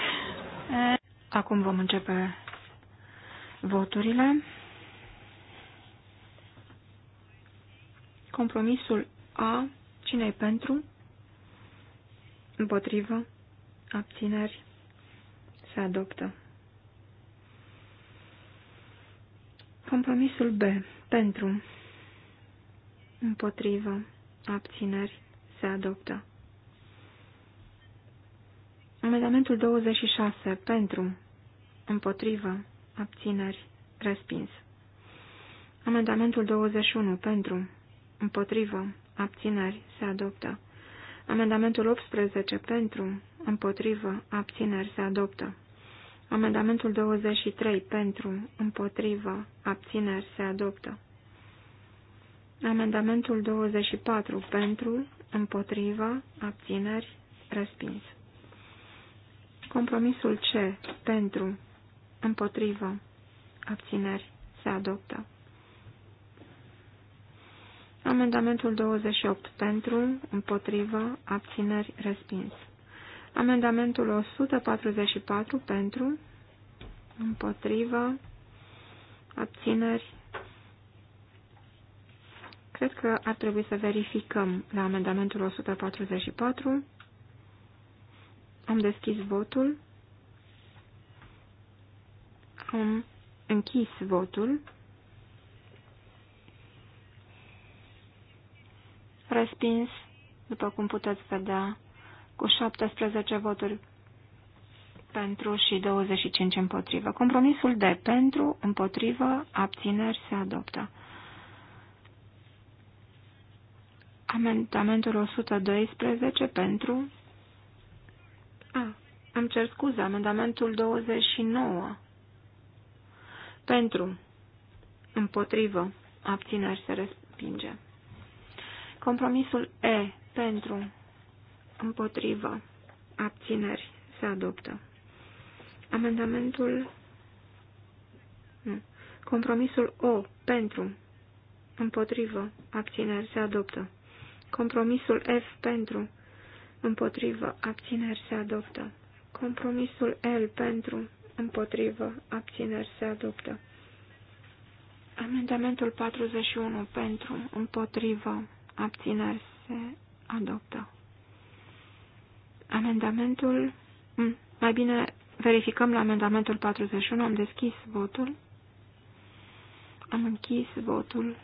Uh, Acum vom începe voturile. Compromisul A. Cine e pentru? Împotrivă? Abțineri? Se adoptă. Compromisul B. Pentru. Împotrivă. Abțineri. Se adoptă. Amendamentul 26. Pentru. Împotrivă. Abțineri. Respins. Amendamentul 21. Pentru. Împotrivă. Abțineri. Se adoptă. Amendamentul 18. Pentru. Împotrivă. Abțineri. Se adoptă. Amendamentul 23. Pentru. Împotrivă. Abțineri. Se adoptă. Amendamentul 24. Pentru. Împotrivă. Abțineri. Respins. Compromisul C. Pentru. Împotrivă. Abțineri. Se adoptă. Amendamentul 28. Pentru. Împotrivă. Abțineri. Respins. Amendamentul 144. Pentru. Împotrivă. Abțineri. Cred că ar trebui să verificăm la amendamentul 144. Am deschis votul. Am închis votul. Respins, după cum puteți vedea, cu 17 voturi pentru și 25 împotrivă. Compromisul de pentru, împotrivă, abțineri se adoptă. Amendamentul 112 pentru, îmi cer scuze, amendamentul 29. Pentru. Împotrivă. Abțineri se respinge. Compromisul E. Pentru. Împotrivă. Abțineri se adoptă. Amendamentul. Nu. Compromisul O. Pentru. Împotrivă. Abțineri se adoptă. Compromisul F. Pentru. Împotrivă. Abțineri se adoptă. Compromisul L pentru, împotrivă, abțineri se adoptă. Amendamentul 41 pentru, împotrivă, abțineri se adoptă. Amendamentul... Mai bine verificăm la amendamentul 41. Am deschis votul. Am închis votul.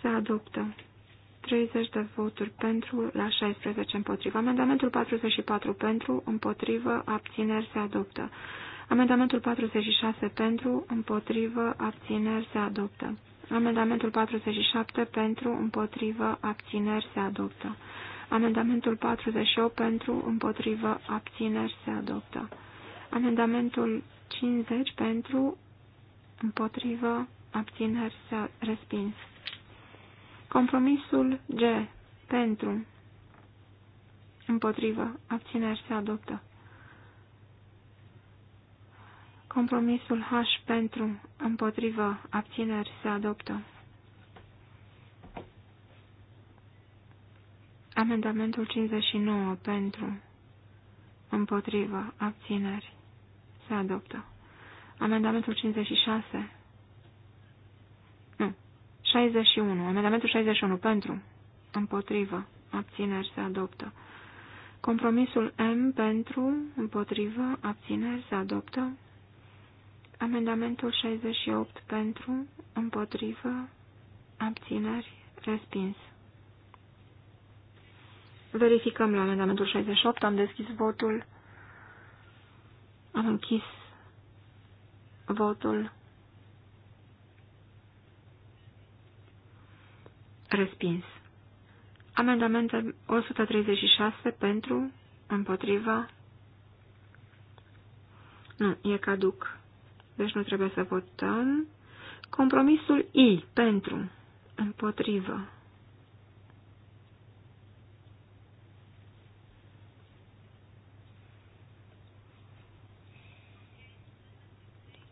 Se adoptă. 30 de voturi pentru la 16 împotrivă. Amendamentul 44 pentru, împotrivă, abțineri se adoptă. Amendamentul 46 pentru, împotrivă, abțineri se adoptă. Amendamentul 47 pentru, împotrivă, abțineri se adoptă. Amendamentul 48 pentru, împotrivă, abțineri se adoptă. Amendamentul 50 pentru, împotrivă, abțineri se respins. Compromisul G. Pentru. Împotrivă. Abțineri se adoptă. Compromisul H. Pentru. Împotrivă. Abțineri se adoptă. Amendamentul 59. Pentru. Împotrivă. Abțineri. Se adoptă. Amendamentul 56. 61. Amendamentul 61. Pentru. Împotrivă. Abțineri se adoptă. Compromisul M pentru, împotrivă, abțineri se adoptă. Amendamentul 68 pentru, împotrivă, abțineri, respins. Verificăm la amendamentul 68, am deschis votul, am închis votul, Respins. Amendamente 136 pentru, împotriva. Nu, e caduc. Deci nu trebuie să votăm. Compromisul I pentru, împotrivă.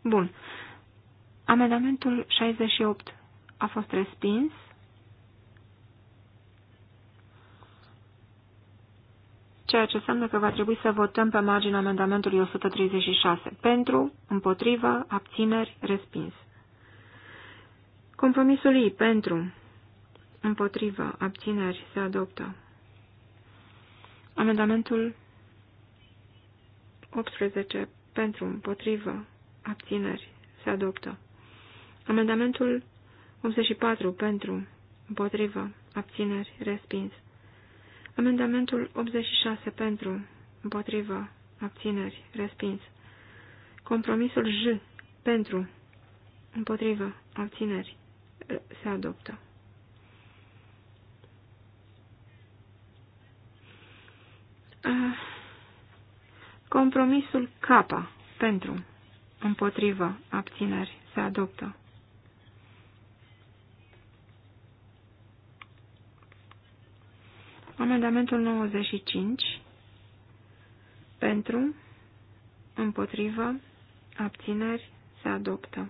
Bun. Amendamentul 68 a fost respins. ceea ce înseamnă că va trebui să votăm pe marginea amendamentului 136. Pentru, împotrivă, abțineri, respins. Compromisul I. Pentru, împotrivă, abțineri, se adoptă. Amendamentul 18. Pentru, împotrivă, abțineri, se adoptă. Amendamentul 84. Pentru, împotrivă, abțineri, respins. Amendamentul 86 pentru, împotrivă, abțineri, respins. Compromisul J pentru, împotrivă, abțineri, se adoptă. Compromisul K pentru, împotrivă, abțineri, se adoptă. Amendamentul 95 pentru, împotrivă, abțineri se adoptă.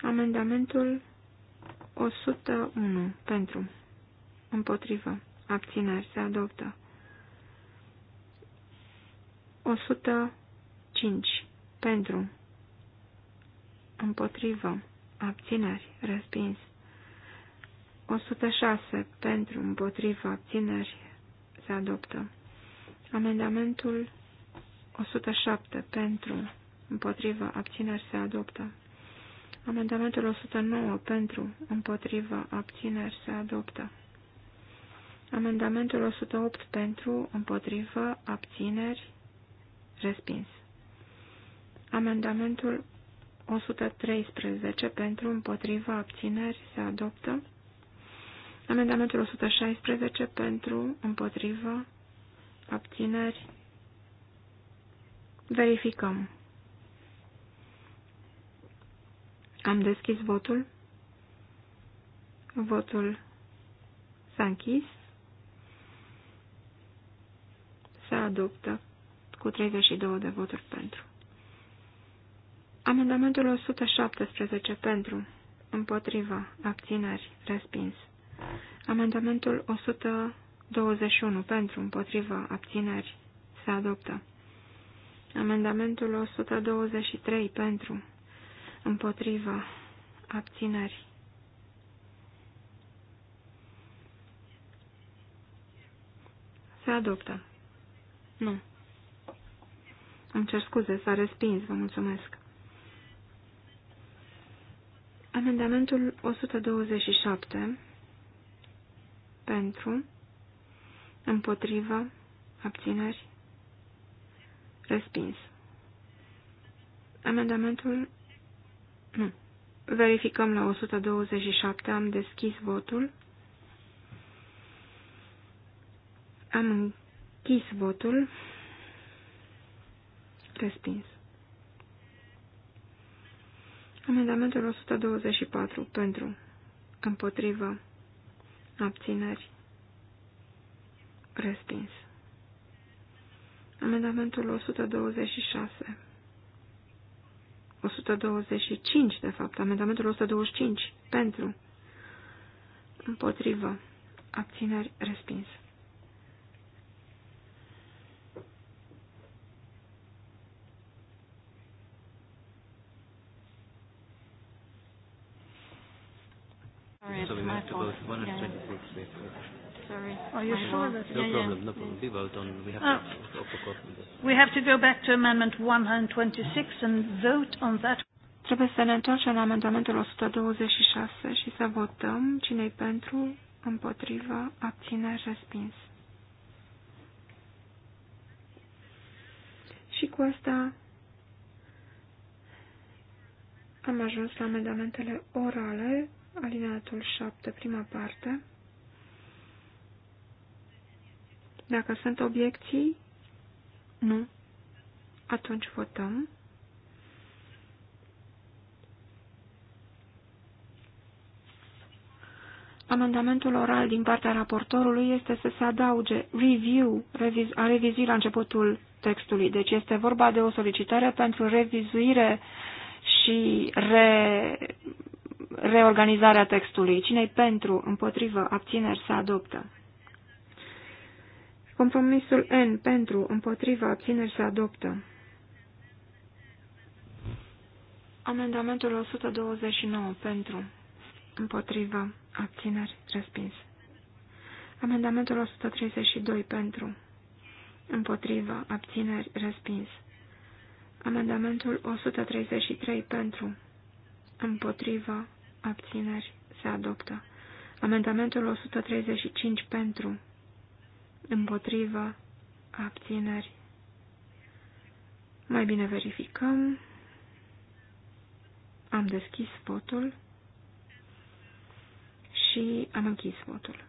Amendamentul 101 pentru, împotrivă, abțineri se adoptă. 105 pentru, împotrivă, abțineri, respins. 106 pentru împotriva abțineri se adoptă. Amendamentul 107 pentru împotriva abțineri se adoptă. Amendamentul 109 pentru împotriva abțineri se adoptă. Amendamentul 108 pentru împotriva abțineri respins. Amendamentul 113 pentru împotriva abțineri se adoptă. Amendamentul 116 pentru, împotrivă, abțineri. Verificăm. Am deschis votul. Votul s-a închis. Se adoptă cu 32 de voturi pentru. Amendamentul 117 pentru, împotriva, abțineri, respins. Amendamentul 121 pentru împotrivă abțineri se adoptă. Amendamentul 123 pentru împotrivă abțineri. Se adoptă. Nu. Îmi cer scuze, s-a respins, vă mulțumesc. Amendamentul 127 pentru, împotrivă, abțineri, respins. Amendamentul... Nu. Verificăm la 127, am deschis votul. Am închis votul. Respins. Amendamentul 124. Pentru. Împotrivă. Abțineri. Respins. Amendamentul 126. 125, de fapt. Amendamentul 125. Pentru. Împotrivă. Abțineri. Respins. sorry, so we have to vote 126. Yeah. Sorry. Are you I sure? That, no yeah, problem, yeah. no problem. We vote on, we have oh. to, We have to go back to amendment 126 and vote on that. Trebuie să ne întoarcem la amendamentul 126 și să votăm cine-i pentru, împotrivă, abține, respins. Și cu asta am ajuns la amendamentele orale alineatul 7, prima parte. Dacă sunt obiecții, nu. Atunci votăm. Amendamentul oral din partea raportorului este să se adauge review reviz, a revizui la începutul textului. Deci este vorba de o solicitare pentru revizuire și re, reorganizarea textului. Cine-i pentru, împotrivă, abțineri, se adoptă. Compromisul N pentru, împotrivă, abțineri, se adoptă. Amendamentul 129 pentru, împotrivă, abțineri, respins. Amendamentul 132 pentru, împotrivă, abțineri, respins. Amendamentul 133 pentru, împotrivă, abțineri, se adoptă. Amendamentul 135 pentru, împotrivă, abțineri. Mai bine verificăm. Am deschis votul și am închis votul.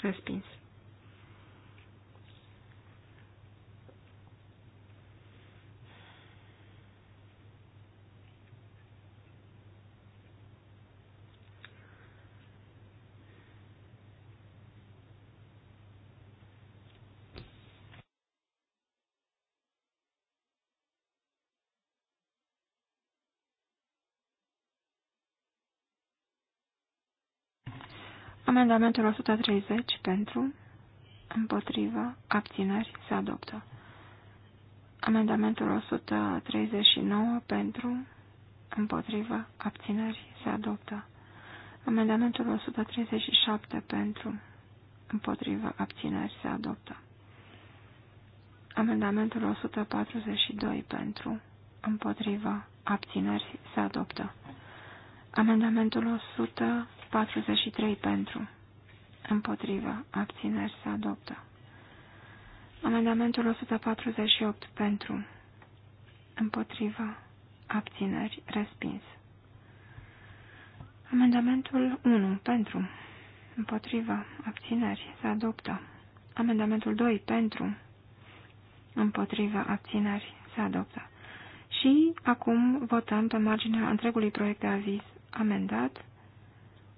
Respins. Amendamentul 130 pentru, împotrivă, abțineri se adoptă. Amendamentul 139 pentru, împotrivă, abțineri se adoptă. Amendamentul 137 pentru, împotrivă, abțineri se adoptă. Amendamentul 142 pentru, împotrivă, abțineri se adoptă. Amendamentul 100 43 pentru. Împotrivă. Abțineri se adoptă. Amendamentul 148 pentru. Împotrivă. Abțineri. Respins. Amendamentul 1 pentru. Împotrivă. Abțineri. Se adoptă. Amendamentul 2 pentru. Împotrivă. Abțineri. Se adoptă. Și acum votăm pe marginea întregului proiect de aviz amendat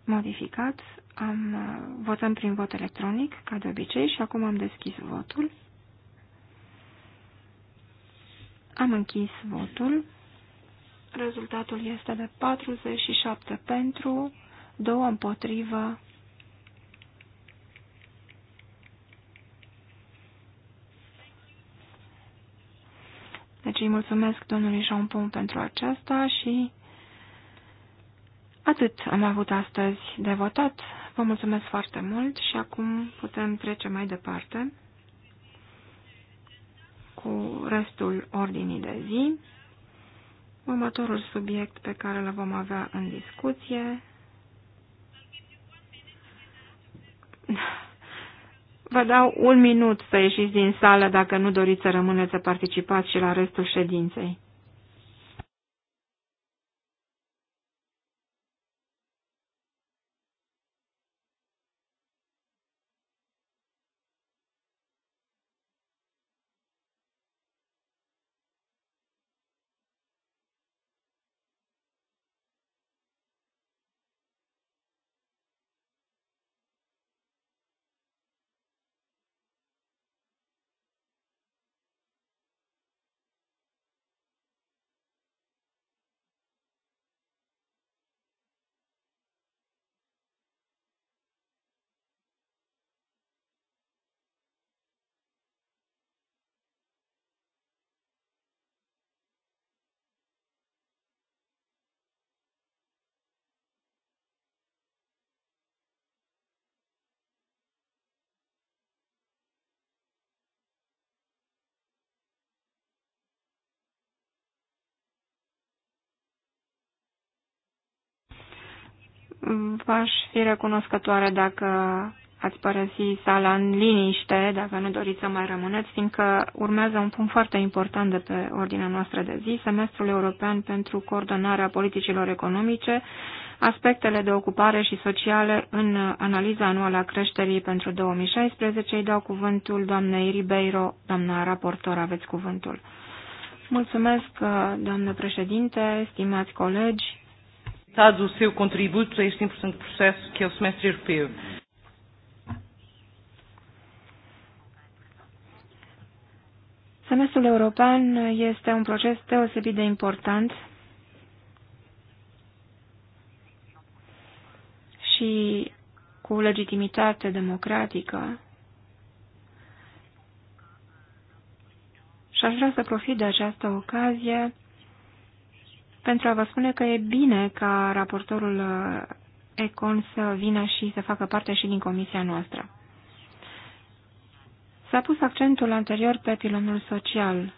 modificat. Am, uh, votăm prin vot electronic, ca de obicei, și acum am deschis votul. Am închis votul. Rezultatul este de 47 pentru, 2 împotrivă. Deci îi mulțumesc domnului Jean Pon pentru aceasta și Atât am avut astăzi de votat. Vă mulțumesc foarte mult și acum putem trece mai departe cu restul ordinii de zi. Următorul subiect pe care îl vom avea în discuție. Vă dau un minut să ieșiți din sală dacă nu doriți să rămâneți să participați și la restul ședinței. V-aș fi recunoscătoare dacă ați părăsi sala în liniște, dacă nu doriți să mai rămâneți, fiindcă urmează un punct foarte important de pe ordinea noastră de zi, semestrul european pentru coordonarea politicilor economice, aspectele de ocupare și sociale în analiza anuală a creșterii pentru 2016. Îi dau cuvântul doamnei Ribeiro, doamna raportor, aveți cuvântul. Mulțumesc, doamnă președinte, stimați colegi, dado o seu contributo a este importante processo que é o semestre europeu. Semestrul european este un proces deosebit de important și cu legitimitate democratică. Și aș vrea să profit de această ocazie pentru a vă spune că e bine ca raportorul uh, Econ să vină și să facă parte și din comisia noastră. S-a pus accentul anterior pe pilonul social.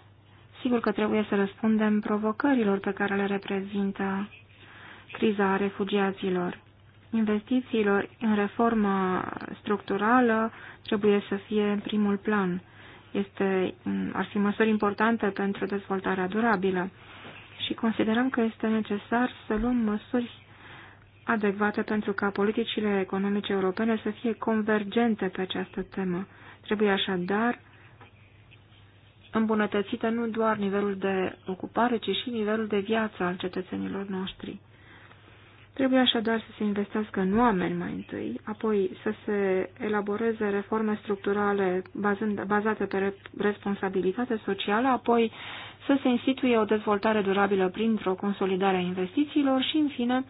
Sigur că trebuie să răspundem provocărilor pe care le reprezintă criza refugiaților. Investițiilor în reforma structurală trebuie să fie în primul plan. Este, ar fi măsuri importante pentru dezvoltarea durabilă și considerăm că este necesar să luăm măsuri adecvate pentru ca politicile economice europene să fie convergente pe această temă. Trebuie așadar îmbunătățită nu doar nivelul de ocupare, ci și nivelul de viață al cetățenilor noștri. Trebuie așadar să se investească în oameni mai întâi, apoi să se elaboreze reforme structurale bazând, bazate pe responsabilitate socială, apoi să se instituie o dezvoltare durabilă printr-o consolidare a investițiilor și, în fine,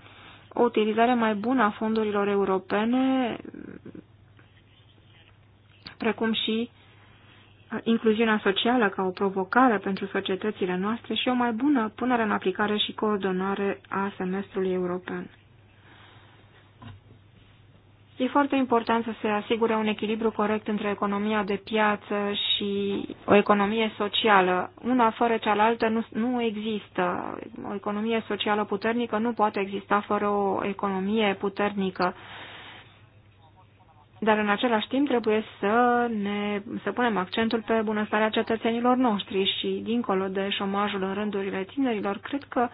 o utilizare mai bună a fondurilor europene, precum și uh, incluziunea socială ca o provocare pentru societățile noastre și o mai bună punere în aplicare și coordonare a semestrului european. E foarte important să se asigure un echilibru corect între economia de piață și o economie socială. Una fără cealaltă nu, nu există. O economie socială puternică nu poate exista fără o economie puternică. Dar în același timp trebuie să, ne, să punem accentul pe bunăstarea cetățenilor noștri și dincolo de șomajul în rândurile tinerilor, cred că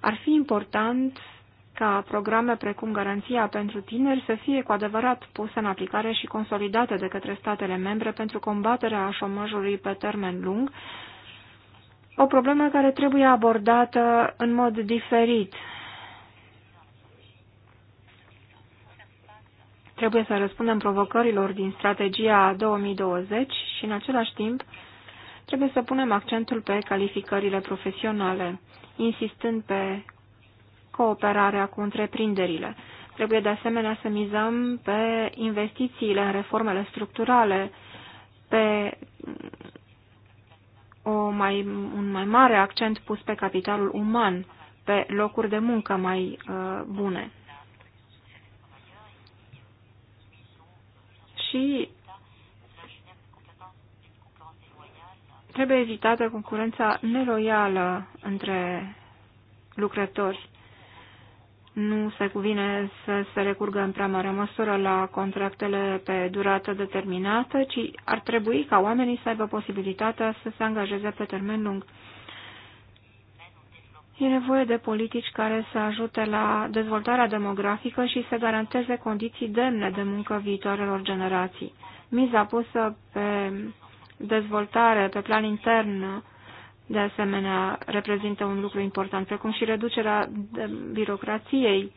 ar fi important ca programe precum Garanția pentru Tineri să fie cu adevărat puse în aplicare și consolidate de către statele membre pentru combaterea șomajului pe termen lung, o problemă care trebuie abordată în mod diferit. Trebuie să răspundem provocărilor din strategia 2020 și, în același timp, trebuie să punem accentul pe calificările profesionale, insistând pe cooperarea cu întreprinderile. Trebuie de asemenea să mizăm pe investițiile în reformele structurale, pe o mai, un mai mare accent pus pe capitalul uman, pe locuri de muncă mai uh, bune. Și trebuie evitată concurența neloială între lucrători nu se cuvine să se recurgă în prea mare măsură la contractele pe durată determinată, ci ar trebui ca oamenii să aibă posibilitatea să se angajeze pe termen lung. E nevoie de politici care să ajute la dezvoltarea demografică și să garanteze condiții demne de muncă viitoarelor generații. Miza pusă pe dezvoltare pe plan intern de asemenea, reprezintă un lucru important, precum și reducerea birocrației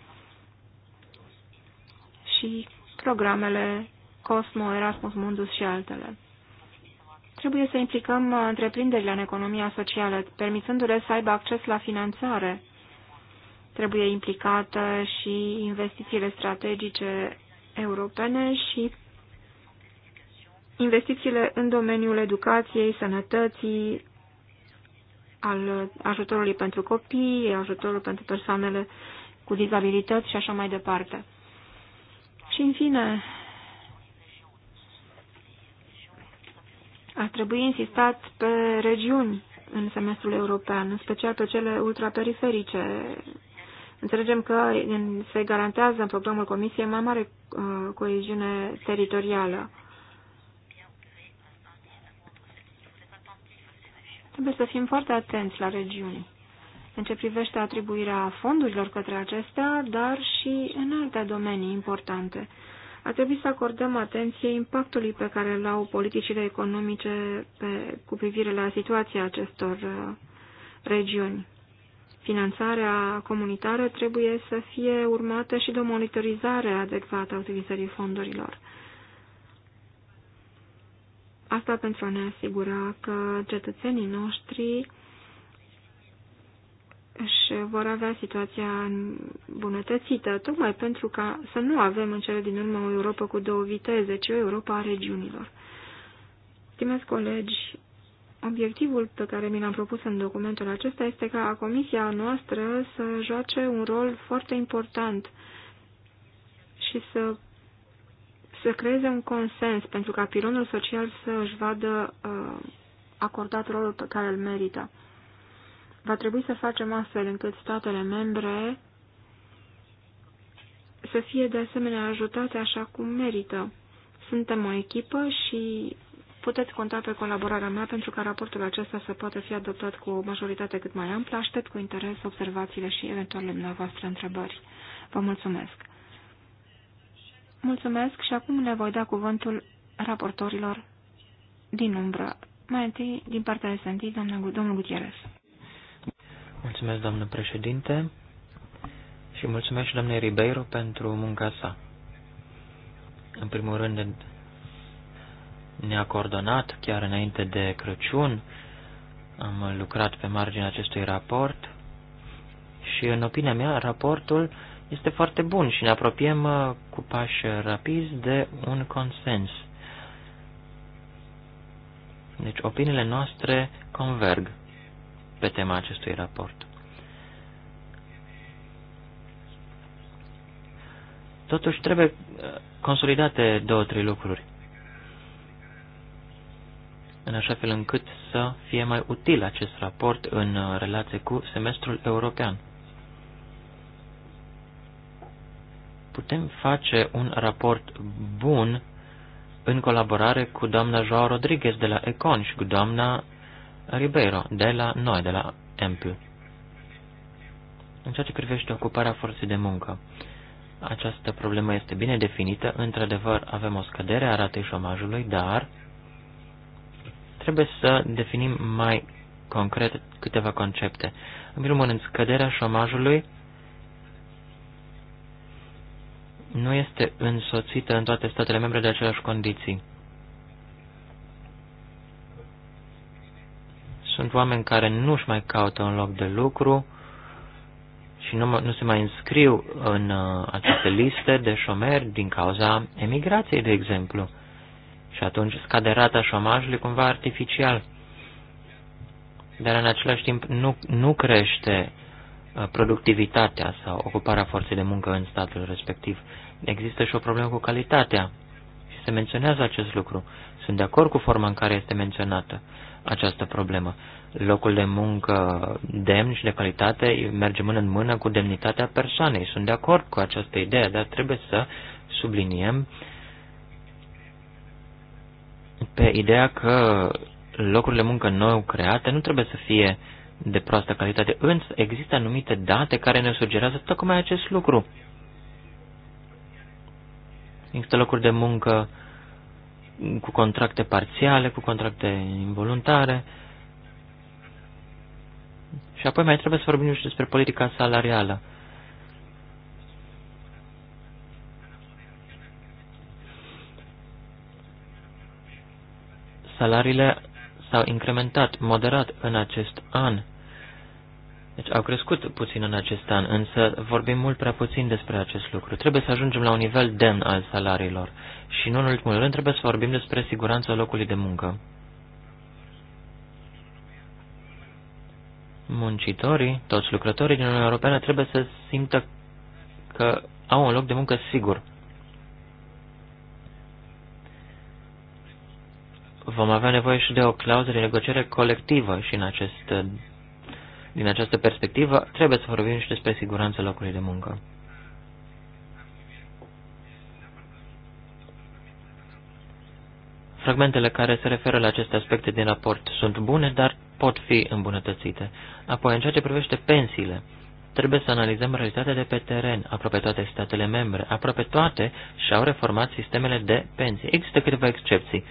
și programele Cosmo, Erasmus Mundus și altele. Trebuie să implicăm întreprinderile în economia socială, permițându-le să aibă acces la finanțare. Trebuie implicată și investițiile strategice europene și investițiile în domeniul educației, sănătății, al ajutorului pentru copii, ajutorul pentru persoanele cu dizabilități și așa mai departe. Și, în fine, ar trebui insistat pe regiuni în semestrul european, în special pe cele ultraperiferice. Înțelegem că se garantează în programul Comisiei mai mare uh, coeziune teritorială. Trebuie să fim foarte atenți la regiuni în ce privește atribuirea fondurilor către acestea, dar și în alte domenii importante. A trebuit să acordăm atenție impactului pe care îl au politicile economice pe, cu privire la situația acestor uh, regiuni. Finanțarea comunitară trebuie să fie urmată și de o monitorizare adecvată a utilizării fondurilor. Asta pentru a ne asigura că cetățenii noștri își vor avea situația îmbunătățită, tocmai pentru ca să nu avem în cele din urmă o Europa cu două viteze, ci o Europa a regiunilor. Stimați colegi, obiectivul pe care mi l-am propus în documentul acesta este ca comisia noastră să joace un rol foarte important și să să creeze un consens pentru ca pilonul social să își vadă uh, acordat rolul pe care îl merită. Va trebui să facem astfel încât statele membre să fie de asemenea ajutate așa cum merită. Suntem o echipă și puteți conta pe colaborarea mea pentru ca raportul acesta să poată fi adoptat cu o majoritate cât mai amplă. Aștept cu interes observațiile și eventualele dumneavoastră întrebări. Vă mulțumesc! Mulțumesc și acum le voi da cuvântul raportorilor din umbră. Mai întâi, din partea SND, domnul Gutierrez. Mulțumesc, doamnă președinte, și mulțumesc și doamnei Ribeiro pentru munca sa. În primul rând, ne-a coordonat chiar înainte de Crăciun, am lucrat pe marginea acestui raport și, în opinia mea, raportul este foarte bun și ne apropiem uh, cu pași rapizi de un consens. Deci opiniile noastre converg pe tema acestui raport. Totuși trebuie uh, consolidate două, trei lucruri. În așa fel încât să fie mai util acest raport în uh, relație cu semestrul european. putem face un raport bun în colaborare cu doamna Joao Rodriguez de la Econ și cu doamna Ribeiro de la noi, de la Empl. În ceea ce privește ocuparea forței de muncă, această problemă este bine definită, într-adevăr avem o scădere a ratei șomajului, dar trebuie să definim mai concret câteva concepte. În primul rând, scăderea șomajului nu este însoțită în toate statele membre de aceleași condiții. Sunt oameni care nu își mai caută un loc de lucru și nu, nu se mai înscriu în uh, aceste liste de șomeri din cauza emigrației, de exemplu. Și atunci scade rata șomajului cumva artificial. Dar în același timp nu, nu crește productivitatea sau ocuparea forței de muncă în statul respectiv. Există și o problemă cu calitatea și se menționează acest lucru. Sunt de acord cu forma în care este menționată această problemă. Locul de muncă demn și de calitate merge mână în mână cu demnitatea persoanei. Sunt de acord cu această idee, dar trebuie să subliniem pe ideea că locurile de muncă nou create nu trebuie să fie uh, de proastă calitate, însă există anumite date care ne sugerează tocmai acest lucru. Există locuri de muncă cu contracte parțiale, cu contracte involuntare. Și apoi mai trebuie să vorbim și despre politica salarială. Salariile s-au incrementat moderat în acest an. Deci au crescut puțin în acest an, însă vorbim mult prea puțin despre acest lucru. Trebuie să ajungem la un nivel den al salariilor și, nu în ultimul rând, trebuie să vorbim despre siguranța locului de muncă. Muncitorii, toți lucrătorii din Uniunea Europeană trebuie să simtă că au un loc de muncă sigur. Vom avea nevoie și de o clauză de negociere colectivă și în acest din această perspectivă, trebuie să vorbim și despre siguranța locului de muncă. Fragmentele care se referă la aceste aspecte din raport sunt bune, dar pot fi îmbunătățite. Apoi, în ceea ce privește pensiile, trebuie să analizăm realitatea de pe teren. Aproape toate statele membre, aproape toate și-au reformat sistemele de pensii. Există câteva excepții.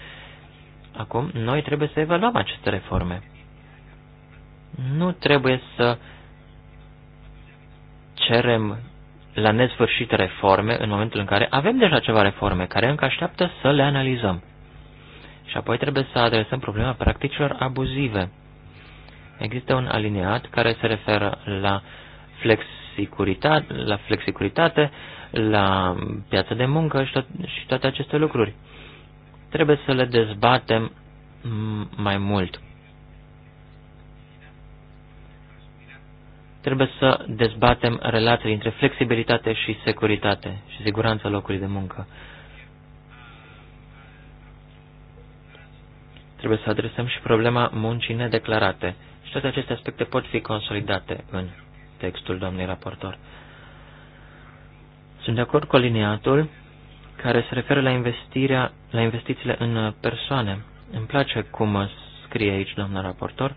Acum, noi trebuie să evaluăm aceste reforme nu trebuie să cerem la nesfârșit reforme în momentul în care avem deja ceva reforme care încă așteaptă să le analizăm. Și apoi trebuie să adresăm problema practicilor abuzive. Există un alineat care se referă la flexicuritate, la, flexicuritate, la piața de muncă și, to- și toate aceste lucruri. Trebuie să le dezbatem mai mult. trebuie să dezbatem relația dintre flexibilitate și securitate și siguranța locului de muncă. Trebuie să adresăm și problema muncii nedeclarate și toate aceste aspecte pot fi consolidate în textul doamnei raportor. Sunt de acord cu aliniatul care se referă la, investirea, la investițiile în persoane. Îmi place cum scrie aici doamna raportor,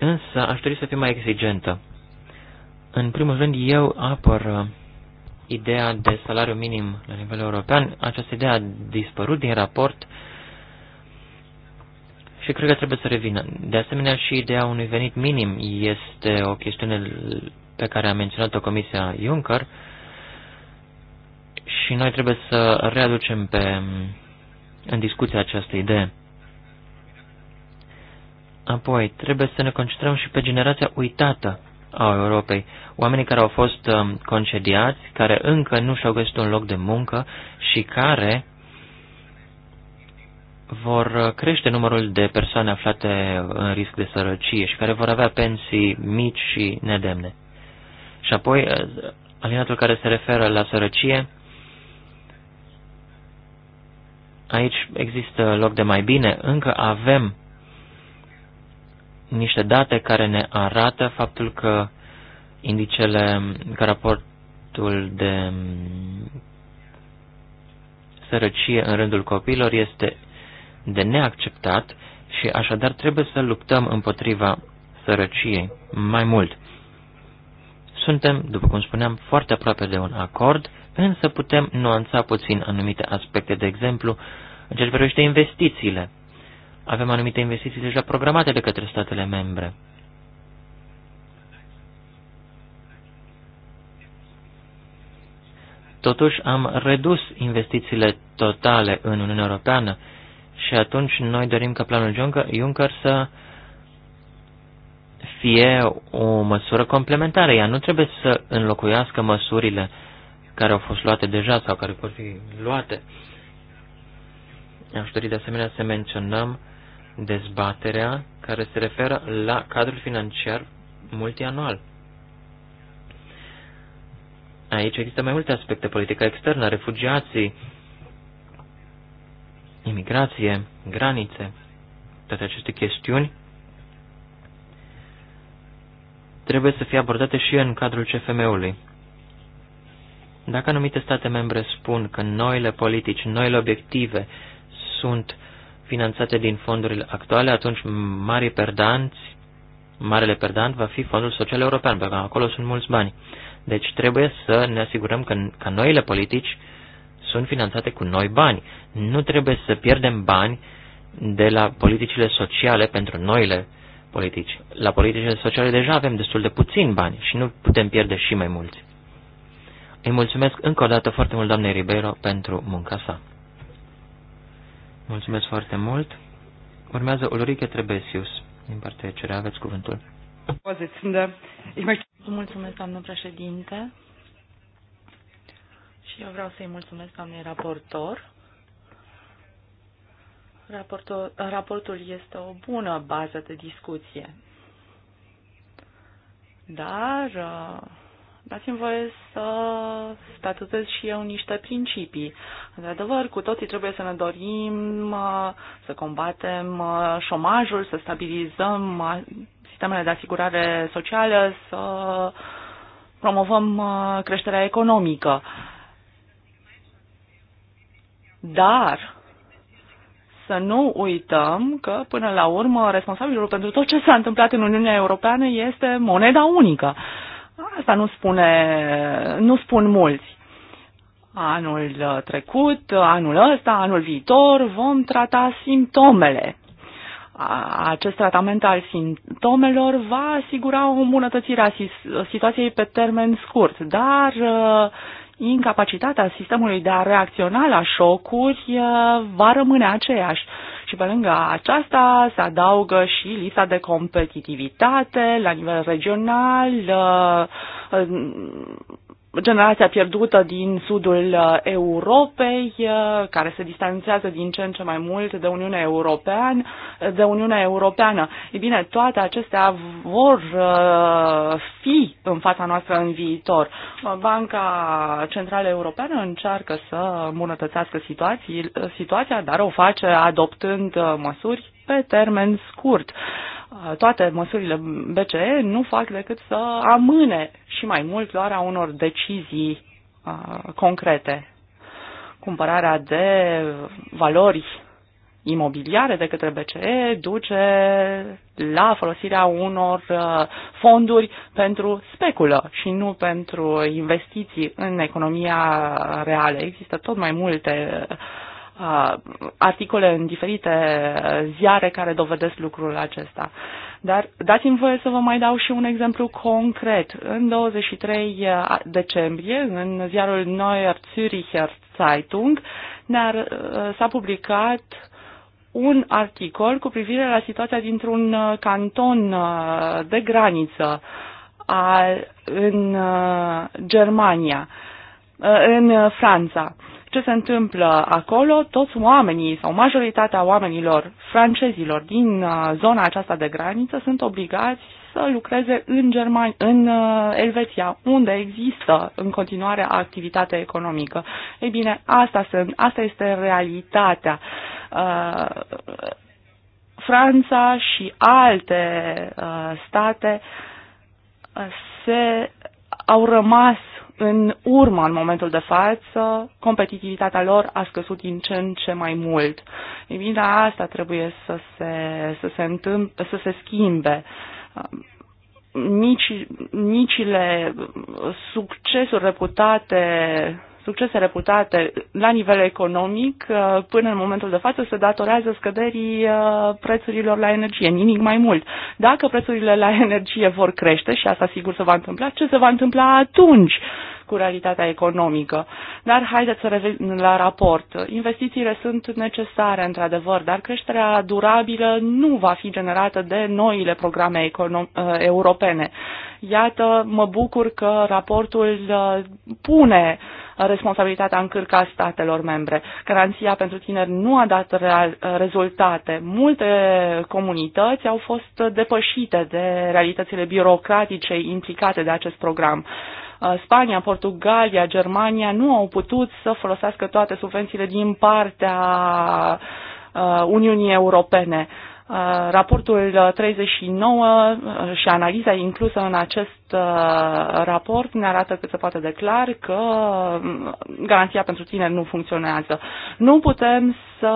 Însă aș dori să fiu mai exigentă. În primul rând, eu apăr uh, ideea de salariu minim la nivel european. Această idee a dispărut din raport și cred că trebuie să revină. De asemenea, și ideea unui venit minim este o chestiune pe care a menționat-o Comisia Juncker și noi trebuie să readucem pe, în discuție această idee. Apoi, trebuie să ne concentrăm și pe generația uitată a Europei, oamenii care au fost um, concediați, care încă nu și-au găsit un loc de muncă și care vor uh, crește numărul de persoane aflate în risc de sărăcie și care vor avea pensii mici și nedemne. Și apoi, uh, alinatul care se referă la sărăcie, aici există loc de mai bine, încă avem niște date care ne arată faptul că indicele, că raportul de mm, sărăcie în rândul copiilor este de neacceptat și așadar trebuie să luptăm împotriva sărăciei mai mult. Suntem, după cum spuneam, foarte aproape de un acord, însă putem nuanța puțin anumite aspecte, de exemplu, în ce privește investițiile. Avem anumite investiții deja programate de către statele membre. Totuși am redus investițiile totale în Uniunea Europeană și atunci noi dorim ca planul Juncker să fie o măsură complementară. Ea nu trebuie să înlocuiască măsurile care au fost luate deja sau care pot fi luate. Aș dori de asemenea să menționăm dezbaterea care se referă la cadrul financiar multianual. Aici există mai multe aspecte, politica externă, refugiații, imigrație, granițe, toate aceste chestiuni trebuie să fie abordate și în cadrul CFM-ului. Dacă anumite state membre spun că noile politici, noile obiective sunt finanțate din fondurile actuale, atunci mari perdanți, marele perdant va fi Fondul Social European, pentru că acolo sunt mulți bani. Deci trebuie să ne asigurăm că, că noile politici sunt finanțate cu noi bani. Nu trebuie să pierdem bani de la politicile sociale pentru noile politici. La politicile sociale deja avem destul de puțin bani și nu putem pierde și mai mulți. Îi mulțumesc încă o dată foarte mult doamnei Ribeiro pentru munca sa. Mulțumesc foarte mult. Urmează Ulrike Trebesius. Din partea cerea aveți cuvântul. Mulțumesc, doamnă președinte. Și eu vreau să-i mulțumesc doamnei raportor. Raportul, raportul este o bună bază de discuție. Dar uh, Dați-mi voie să statutez și eu niște principii. Într-adevăr, cu toții trebuie să ne dorim uh, să combatem uh, șomajul, să stabilizăm uh, sistemele de asigurare socială, să promovăm creșterea economică. Dar să nu uităm că, până la urmă, responsabilul pentru tot ce s-a întâmplat în Uniunea Europeană este moneda unică. Uh, Asta nu spune, nu spun mulți. Anul uh, trecut, anul ăsta, anul viitor vom trata simptomele. Acest tratament al simptomelor va asigura o îmbunătățire a situației pe termen scurt, dar uh, incapacitatea sistemului de a reacționa la șocuri uh, va rămâne aceeași și pe lângă aceasta se adaugă și lipsa de competitivitate la nivel regional, uh, generația pierdută din sudul uh, Europei, uh, care se distanțează din ce în ce mai mult de Uniunea Europeană, de Uniunea Europeană. E bine, toate acestea vor uh, fi în fața noastră în viitor. Banca Centrală Europeană încearcă să îmbunătățească situația, dar o face adoptând măsuri pe termen scurt. Uh, toate măsurile BCE nu fac decât să amâne și mai mult luarea unor decizii concrete. Cumpărarea de valori imobiliare de către BCE duce la folosirea unor fonduri pentru speculă și nu pentru investiții în economia reală. Există tot mai multe uh, Uh, articole în diferite ziare care dovedesc lucrul acesta. Dar dați-mi voie să vă mai dau și un exemplu concret. În 23 uh, decembrie, în ziarul Neuer Züricher Zeitung, uh, s-a publicat un articol cu privire la situația dintr-un canton de graniță a, în Germania, în Franța ce se întâmplă acolo, toți oamenii sau majoritatea oamenilor francezilor din uh, zona aceasta de graniță sunt obligați să lucreze în, Germania, în uh, Elveția, unde există în continuare activitate economică. Ei bine, asta, sunt, asta este realitatea. Uh, Franța și alte state se au rămas în urmă în momentul de față, competitivitatea lor a scăzut din ce în ce mai mult. Ei bine, asta trebuie să se, să se, întâmpl, să se schimbe. Mici, micile succesuri reputate succese reputate la nivel economic uh, până în momentul de față se datorează scăderii uh, prețurilor la energie, nimic mai mult. Dacă prețurile la energie vor crește, și asta sigur se va întâmpla, ce se va întâmpla atunci? cu realitatea economică. Dar haideți să revenim la raport. Investițiile sunt necesare, într-adevăr, dar creșterea durabilă nu va fi generată de noile programe eh, europene. Iată, mă bucur că raportul eh, pune responsabilitatea în cârca statelor membre. Garanția pentru tineri nu a dat rezultate. Multe comunități au fost depășite de realitățile birocratice implicate de acest program. Uh, Spania, Portugalia, Germania nu au putut să folosească toate subvențiile din partea uh, Uniunii Europene. Uh, raportul 39 și analiza inclusă în acest raport ne arată cât se poate de clar că mm, garanția pentru tine nu funcționează. Nu putem să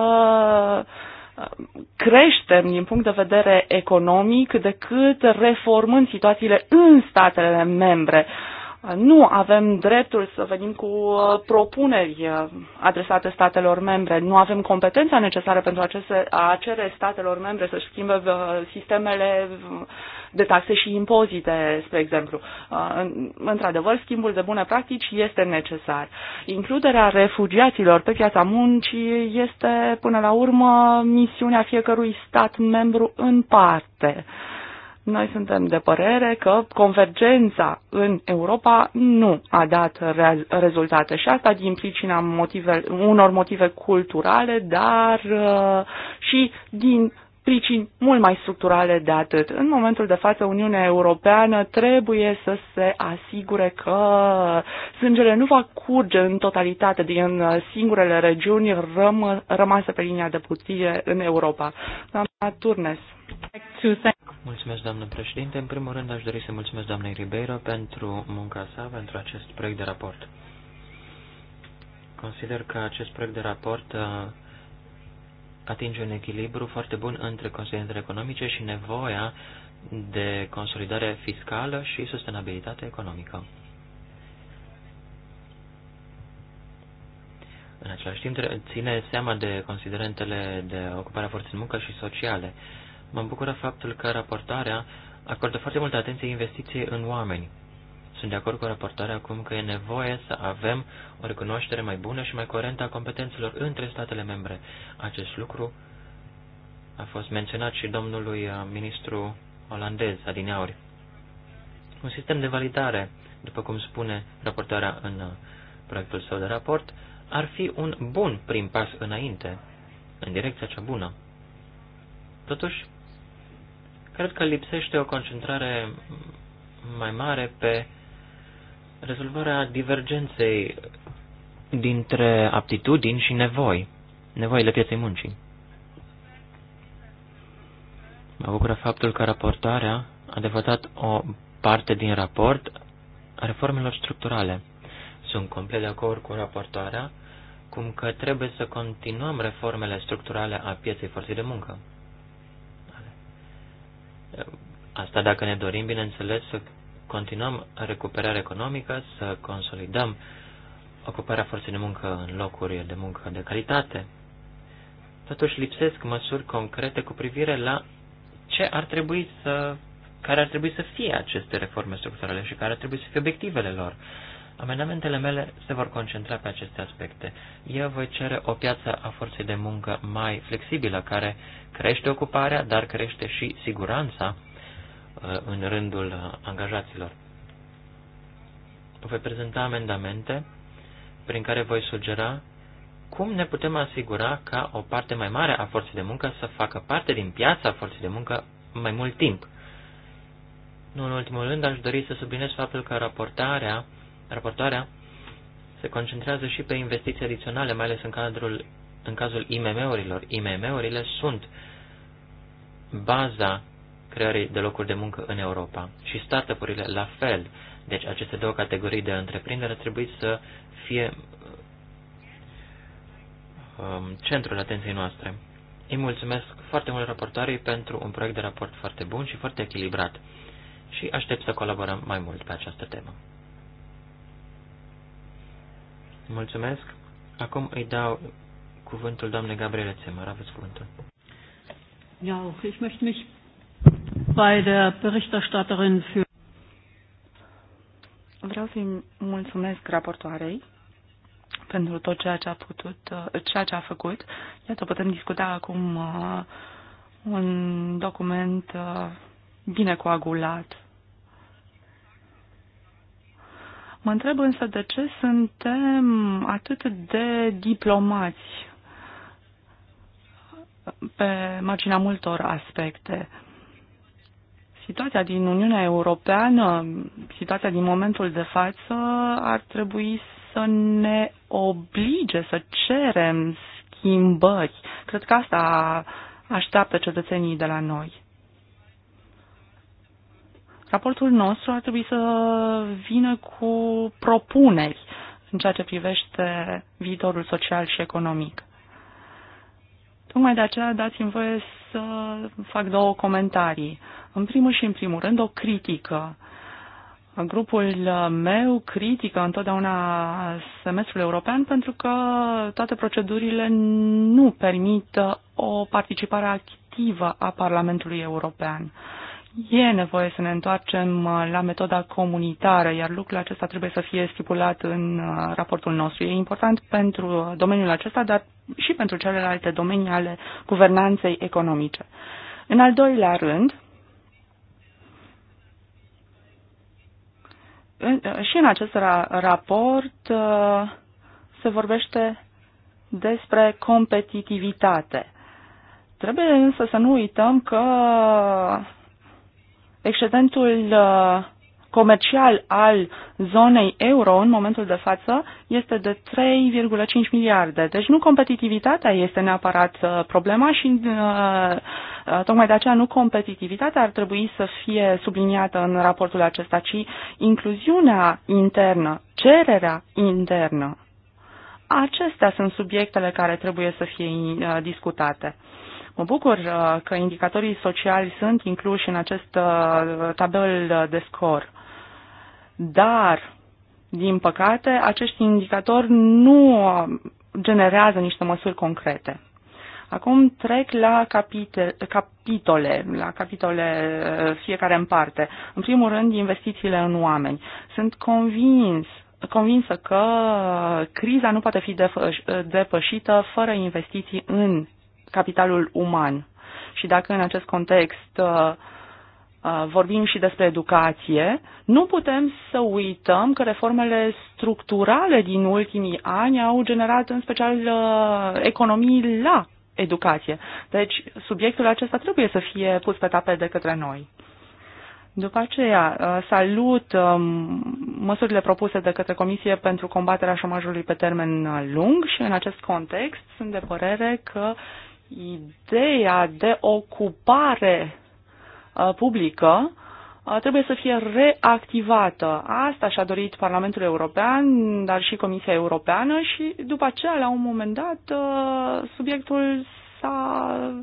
creștem din punct de vedere economic decât reformând situațiile în statele membre. Uh, nu avem dreptul să venim cu uh, propuneri uh, adresate statelor membre. Nu avem competența necesară pentru aceste, a cere statelor membre să-și schimbe uh, sistemele de taxe și impozite, spre exemplu. Într-adevăr, schimbul de bune practici este necesar. Includerea refugiaților pe piața muncii este, până la urmă, misiunea fiecărui stat membru în parte. Uh, noi suntem de părere că convergența în Europa nu a dat rezultate și asta din pricina motive, unor motive culturale, dar uh, și din pricini mult mai structurale de atât. În momentul de față, Uniunea Europeană trebuie să se asigure că sângele nu va curge în totalitate din singurele regiuni răm- rămase pe linia de putie în Europa. Doamna Turnes. Mulțumesc, doamnă președinte. În primul rând, aș dori să mulțumesc doamnei Ribeiro pentru munca sa, pentru acest proiect de raport. Consider că acest proiect de raport uh, atinge un echilibru foarte bun între considerentele economice și nevoia de consolidare fiscală și sustenabilitate economică. În același timp, ține seama de considerentele de ocuparea forței de muncă și sociale. Mă bucură faptul că raportarea acordă foarte multă atenție investiției în oameni. Sunt de acord cu raportarea acum că e nevoie să avem o recunoaștere mai bună și mai coerentă a competențelor între statele membre. Acest lucru a fost menționat și domnului uh, ministru olandez, Adineauri. Un sistem de validare, după cum spune raportarea în uh, proiectul său de raport, ar fi un bun prim pas înainte, în direcția cea bună. Totuși, cred că lipsește o concentrare mai mare pe rezolvarea divergenței dintre aptitudini și nevoi, nevoile pieței muncii. Mă bucură faptul că raportarea a devătat o parte din raport a reformelor structurale. Sunt complet de acord cu raportarea, cum că trebuie să continuăm reformele structurale a pieței forței de muncă. Asta dacă ne dorim, bineînțeles, să continuăm recuperarea economică, să consolidăm ocuparea forței de muncă în locuri de muncă de calitate. Totuși lipsesc măsuri concrete cu privire la ce ar trebui să, care ar trebui să fie aceste reforme structurale și care ar trebui să fie obiectivele lor. Amendamentele mele se vor concentra pe aceste aspecte. Eu voi cere o piață a forței de muncă mai flexibilă, care crește ocuparea, dar crește și siguranța Uh, în rândul uh, angajaților. Voi prezenta amendamente prin care voi sugera cum ne putem asigura ca o parte mai mare a forței de muncă să facă parte din piața forței de muncă mai mult timp. Nu în ultimul rând, aș dori să subliniez faptul că raportarea, raportarea se concentrează și pe investiții adiționale, mai ales în, cadrul, în cazul IMM-urilor. IMM-urile sunt baza creării de locuri de muncă în Europa. Și startup-urile la fel. Deci aceste două categorii de întreprindere trebuie să fie um, centrul atenției noastre. Îi mulțumesc foarte mult raportoarei pentru un proiect de raport foarte bun și foarte echilibrat și aștept să colaborăm mai mult pe această temă. Mulțumesc. Acum îi dau cuvântul doamnei Gabriele Țemăr. Aveți cuvântul. Ja, ich möchte mich bei der Berichterstatterin für Vreau să-i mulțumesc raportoarei pentru tot ceea ce a putut, ceea ce a făcut. Iată, putem discuta acum uh, un document uh, bine coagulat. Mă întreb însă de ce suntem atât de diplomați pe marginea multor aspecte. Situația din Uniunea Europeană, situația din momentul de față, ar trebui să ne oblige să cerem schimbări. Cred că asta așteaptă cetățenii de la noi. Raportul nostru ar trebui să vină cu propuneri în ceea ce privește viitorul social și economic. Tocmai de aceea dați-mi voie să fac două comentarii. În primul și în primul rând o critică. Grupul meu critică întotdeauna semestrul european pentru că toate procedurile nu permit o participare activă a Parlamentului European e nevoie să ne întoarcem uh, la metoda comunitară, iar lucrul acesta trebuie să fie stipulat în uh, raportul nostru. E important pentru domeniul acesta, dar și pentru celelalte domenii ale guvernanței economice. În al doilea rând, uh, și în acest raport se vorbește despre competitivitate. Trebuie însă să nu uităm că excedentul uh, comercial al zonei euro în momentul de față este de 3,5 miliarde. Deci nu competitivitatea este neapărat uh, problema și uh, tocmai de aceea nu competitivitatea ar trebui să fie subliniată în raportul acesta, ci incluziunea internă, cererea internă. Acestea sunt subiectele care trebuie să fie discutate. Mă bucur uh, că indicatorii sociali sunt incluși în acest uh, tabel de scor, dar, din păcate, acești indicatori nu generează niște măsuri concrete. Acum trec la capite, capitole, la capitole uh, fiecare în parte. În primul rând, investițiile în oameni. Sunt convins convinsă că criza nu poate fi depășită fără investiții în capitalul uman. Și dacă în acest context uh, uh, vorbim și despre educație, nu putem să uităm că reformele structurale din ultimii ani au generat în special uh, economii la educație. Deci subiectul acesta trebuie să fie pus pe tapet de către noi. După aceea, salut um, măsurile propuse de către Comisie pentru combaterea șomajului pe termen lung și în acest context sunt de părere că ideea de ocupare publică trebuie să fie reactivată. Asta și-a dorit Parlamentul European, dar și Comisia Europeană și după aceea, la un moment dat, subiectul s-a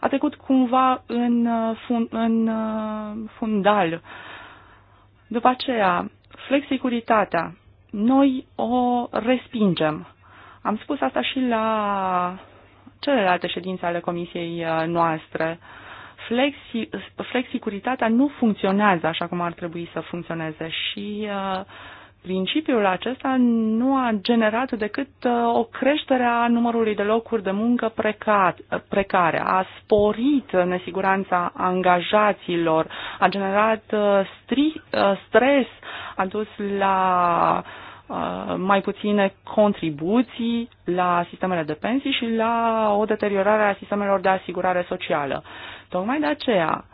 a trecut cumva în, fun, în fundal. După aceea, flexicuritatea. Noi o respingem. Am spus asta și la celelalte ședințe ale comisiei uh, noastre. Flexi, flexicuritatea nu funcționează așa cum ar trebui să funcționeze și uh, principiul acesta nu a generat decât uh, o creștere a numărului de locuri de muncă precare, a sporit nesiguranța angajaților, a generat uh, stres, a dus la Uh, mai puține contribuții la sistemele de pensii și la o deteriorare a sistemelor de asigurare socială. Tocmai de aceea,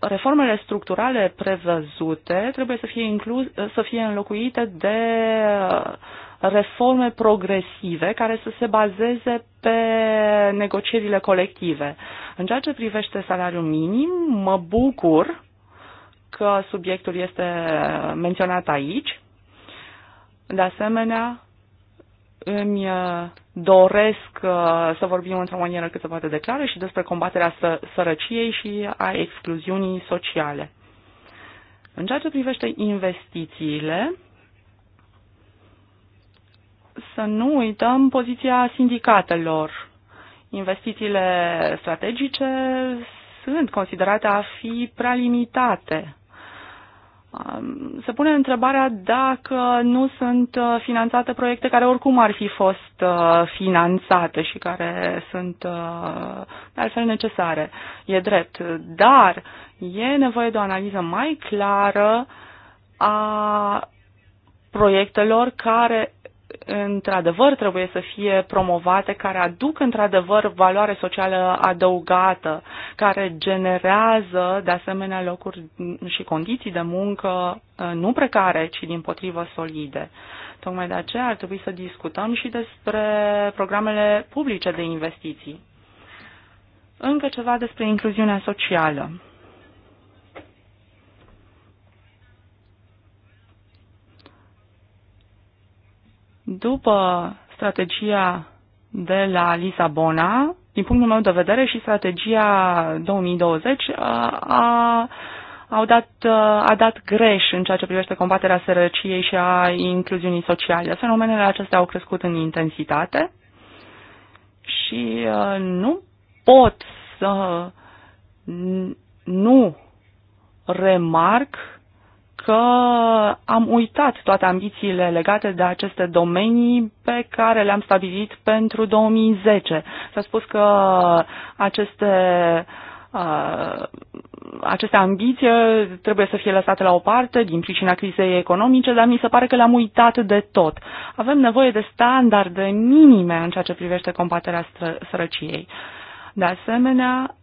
reformele structurale prevăzute trebuie să fie, inclus, să fie înlocuite de reforme progresive care să se bazeze pe negocierile colective. În ceea ce privește salariul minim, mă bucur că subiectul este menționat aici. De asemenea, îmi uh, doresc uh, să vorbim într-o manieră cât se poate de clară și despre combaterea să sărăciei și a excluziunii sociale. În ceea ce privește investițiile, să nu uităm poziția sindicatelor. Investițiile strategice sunt considerate a fi prea limitate. Se pune întrebarea dacă nu sunt uh, finanțate proiecte care oricum ar fi fost uh, finanțate și care sunt uh, de altfel necesare. E drept, dar e nevoie de o analiză mai clară a proiectelor care într-adevăr trebuie să fie promovate, care aduc într-adevăr valoare socială adăugată, care generează de asemenea locuri și condiții de muncă uh, nu precare, ci din potrivă solide. Tocmai de aceea ar trebui să discutăm și despre programele publice de investiții. Încă ceva despre incluziunea socială. După strategia de la Lisabona, din punctul meu de vedere și strategia 2020 a, uh, a, au dat, uh, a dat greș în ceea ce privește combaterea sărăciei și a incluziunii sociale. Fenomenele acestea au crescut în intensitate și uh, nu pot să nu remarc că am uitat toate ambițiile legate de aceste domenii pe care le-am stabilit pentru 2010. S-a spus că aceste uh, aceste ambiții trebuie să fie lăsate la o parte din pricina crizei economice, dar mi se pare că le-am uitat de tot. Avem nevoie de standarde minime în ceea ce privește combaterea sărăciei. De asemenea,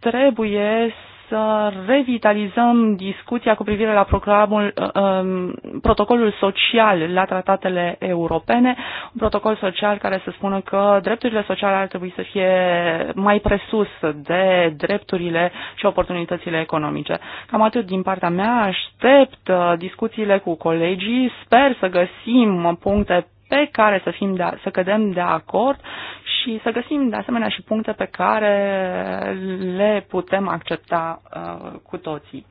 trebuie să revitalizăm discuția cu privire la programul, uh, um, protocolul social la tratatele europene, un protocol social care să spună că drepturile sociale ar trebui să fie mai presus de drepturile și oportunitățile economice. Cam atât din partea mea, aștept uh, discuțiile cu colegii, sper să găsim puncte pe care să, fim de, să cădem de acord și să găsim de asemenea și puncte pe care le putem accepta uh, cu toții.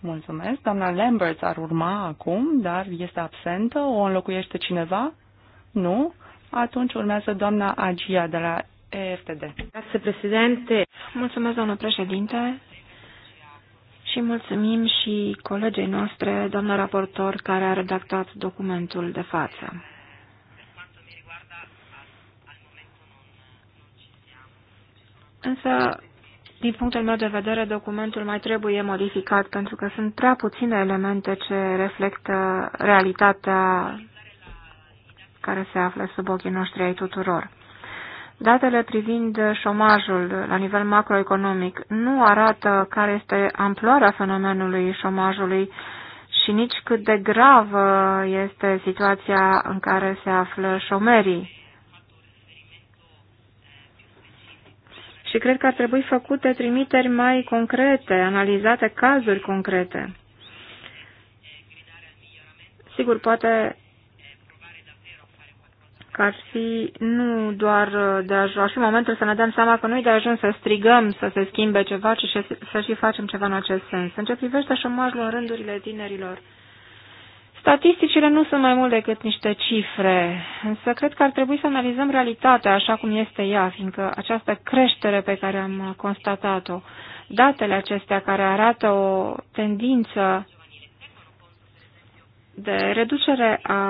Mulțumesc. Doamna Lambert ar urma acum, dar este absentă. O înlocuiește cineva? Nu? Atunci urmează doamna Agia de la EFTD. Grazie, președinte. Mulțumesc, doamnă președinte. Și mulțumim și colegei noastre, doamna raportor, care a redactat documentul de față. Însă, din punctul meu de vedere, documentul mai trebuie modificat pentru că sunt prea puține elemente ce reflectă realitatea care se află sub ochii noștri ai tuturor. Datele privind șomajul la nivel macroeconomic nu arată care este amploarea fenomenului șomajului și nici cât de gravă este situația în care se află șomerii. și cred că ar trebui făcute trimiteri mai concrete, analizate cazuri concrete. Sigur, poate că ar fi nu doar de ajuns, ar fi momentul să ne dăm seama că nu e de ajuns să strigăm să se schimbe ceva, ci să și facem ceva în acest sens. În ce privește șomajul în rândurile tinerilor, Statisticile nu sunt mai mult decât niște cifre, însă cred că ar trebui să analizăm realitatea așa cum este ea, fiindcă această creștere pe care am constatat-o, datele acestea care arată o tendință de reducere a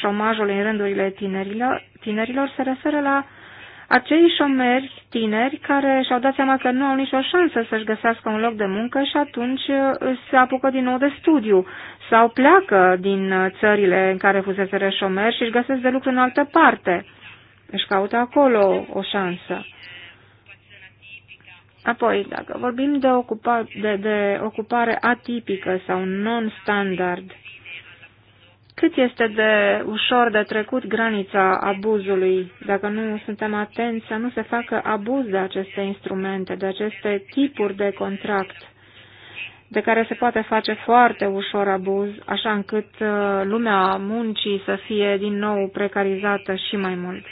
șomajului în rândurile tinerilor, tinerilor se referă la acei șomeri tineri care și-au dat seama că nu au nicio șansă să-și găsească un loc de muncă și atunci se apucă din nou de studiu sau pleacă din uh, țările în care fusese reșomer și își găsesc de lucru în altă parte. Își caută acolo o șansă. Apoi, dacă vorbim de, ocupa, de, de ocupare atipică sau non-standard, cât este de ușor de trecut granița abuzului, dacă nu suntem atenți să nu se facă abuz de aceste instrumente, de aceste tipuri de contract de care se poate face foarte ușor abuz, așa încât uh, lumea muncii să fie din nou precarizată și mai mult.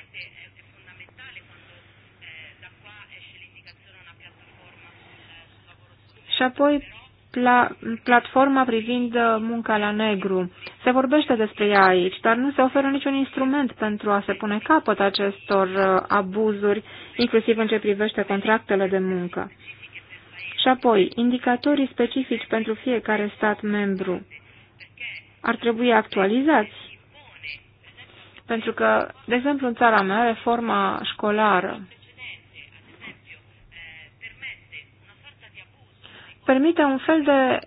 Și apoi la platforma privind uh, munca la negru. Se vorbește despre ea aici, dar nu se oferă niciun instrument pentru a se pune capăt acestor uh, abuzuri, inclusiv în ce privește contractele de muncă. Și apoi, indicatorii specifici pentru fiecare stat membru ar trebui actualizați. Pentru că, de exemplu, în țara mea, reforma școlară permite un fel de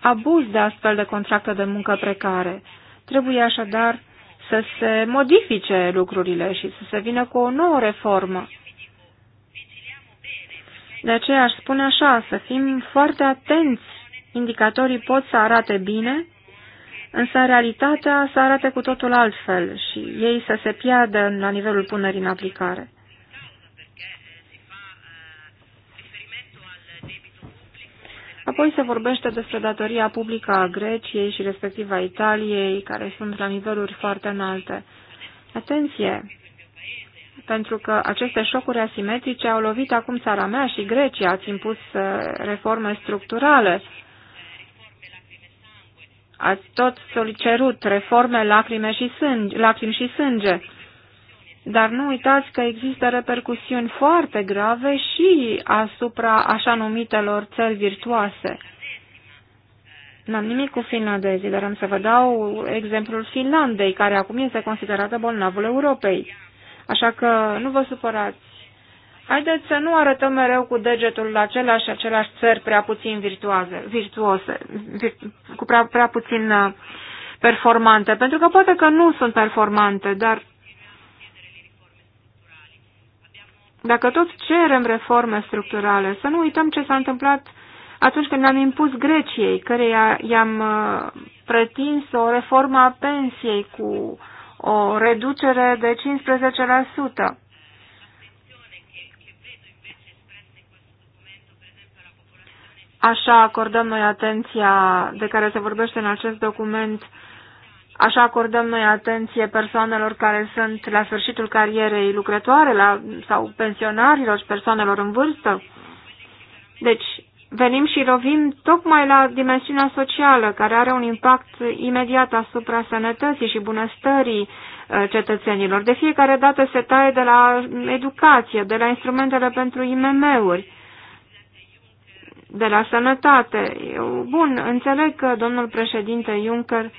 abuz de astfel de contracte de muncă precare. Trebuie așadar să se modifice lucrurile și să se vină cu o nouă reformă. De aceea aș spune așa, să fim foarte atenți. Indicatorii pot să arate bine, însă realitatea să arate cu totul altfel și ei să se piardă la nivelul punerii în aplicare. Apoi se vorbește despre datoria publică a Greciei și respectiv a Italiei, care sunt la niveluri foarte înalte. Atenție! pentru că aceste șocuri asimetrice au lovit acum țara mea și Grecia, ați impus uh, reforme structurale, ați tot cerut reforme lacrime și sânge, lacrimi și sânge. Dar nu uitați că există repercusiuni foarte grave și asupra așa numitelor țări virtuoase. N-am nimic cu finlandezii, dar am să vă dau exemplul Finlandei, care acum este considerată bolnavul Europei. Așa că nu vă supărați. Haideți să nu arătăm mereu cu degetul la același și același țări prea puțin virtuoase, virtuose, vir, cu prea, prea puțin uh, performante, pentru că poate că nu sunt performante, dar dacă tot cerem reforme structurale, să nu uităm ce s-a întâmplat atunci când ne-am impus Greciei, care i-am uh, pretins o reformă a pensiei cu o reducere de 15%. Așa acordăm noi atenția de care se vorbește în acest document, așa acordăm noi atenție persoanelor care sunt la sfârșitul carierei lucrătoare la, sau pensionarilor și persoanelor în vârstă. Deci, venim și rovim tocmai la dimensiunea socială, care are un impact imediat asupra sănătății și bunăstării uh, cetățenilor. De fiecare dată se taie de la educație, de la instrumentele pentru IMM-uri, de la sănătate. Bun, înțeleg că domnul președinte Juncker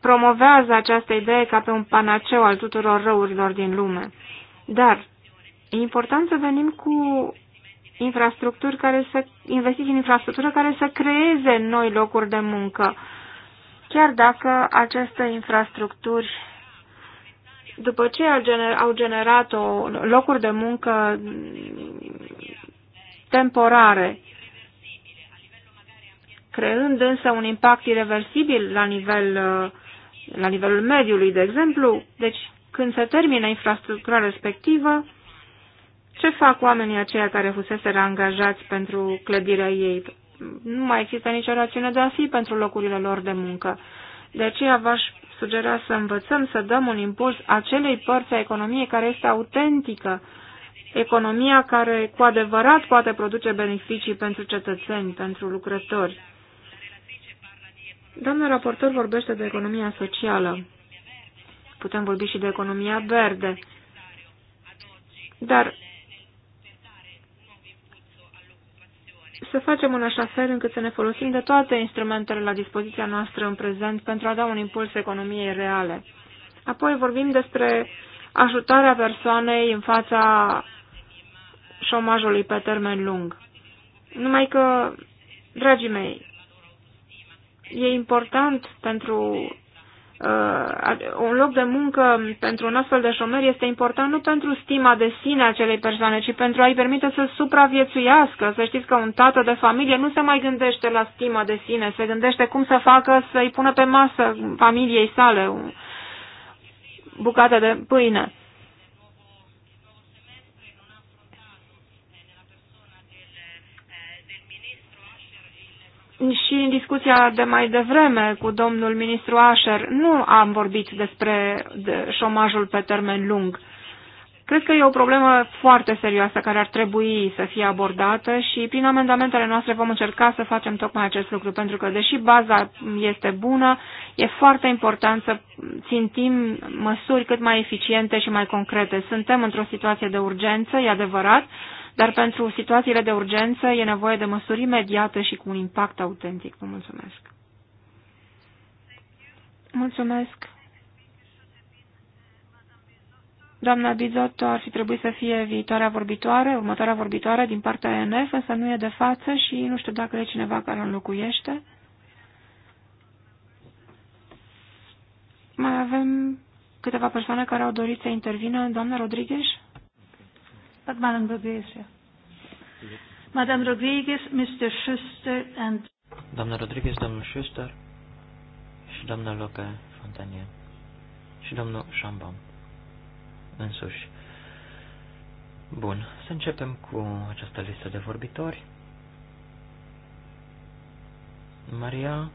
promovează această idee ca pe un panaceu al tuturor răurilor din lume. Dar e important să venim cu infrastructuri care să investiți în infrastructură care să creeze noi locuri de muncă, chiar dacă aceste infrastructuri, după ce au, gener, au generat o, locuri de muncă temporare, creând însă un impact irreversibil la, nivel, la nivelul mediului, de exemplu, deci când se termină infrastructura respectivă, ce fac oamenii aceia care fusese angajați pentru clădirea ei? Nu mai există nicio rațiune de a fi pentru locurile lor de muncă. De aceea v-aș sugera să învățăm să dăm un impuls acelei părți a economiei care este autentică, economia care cu adevărat poate produce beneficii pentru cetățeni, pentru lucrători. Domnul raportor vorbește de economia socială. Putem vorbi și de economia verde. Dar să facem în așa fel încât să ne folosim de toate instrumentele la dispoziția noastră în prezent pentru a da un impuls economiei reale. Apoi vorbim despre ajutarea persoanei în fața șomajului pe termen lung. Numai că, dragii mei, e important pentru Uh, un loc de muncă pentru un astfel de șomer este important nu pentru stima de sine a acelei persoane, ci pentru a-i permite să supraviețuiască. Să știți că un tată de familie nu se mai gândește la stima de sine, se gândește cum să facă să-i pună pe masă familiei sale bucată de pâine. și în discuția de mai devreme cu domnul ministru Asher nu am vorbit despre șomajul pe termen lung. Cred că e o problemă foarte serioasă care ar trebui să fie abordată și prin amendamentele noastre vom încerca să facem tocmai acest lucru, pentru că deși baza este bună, e foarte important să țintim măsuri cât mai eficiente și mai concrete. Suntem într-o situație de urgență, e adevărat, dar pentru situațiile de urgență e nevoie de măsuri imediate și cu un impact autentic. Vă mulțumesc! Mulțumesc! Doamna Bizotto ar fi trebuit să fie viitoarea vorbitoare, următoarea vorbitoare din partea ENF, însă nu e de față și nu știu dacă e cineva care o înlocuiește. Mai avem câteva persoane care au dorit să intervină. Doamna Rodriguez? But Rodriguez, yeah. Rodriguez, Mr. Schuster and... Doamna Rodriguez, domnul Schuster și doamna Locă Fontanie și domnul Șambam însuși. Bun, să începem cu această listă de vorbitori. Maria,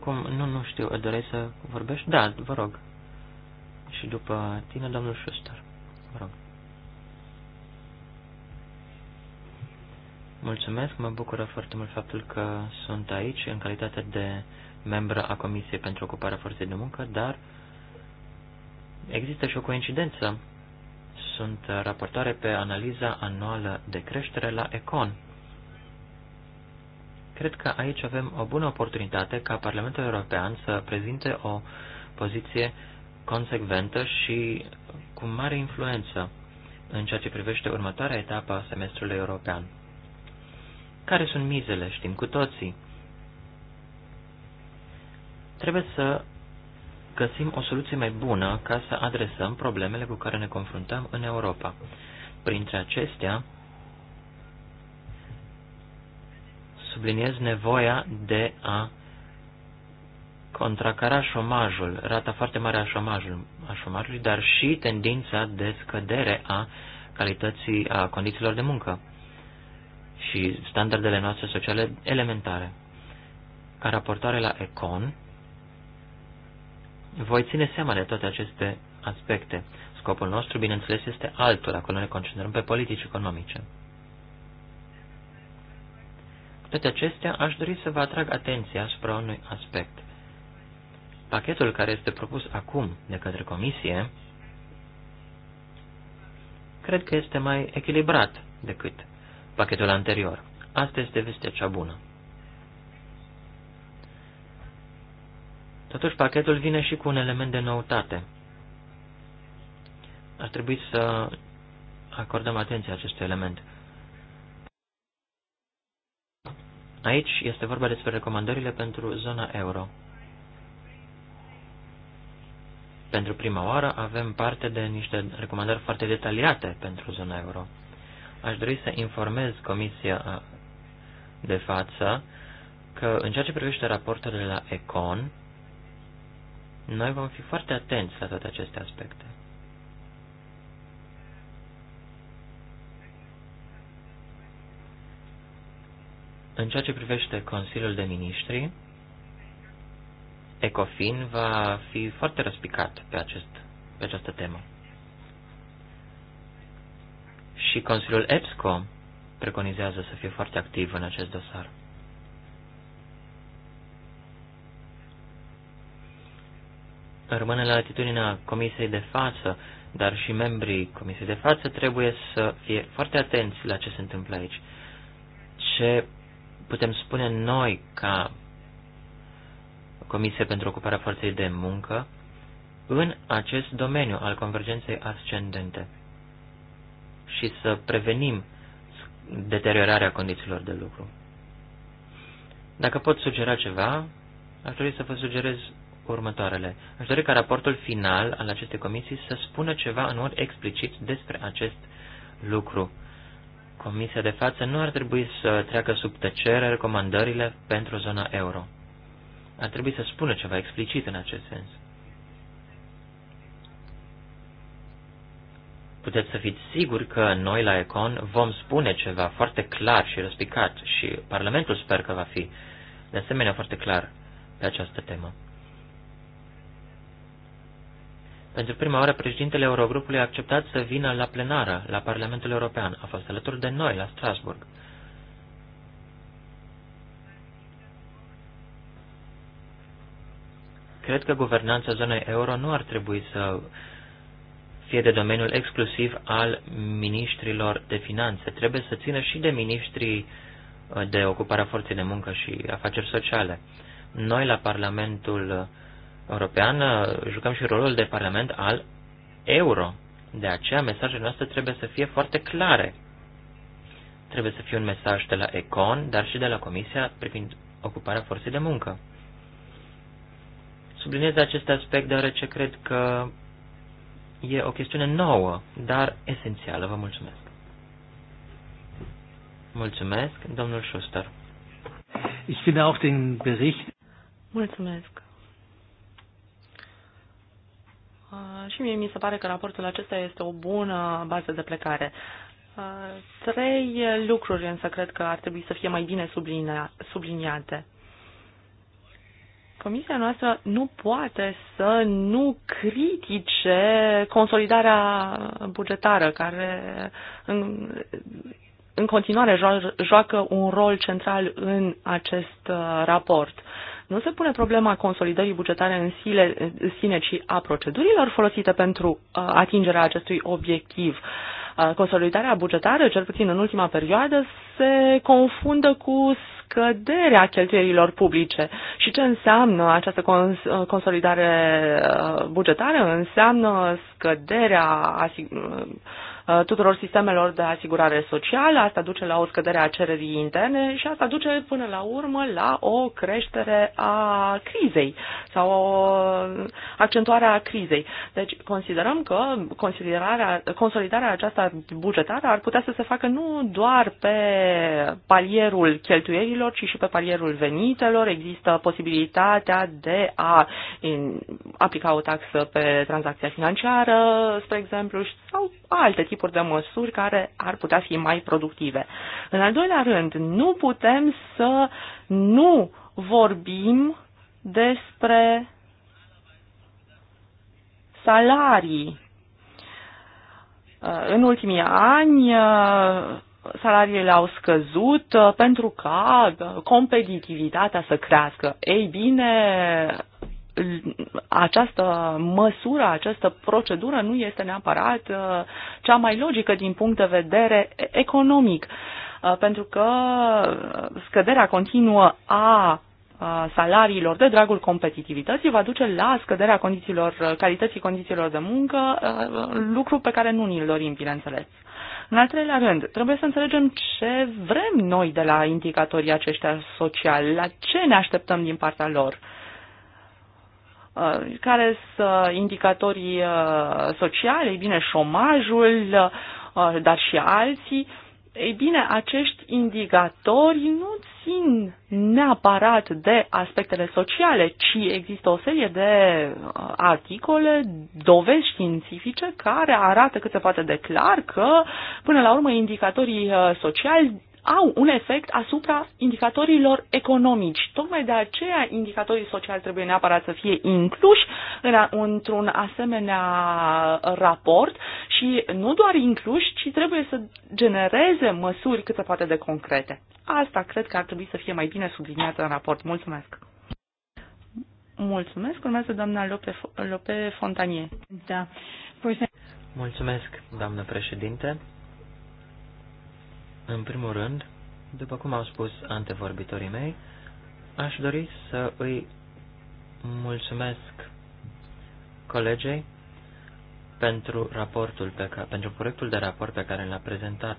cum, nu, nu știu, doreai să vorbești? Da, vă rog. Și după tine, domnul Schuster. Vă rog. Mulțumesc, mă bucură foarte mult faptul că sunt aici în calitate de membră a Comisiei pentru Ocuparea Forței de Muncă, dar există și o coincidență. Sunt raportoare pe analiza anuală de creștere la Econ. Cred că aici avem o bună oportunitate ca Parlamentul European să prezinte o poziție consecventă și cu mare influență în ceea ce privește următoarea etapă a semestrului european. Care sunt mizele? Știm cu toții. Trebuie să găsim o soluție mai bună ca să adresăm problemele cu care ne confruntăm în Europa. Printre acestea, subliniez nevoia de a contracara șomajul, rata foarte mare a șomajului, a șomajului, dar și tendința de scădere a calității, a condițiilor de muncă și standardele noastre sociale elementare. Ca raportare la ECON, voi ține seama de toate aceste aspecte. Scopul nostru, bineînțeles, este altul, acolo ne concentrăm pe politici economice. Cu toate acestea, aș dori să vă atrag atenția asupra unui aspect. Pachetul care este propus acum de către Comisie, cred că este mai echilibrat decât pachetul anterior. Asta este vestea cea bună. Totuși, pachetul vine și cu un element de noutate. Ar trebui să acordăm atenție acestui element. Aici este vorba despre recomandările pentru zona euro. Pentru prima oară avem parte de niște recomandări foarte detaliate pentru zona euro aș dori să informez Comisia de față că în ceea ce privește raportele la ECON, noi vom fi foarte atenți la toate aceste aspecte. În ceea ce privește Consiliul de Ministri, ECOFIN va fi foarte răspicat pe, acest, pe această temă. Și Consiliul EPSCO preconizează să fie foarte activ în acest dosar. Rămâne la atitudinea Comisiei de față, dar și membrii Comisiei de față trebuie să fie foarte atenți la ce se întâmplă aici. Ce putem spune noi ca Comisie pentru Ocuparea Forței de Muncă în acest domeniu al convergenței ascendente și să prevenim deteriorarea condițiilor de lucru. Dacă pot sugera ceva, aș dori să vă sugerez următoarele. Aș dori ca raportul final al acestei comisii să spună ceva în mod explicit despre acest lucru. Comisia de față nu ar trebui să treacă sub tăcere recomandările pentru zona euro. Ar trebui să spună ceva explicit în acest sens. puteți să fiți siguri că noi la Econ vom spune ceva foarte clar și răspicat și Parlamentul sper că va fi de asemenea foarte clar pe această temă. Pentru prima oară, președintele Eurogrupului a acceptat să vină la plenară la Parlamentul European. A fost alături de noi la Strasburg. Cred că guvernanța zonei euro nu ar trebui să fie de domeniul exclusiv al ministrilor de finanțe. Trebuie să țină și de ministrii uh, de ocuparea forței de muncă și afaceri sociale. Noi, la Parlamentul European, uh, jucăm și rolul de parlament al euro. De aceea, mesajele noastre trebuie să fie foarte clare. Trebuie să fie un mesaj de la ECON, dar și de la Comisia privind ocuparea forței de muncă. Subliniez acest aspect deoarece cred că E o chestiune nouă, dar esențială. Vă mulțumesc. Mulțumesc, domnul Schuster. Ich finde auch den Bericht. Mulțumesc. Și mie mi se pare că raportul acesta este o bună bază de plecare. Trei lucruri însă cred că ar trebui să fie mai bine sublinia, subliniate. Comisia noastră nu poate să nu critique consolidarea bugetară, care în, în continuare joacă un rol central în acest uh, raport. Nu se pune problema consolidării bugetare în sine, ci a procedurilor folosite pentru uh, atingerea acestui obiectiv. Uh, consolidarea bugetară, cel puțin în ultima perioadă, se confundă cu scăderea cheltuielilor publice. Și ce înseamnă această cons- consolidare bugetară? Înseamnă scăderea Uh, tuturor sistemelor de asigurare socială, asta duce la o scădere a cererii interne și asta duce până la urmă la o creștere a crizei sau o accentuare a crizei. Deci considerăm că considerarea, consolidarea aceasta bugetară ar putea să se facă nu doar pe palierul cheltuielilor, ci și pe palierul venitelor. Există posibilitatea de a aplica o taxă pe tranzacția financiară, spre exemplu, sau alte tipuri tipuri de măsuri care ar putea fi mai productive. În al doilea rând, nu putem să nu vorbim despre salarii. Uh, în ultimii ani, uh, salariile au scăzut uh, pentru ca competitivitatea să crească. Ei bine, această măsură, această procedură nu este neapărat uh, cea mai logică din punct de vedere economic, uh, pentru că uh, scăderea continuă a salariilor de dragul competitivității va duce la scăderea condițiilor, calității condițiilor de muncă, lucru pe care nu ni-l dorim, bineînțeles. În al treilea rând, trebuie să înțelegem ce vrem noi de la indicatorii aceștia sociali, la ce ne așteptăm din partea lor. Uh, Uh, care sunt indicatorii uh, sociale? Ei bine, șomajul, uh, dar și alții. Ei bine, acești indicatori nu țin neapărat de aspectele sociale, ci există o serie de articole, dovezi științifice care arată cât se poate de clar că, până la urmă, indicatorii sociali au un efect asupra indicatorilor economici. Tocmai de aceea indicatorii sociali trebuie neapărat să fie incluși într-un asemenea raport și nu doar incluși, ci trebuie să genereze măsuri cât se poate de concrete. Asta cred că ar trebui să fie mai bine subliniată în raport. Mulțumesc! Mulțumesc. Urmează doamna Lope, Lope Fontanie. Da. Mulțumesc, doamnă președinte. În primul rând, după cum au spus antevorbitorii mei, aș dori să îi mulțumesc colegei pentru raportul pe care, pentru proiectul de raport pe care l-a prezentat.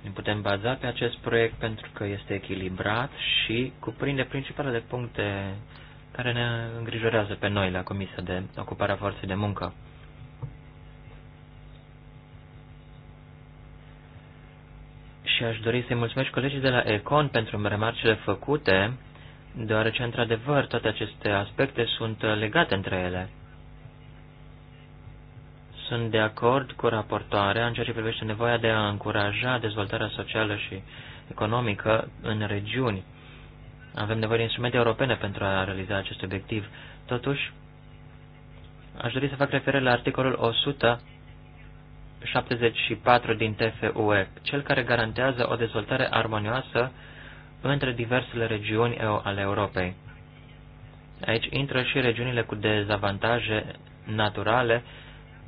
Ne putem baza pe acest proiect pentru că este echilibrat și cuprinde principalele puncte care ne îngrijorează pe noi la Comisia de ocupare a Forței de Muncă. aș dori să-i mulțumesc colegii de la Econ pentru remarcile făcute, deoarece, într-adevăr, toate aceste aspecte sunt legate între ele. Sunt de acord cu raportoarea în ceea ce privește nevoia de a încuraja dezvoltarea socială și economică în regiuni. Avem nevoie de instrumente europene pentru a realiza acest obiectiv. Totuși, aș dori să fac referire la articolul 100 74 din TFUE, cel care garantează o dezvoltare armonioasă între diversele regiuni ale Europei. Aici intră și regiunile cu dezavantaje naturale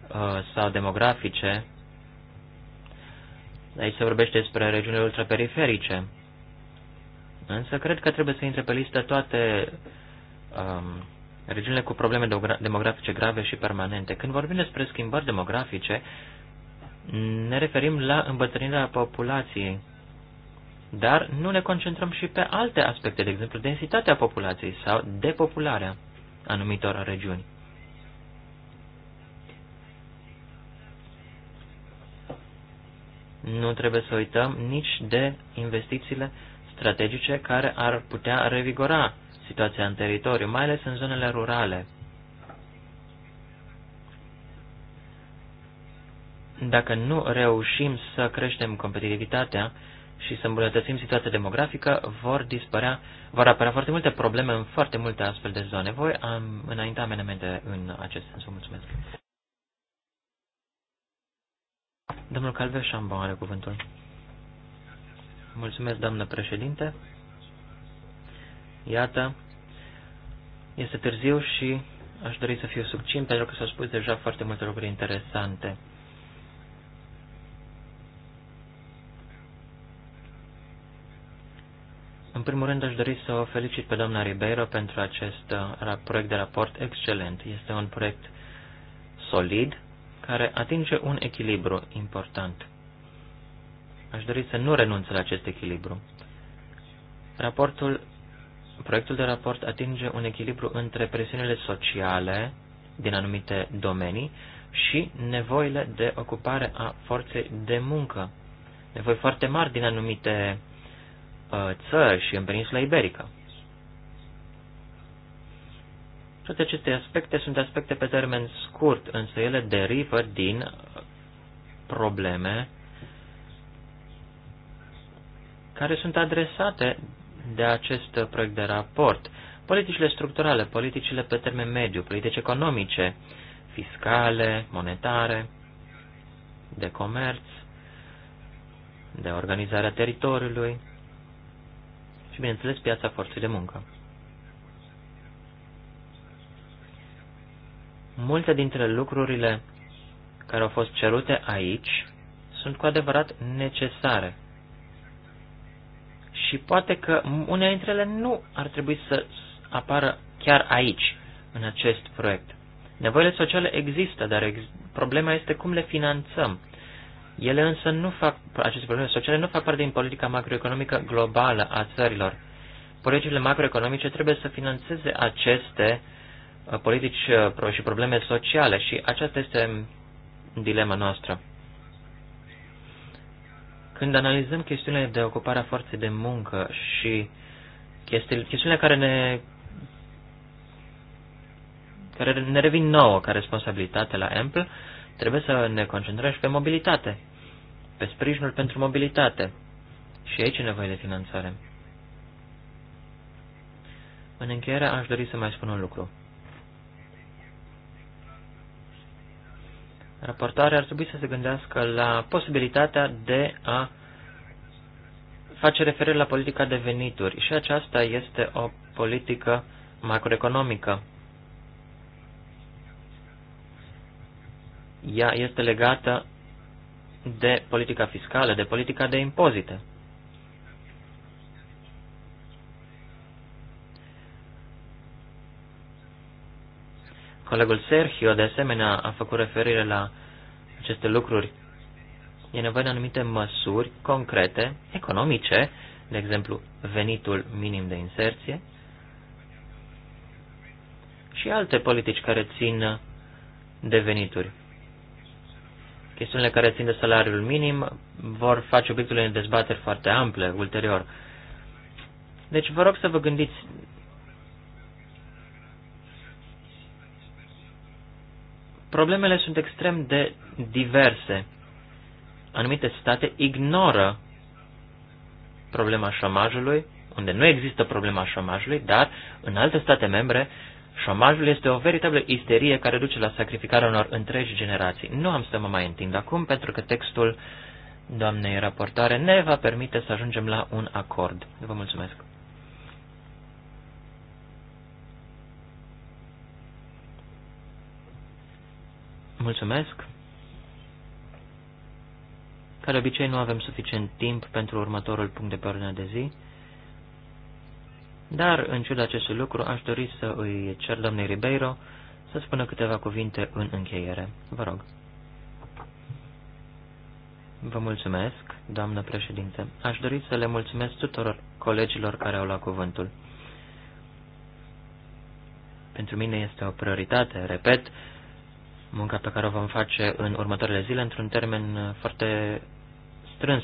uh, sau demografice. Aici se vorbește despre regiunile ultraperiferice. Însă cred că trebuie să intre pe listă toate um, regiunile cu probleme demografice grave și permanente. Când vorbim despre schimbări demografice, uh, ne referim la îmbătrânirea populației, dar nu ne concentrăm și pe alte aspecte, de exemplu densitatea populației sau depopularea anumitor regiuni. Nu trebuie să uităm nici de investițiile strategice care ar putea revigora situația în teritoriu, mai ales în zonele rurale. Dacă nu reușim să creștem competitivitatea și să îmbunătățim situația demografică, vor dispărea, vor apărea foarte multe probleme în foarte multe astfel de zone. Voi am înaintat amendamente în acest sens. Vă mulțumesc. Domnul Calve Șambon are cuvântul. Mulțumesc, doamnă președinte. Iată, este târziu și aș dori să fiu subțin pentru că s-au spus deja foarte multe lucruri interesante. În primul rând, aș dori să o felicit pe doamna Ribeiro pentru acest uh, proiect de raport excelent. Este un proiect solid care atinge un echilibru important. Aș dori să nu renunț la acest echilibru. Raportul, proiectul de raport atinge un echilibru între presiunile sociale din anumite domenii și nevoile de ocupare a forței de muncă. Nevoi foarte mari din anumite Uh, țări și în peninsula iberică. Toate aceste aspecte sunt aspecte pe termen scurt, însă ele derivă din probleme care sunt adresate de acest proiect de raport. Politicile structurale, politicile pe termen mediu, politici economice, fiscale, monetare, de comerț, de organizarea teritoriului, și, bineînțeles, piața forței de muncă. Multe dintre lucrurile care au fost cerute aici sunt cu adevărat necesare. Și poate că unele dintre ele nu ar trebui să apară chiar aici, în acest proiect. Nevoile sociale există, dar ex- problema este cum le finanțăm. Ele însă nu fac, aceste probleme sociale nu fac parte din politica macroeconomică globală a țărilor. Politicile macroeconomice trebuie să financeze aceste uh, politici uh, și probleme sociale și aceasta este um, dilema noastră. Când analizăm chestiunile de ocupare a forței de muncă și chestiunile care ne care ne revin nouă ca responsabilitate la Ample, Trebuie să ne concentrăm și pe mobilitate, pe sprijinul pentru mobilitate. Și aici e nevoie de finanțare. În încheiere aș dori să mai spun un lucru. Raportarea ar trebui să se gândească la posibilitatea de a face referire la politica de venituri și aceasta este o politică macroeconomică. ea este legată de politica fiscală, de politica de impozite. Colegul Sergio, de asemenea, a făcut referire la aceste lucruri. E nevoie de anumite măsuri concrete, economice, de exemplu, venitul minim de inserție și alte politici care țin de venituri. Chestiunile care țin de salariul minim vor face obiectul unei dezbateri foarte ample ulterior. Deci vă rog să vă gândiți problemele sunt extrem de diverse. Anumite state ignoră problema șomajului, unde nu există problema șomajului, dar în alte state membre Șomajul este o veritabilă isterie care duce la sacrificarea unor întregi generații. Nu am să mă mai întind acum, pentru că textul doamnei raportoare ne va permite să ajungem la un acord. Vă mulțumesc! Mulțumesc! Ca de obicei, nu avem suficient timp pentru următorul punct de pe ordine de zi. Dar, în ciuda acestui lucru, aș dori să îi cer domnului Ribeiro să spună câteva cuvinte în încheiere. Vă rog. Vă mulțumesc, doamnă președinte. Aș dori să le mulțumesc tuturor colegilor care au luat cuvântul. Pentru mine este o prioritate, repet, munca pe care o vom face în următoarele zile într-un termen foarte strâns.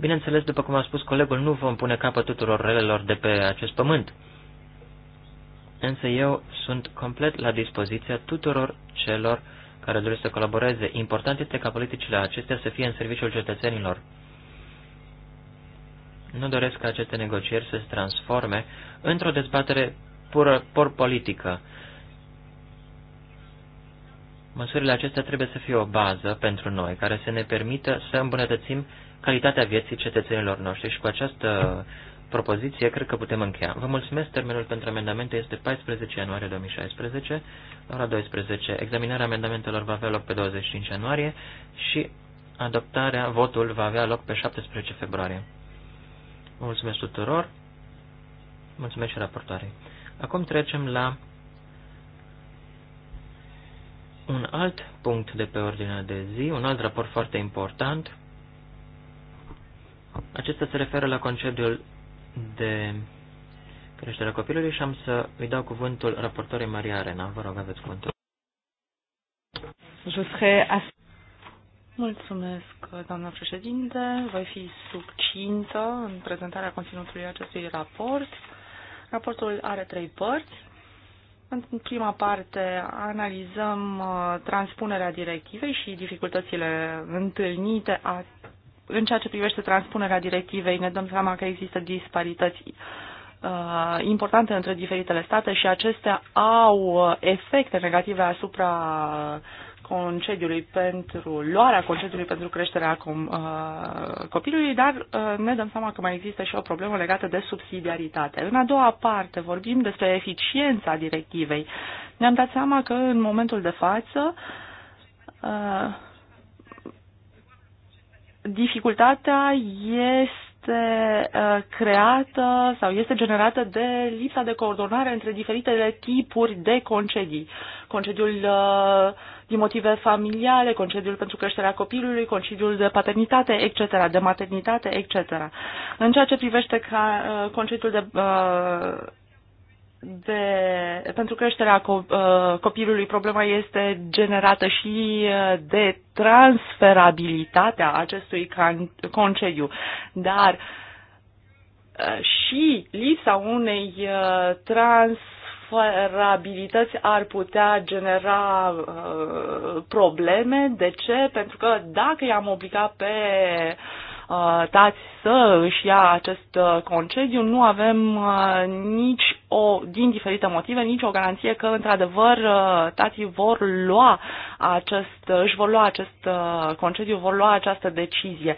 Bineînțeles, după cum a spus colegul, nu vom pune capăt tuturor relelor de pe acest pământ. Însă eu sunt complet la dispoziția tuturor celor care doresc să colaboreze. Important este ca politicile acestea să fie în serviciul cetățenilor. Nu doresc ca aceste negocieri să se transforme într-o dezbatere pură, pur politică. Măsurile acestea trebuie să fie o bază pentru noi, care să ne permită să îmbunătățim calitatea vieții cetățenilor noștri și cu această propoziție cred că putem încheia. Vă mulțumesc, termenul pentru amendamente este 14 ianuarie 2016, ora 12. Examinarea amendamentelor va avea loc pe 25 ianuarie și adoptarea, votul va avea loc pe 17 februarie. Vă mulțumesc tuturor, mulțumesc și raportoarei. Acum trecem la un alt punct de pe ordinea de zi, un alt raport foarte important, acesta se referă la conceptul de creșterea copilului și am să îi dau cuvântul raportorii Maria Arena. Vă rog, aveți cuvântul. Mulțumesc, doamna președinte. Voi fi succintă în prezentarea conținutului acestui raport. Raportul are trei părți. În prima parte analizăm uh, transpunerea directivei și dificultățile întâlnite în ceea ce privește transpunerea directivei, ne dăm seama că există disparități uh, importante între diferitele state și acestea au uh, efecte negative asupra concediului pentru luarea concediului pentru creșterea uh, copilului, dar ne dăm seama că mai există și o problemă legată de subsidiaritate. În a doua parte vorbim despre eficiența directivei. Ne-am dat seama că în momentul de față dificultatea este uh, creată sau este generată de lipsa de coordonare între diferitele tipuri de concedii. Concediul uh, din motive familiale, concediul pentru creșterea copilului, concediul de paternitate, etc., de maternitate, etc. În ceea ce privește ca, uh, concediul de de, pentru creșterea uh, copilului problema este generată și uh, de transferabilitatea acestui concediu. Dar uh, și lipsa unei transferabilități ar putea genera probleme. De ce? Pentru că dacă i-am obligat pe uh, Uh, dați să își ia acest uh, concediu, nu avem uh, nici o, din diferite motive, nici o garanție că într-adevăr tații vor lua acest, își vor lua acest concediu, vor lua această decizie.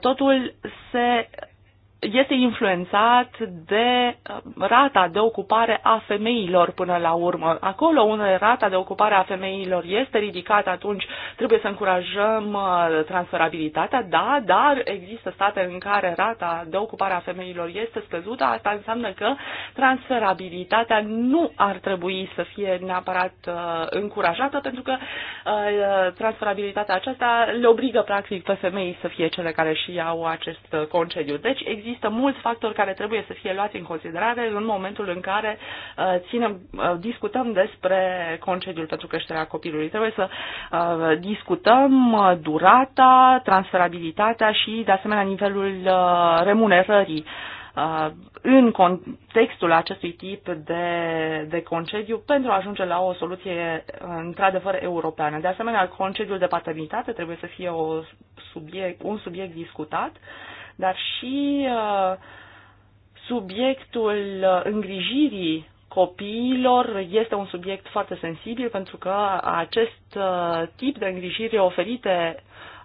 Totul se este influențat de uh, rata de ocupare a femeilor până la urmă. Acolo unde rata de ocupare a femeilor este ridicată, atunci trebuie să încurajăm uh, transferabilitatea, da, dar există state în care rata de ocupare a femeilor este scăzută, asta înseamnă că transferabilitatea nu ar trebui să fie neapărat uh, încurajată, pentru că transferabilitatea aceasta le obligă practic pe femei să fie cele care și iau acest concediu. Deci există există mulți factori care trebuie să fie luați în considerare în momentul în care uh, ținem, uh, discutăm despre concediul pentru creșterea copilului. Trebuie să uh, discutăm durata, transferabilitatea și, de asemenea, nivelul remunerării în contextul acestui tip de, de concediu pentru a ajunge la o soluție într-adevăr europeană. De asemenea, concediul de paternitate trebuie să fie o subiect, un subiect discutat. Uh, dar și uh, subiectul uh, îngrijirii copiilor este un subiect foarte sensibil pentru că acest uh, tip de îngrijire oferite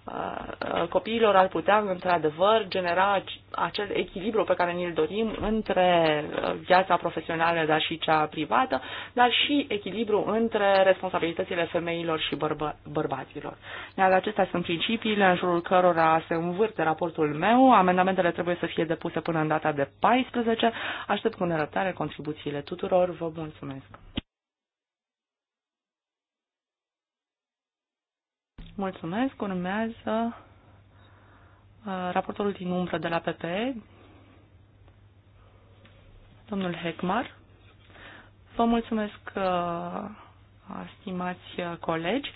Uh, uh, copiilor ar putea, într-adevăr, genera acel echilibru pe care ni-l dorim între uh, viața profesională, dar și cea privată, dar și echilibru între responsabilitățile femeilor și bărbă- bărbaților. Iar acestea sunt principiile în jurul cărora se învârte raportul meu. Amendamentele trebuie să fie depuse până în data de 14. Aștept cu nerăbdare contribuțiile tuturor. Vă mulțumesc! Mulțumesc. Urmează uh, raportorul din umbră de la PPE, domnul Hecmar. Vă mulțumesc, uh, stimați uh, colegi.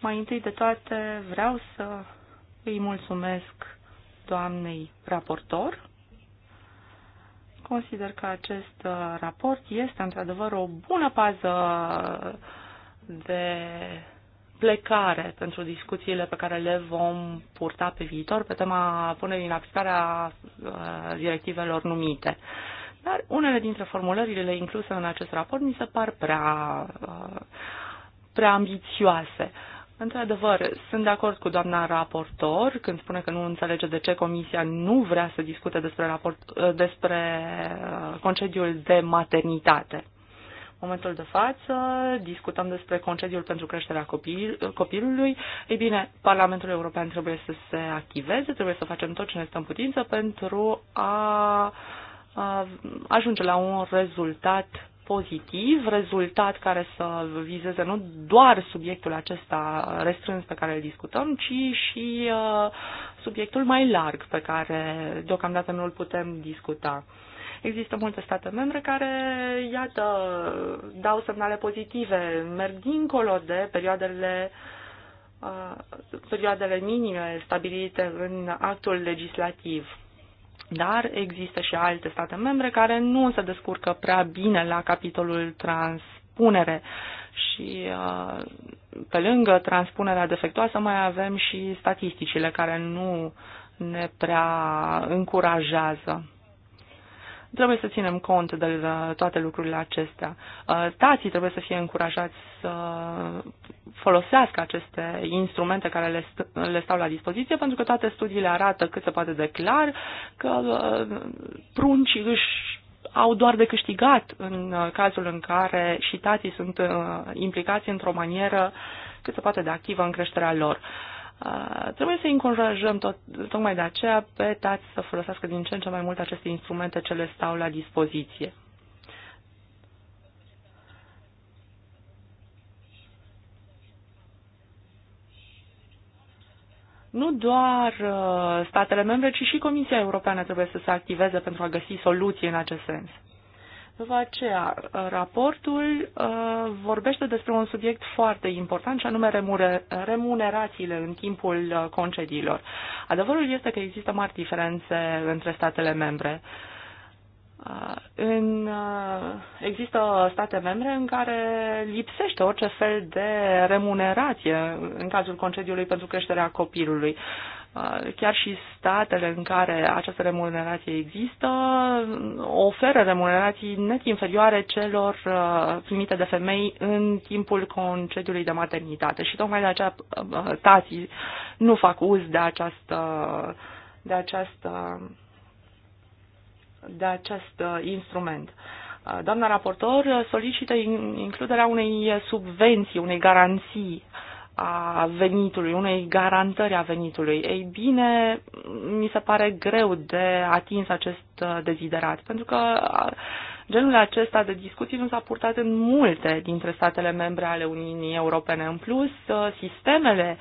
Mai întâi de toate vreau să îi mulțumesc doamnei raportor. Consider că acest raport este într-adevăr o bună bază de plecare pentru discuțiile pe care le vom purta pe viitor pe tema punerii în aplicare a uh, directivelor numite. Dar unele dintre formulările incluse în acest raport mi se par prea, uh, prea ambițioase. Într-adevăr, sunt de acord cu doamna raportor când spune că nu înțelege de ce Comisia nu vrea să discute despre, raport, uh, despre concediul de maternitate momentul de față, discutăm despre concediul pentru creșterea copil, copilului. Ei bine, Parlamentul European trebuie să se activeze, trebuie să facem tot ce ne stă în putință pentru a, a ajunge la un rezultat pozitiv, rezultat care să vizeze nu doar subiectul acesta restrâns pe care îl discutăm, ci și uh, subiectul mai larg pe care deocamdată nu îl putem discuta. Există multe state membre care, iată, dau semnale pozitive, merg dincolo de perioadele perioadele minime stabilite în actul legislativ. Dar există și alte state membre care nu se descurcă prea bine la capitolul transpunere și pe lângă transpunerea defectuoasă mai avem și statisticile care nu ne prea încurajează. Trebuie să ținem cont de uh, toate lucrurile acestea. Uh, tații trebuie să fie încurajați să folosească aceste instrumente care le, st- le stau la dispoziție, pentru că toate studiile arată cât se poate de clar că uh, pruncii își au doar de câștigat în cazul în care și tații sunt implicați într-o manieră cât se poate de activă în creșterea lor. Uh, Uh, trebuie să încurajăm tot, tocmai de aceea pe tați să folosească din ce în ce mai mult aceste instrumente ce le stau la dispoziție. nu doar uh, statele membre, ci și Comisia Europeană trebuie să se activeze pentru a găsi soluții în acest sens. După aceea, raportul uh, vorbește despre un subiect foarte important, și anume remunerațiile în timpul uh, concediilor. Adevărul este că există mari diferențe între statele membre. Uh, în, uh, există state membre în care lipsește orice fel de remunerație în cazul concediului pentru creșterea copilului. Uh, chiar și statele în care această remunerație există uh, oferă remunerații net inferioare celor uh, primite de femei în timpul concediului de maternitate și tocmai de aceea tații nu fac uz de această de această de acest instrument. Doamna raportor solicită includerea unei subvenții, unei garanții uh, a venitului, unei garantări a venitului. Ei bine, mi se pare greu de atins acest uh, deziderat, pentru că uh, Genul acesta de discuții nu s-a purtat în multe dintre statele membre ale Uniunii Europene. În plus, uh, sistemele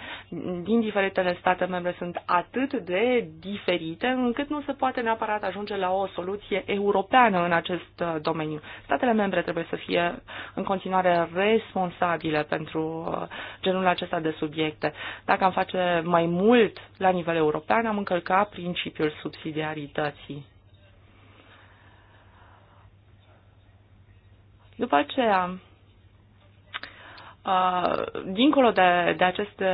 din diferitele state membre sunt atât de diferite încât nu se poate neapărat ajunge la o soluție europeană în acest uh, domeniu. Statele membre trebuie să fie în continuare responsabile pentru uh, genul acesta de subiecte. Dacă am face mai mult la nivel european, am încălca principiul subsidiarității. După aceea, dincolo de, de aceste,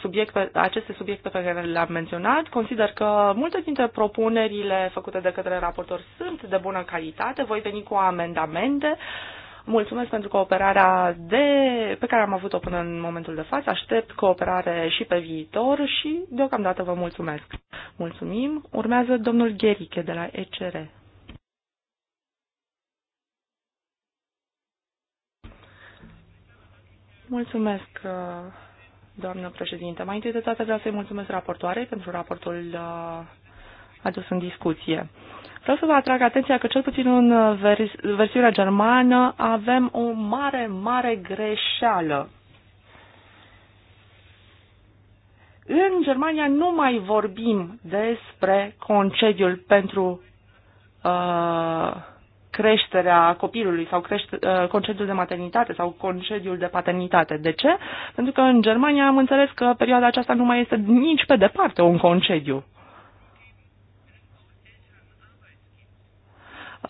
subiecte, aceste subiecte pe care le-am menționat, consider că multe dintre propunerile făcute de către raportor sunt de bună calitate. Voi veni cu amendamente. Mulțumesc pentru cooperarea de, pe care am avut-o până în momentul de față. Aștept cooperare și pe viitor și deocamdată vă mulțumesc. Mulțumim. Urmează domnul Gherike de la ECR. Mulțumesc, uh, doamnă președinte. Mai întâi de toate vreau să-i mulțumesc raportoarei pentru raportul uh, adus în discuție. Vreau să vă atrag atenția că cel puțin în uh, vers- versiunea germană avem o mare, mare greșeală. În Germania nu mai vorbim despre concediul pentru uh, creșterea copilului sau crește, uh, concediul de maternitate sau concediul de paternitate. De ce? Pentru că în Germania am înțeles că perioada aceasta nu mai este nici pe departe un concediu.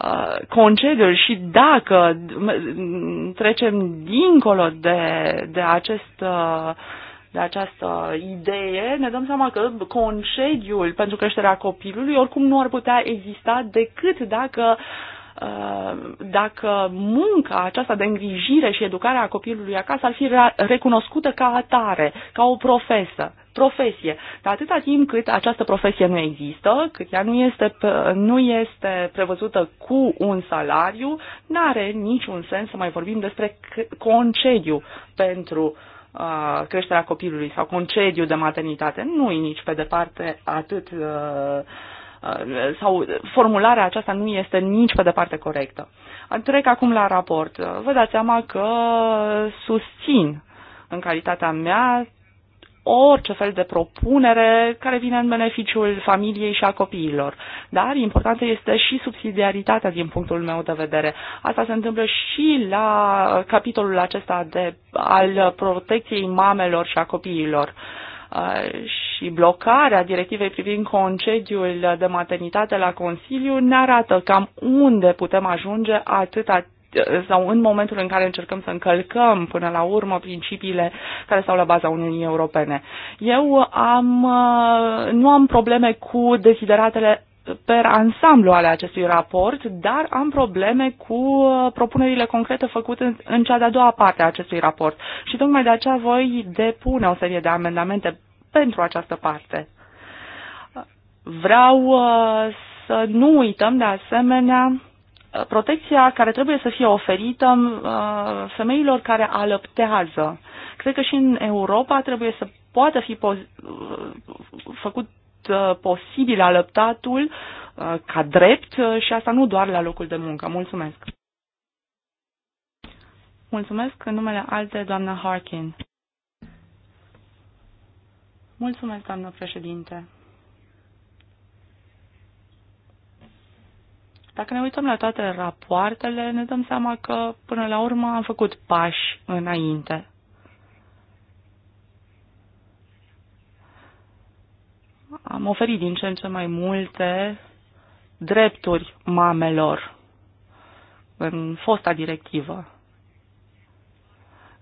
Uh, concediul și dacă trecem dincolo de, de acest uh, de această idee, ne dăm seama că concediul pentru creșterea copilului oricum nu ar putea exista decât dacă Uh, dacă munca aceasta de îngrijire și educare a copilului acasă ar fi recunoscută ca atare, ca o profesă, profesie. Dar atâta timp cât această profesie nu există, cât ea nu este, nu este prevăzută cu un salariu, nu are niciun sens să mai vorbim despre concediu pentru uh, creșterea copilului sau concediu de maternitate. Nu e nici pe departe atât uh, Uh, sau formularea aceasta nu este nici pe departe corectă. Trec acum la raport. Vă dați seama că susțin în calitatea mea orice fel de propunere care vine în beneficiul familiei și a copiilor. Dar importantă este și subsidiaritatea din punctul meu de vedere. Asta se întâmplă și la capitolul acesta de, al protecției mamelor și a copiilor. Uh, și blocarea directivei privind concediul de maternitate la Consiliu ne arată cam unde putem ajunge atâta sau în momentul în care încercăm să încălcăm până la urmă principiile care stau la baza Uniunii Europene. Eu am, nu am probleme cu desideratele per ansamblu ale acestui raport, dar am probleme cu uh, propunerile concrete făcute în, cea de-a doua parte a acestui raport. Și tocmai de aceea voi depune o serie de amendamente pentru această parte. Vreau uh, să nu uităm de asemenea uh, protecția care trebuie să fie oferită femeilor care alăptează. Cred că și în Europa trebuie să poată fi făcut Uh, posibil alăptatul uh, ca drept uh, și asta nu doar la locul de muncă. Mulțumesc! Mulțumesc în numele alte, doamna Harkin. Mulțumesc, doamnă președinte. Dacă ne uităm la toate rapoartele, ne dăm seama că, până la urmă, am făcut pași înainte. am oferit din ce în ce mai multe drepturi mamelor în fosta directivă.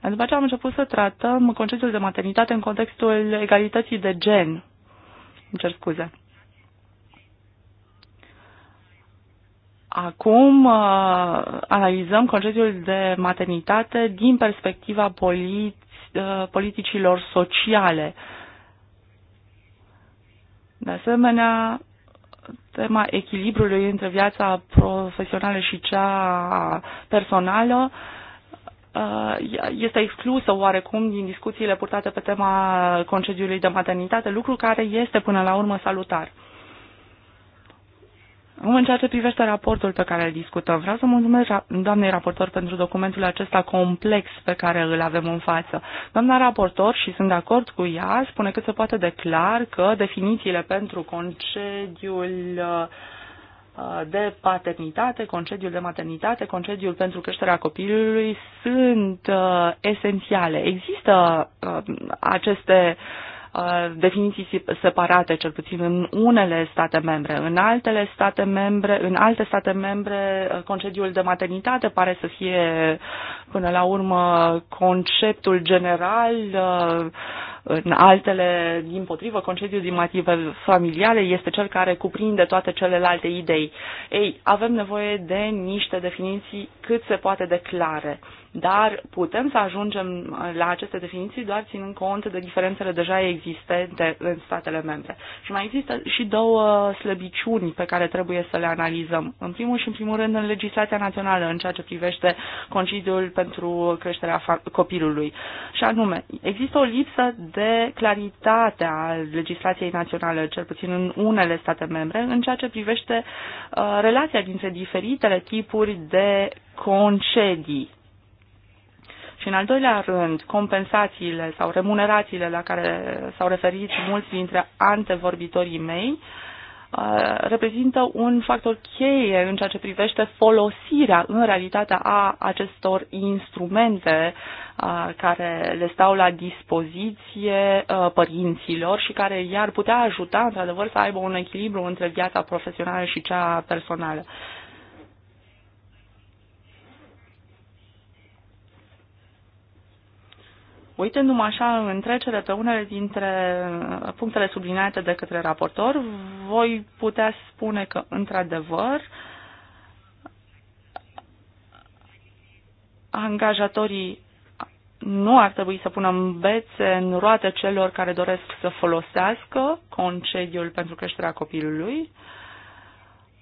După aceea am început să tratăm conceptul de maternitate în contextul egalității de gen. Îmi cer scuze. Acum uh, analizăm conceptul de maternitate din perspectiva polit, uh, politicilor sociale. Uh, de asemenea, tema echilibrului între viața profesională și cea personală uh, este exclusă oarecum din discuțiile purtate pe tema concediului de maternitate, lucru care este până la urmă salutar. În ceea ce privește raportul pe care îl discutăm, vreau să mulțumesc doamnei raportor pentru documentul acesta complex pe care îl avem în față. Doamna raportor, și sunt de acord cu ea, spune cât se poate de clar că definițiile pentru concediul uh, de paternitate, concediul de maternitate, concediul pentru creșterea copilului sunt uh, esențiale. Există uh, aceste Uh, definiții separate, cel puțin în unele state membre. În altele state membre, în alte state membre, uh, concediul de maternitate pare să fie până la urmă conceptul general uh, în altele, din potrivă, concediul din motive familiale este cel care cuprinde toate celelalte idei. Ei, avem nevoie de niște definiții cât se poate de clare dar putem să ajungem la aceste definiții doar ținând cont de diferențele deja existente în statele membre. Și mai există și două slăbiciuni pe care trebuie să le analizăm. În primul și în primul rând în legislația națională în ceea ce privește concediul pentru creșterea copilului. Și anume, există o lipsă de claritate a legislației naționale, cel puțin în unele state membre, în ceea ce privește uh, relația dintre diferitele tipuri de concedii și în al doilea rând, compensațiile sau remunerațiile la care s-au referit mulți dintre antevorbitorii mei uh, reprezintă un factor cheie în ceea ce privește folosirea în realitatea a acestor instrumente uh, care le stau la dispoziție uh, părinților și care i-ar putea ajuta într-adevăr să aibă un echilibru între viața profesională și cea personală. Uitându-mă așa în trecere pe unele dintre punctele subliniate de către raportor, voi putea spune că, într-adevăr, angajatorii nu ar trebui să pună bețe în roate celor care doresc să folosească concediul pentru creșterea copilului. Uh,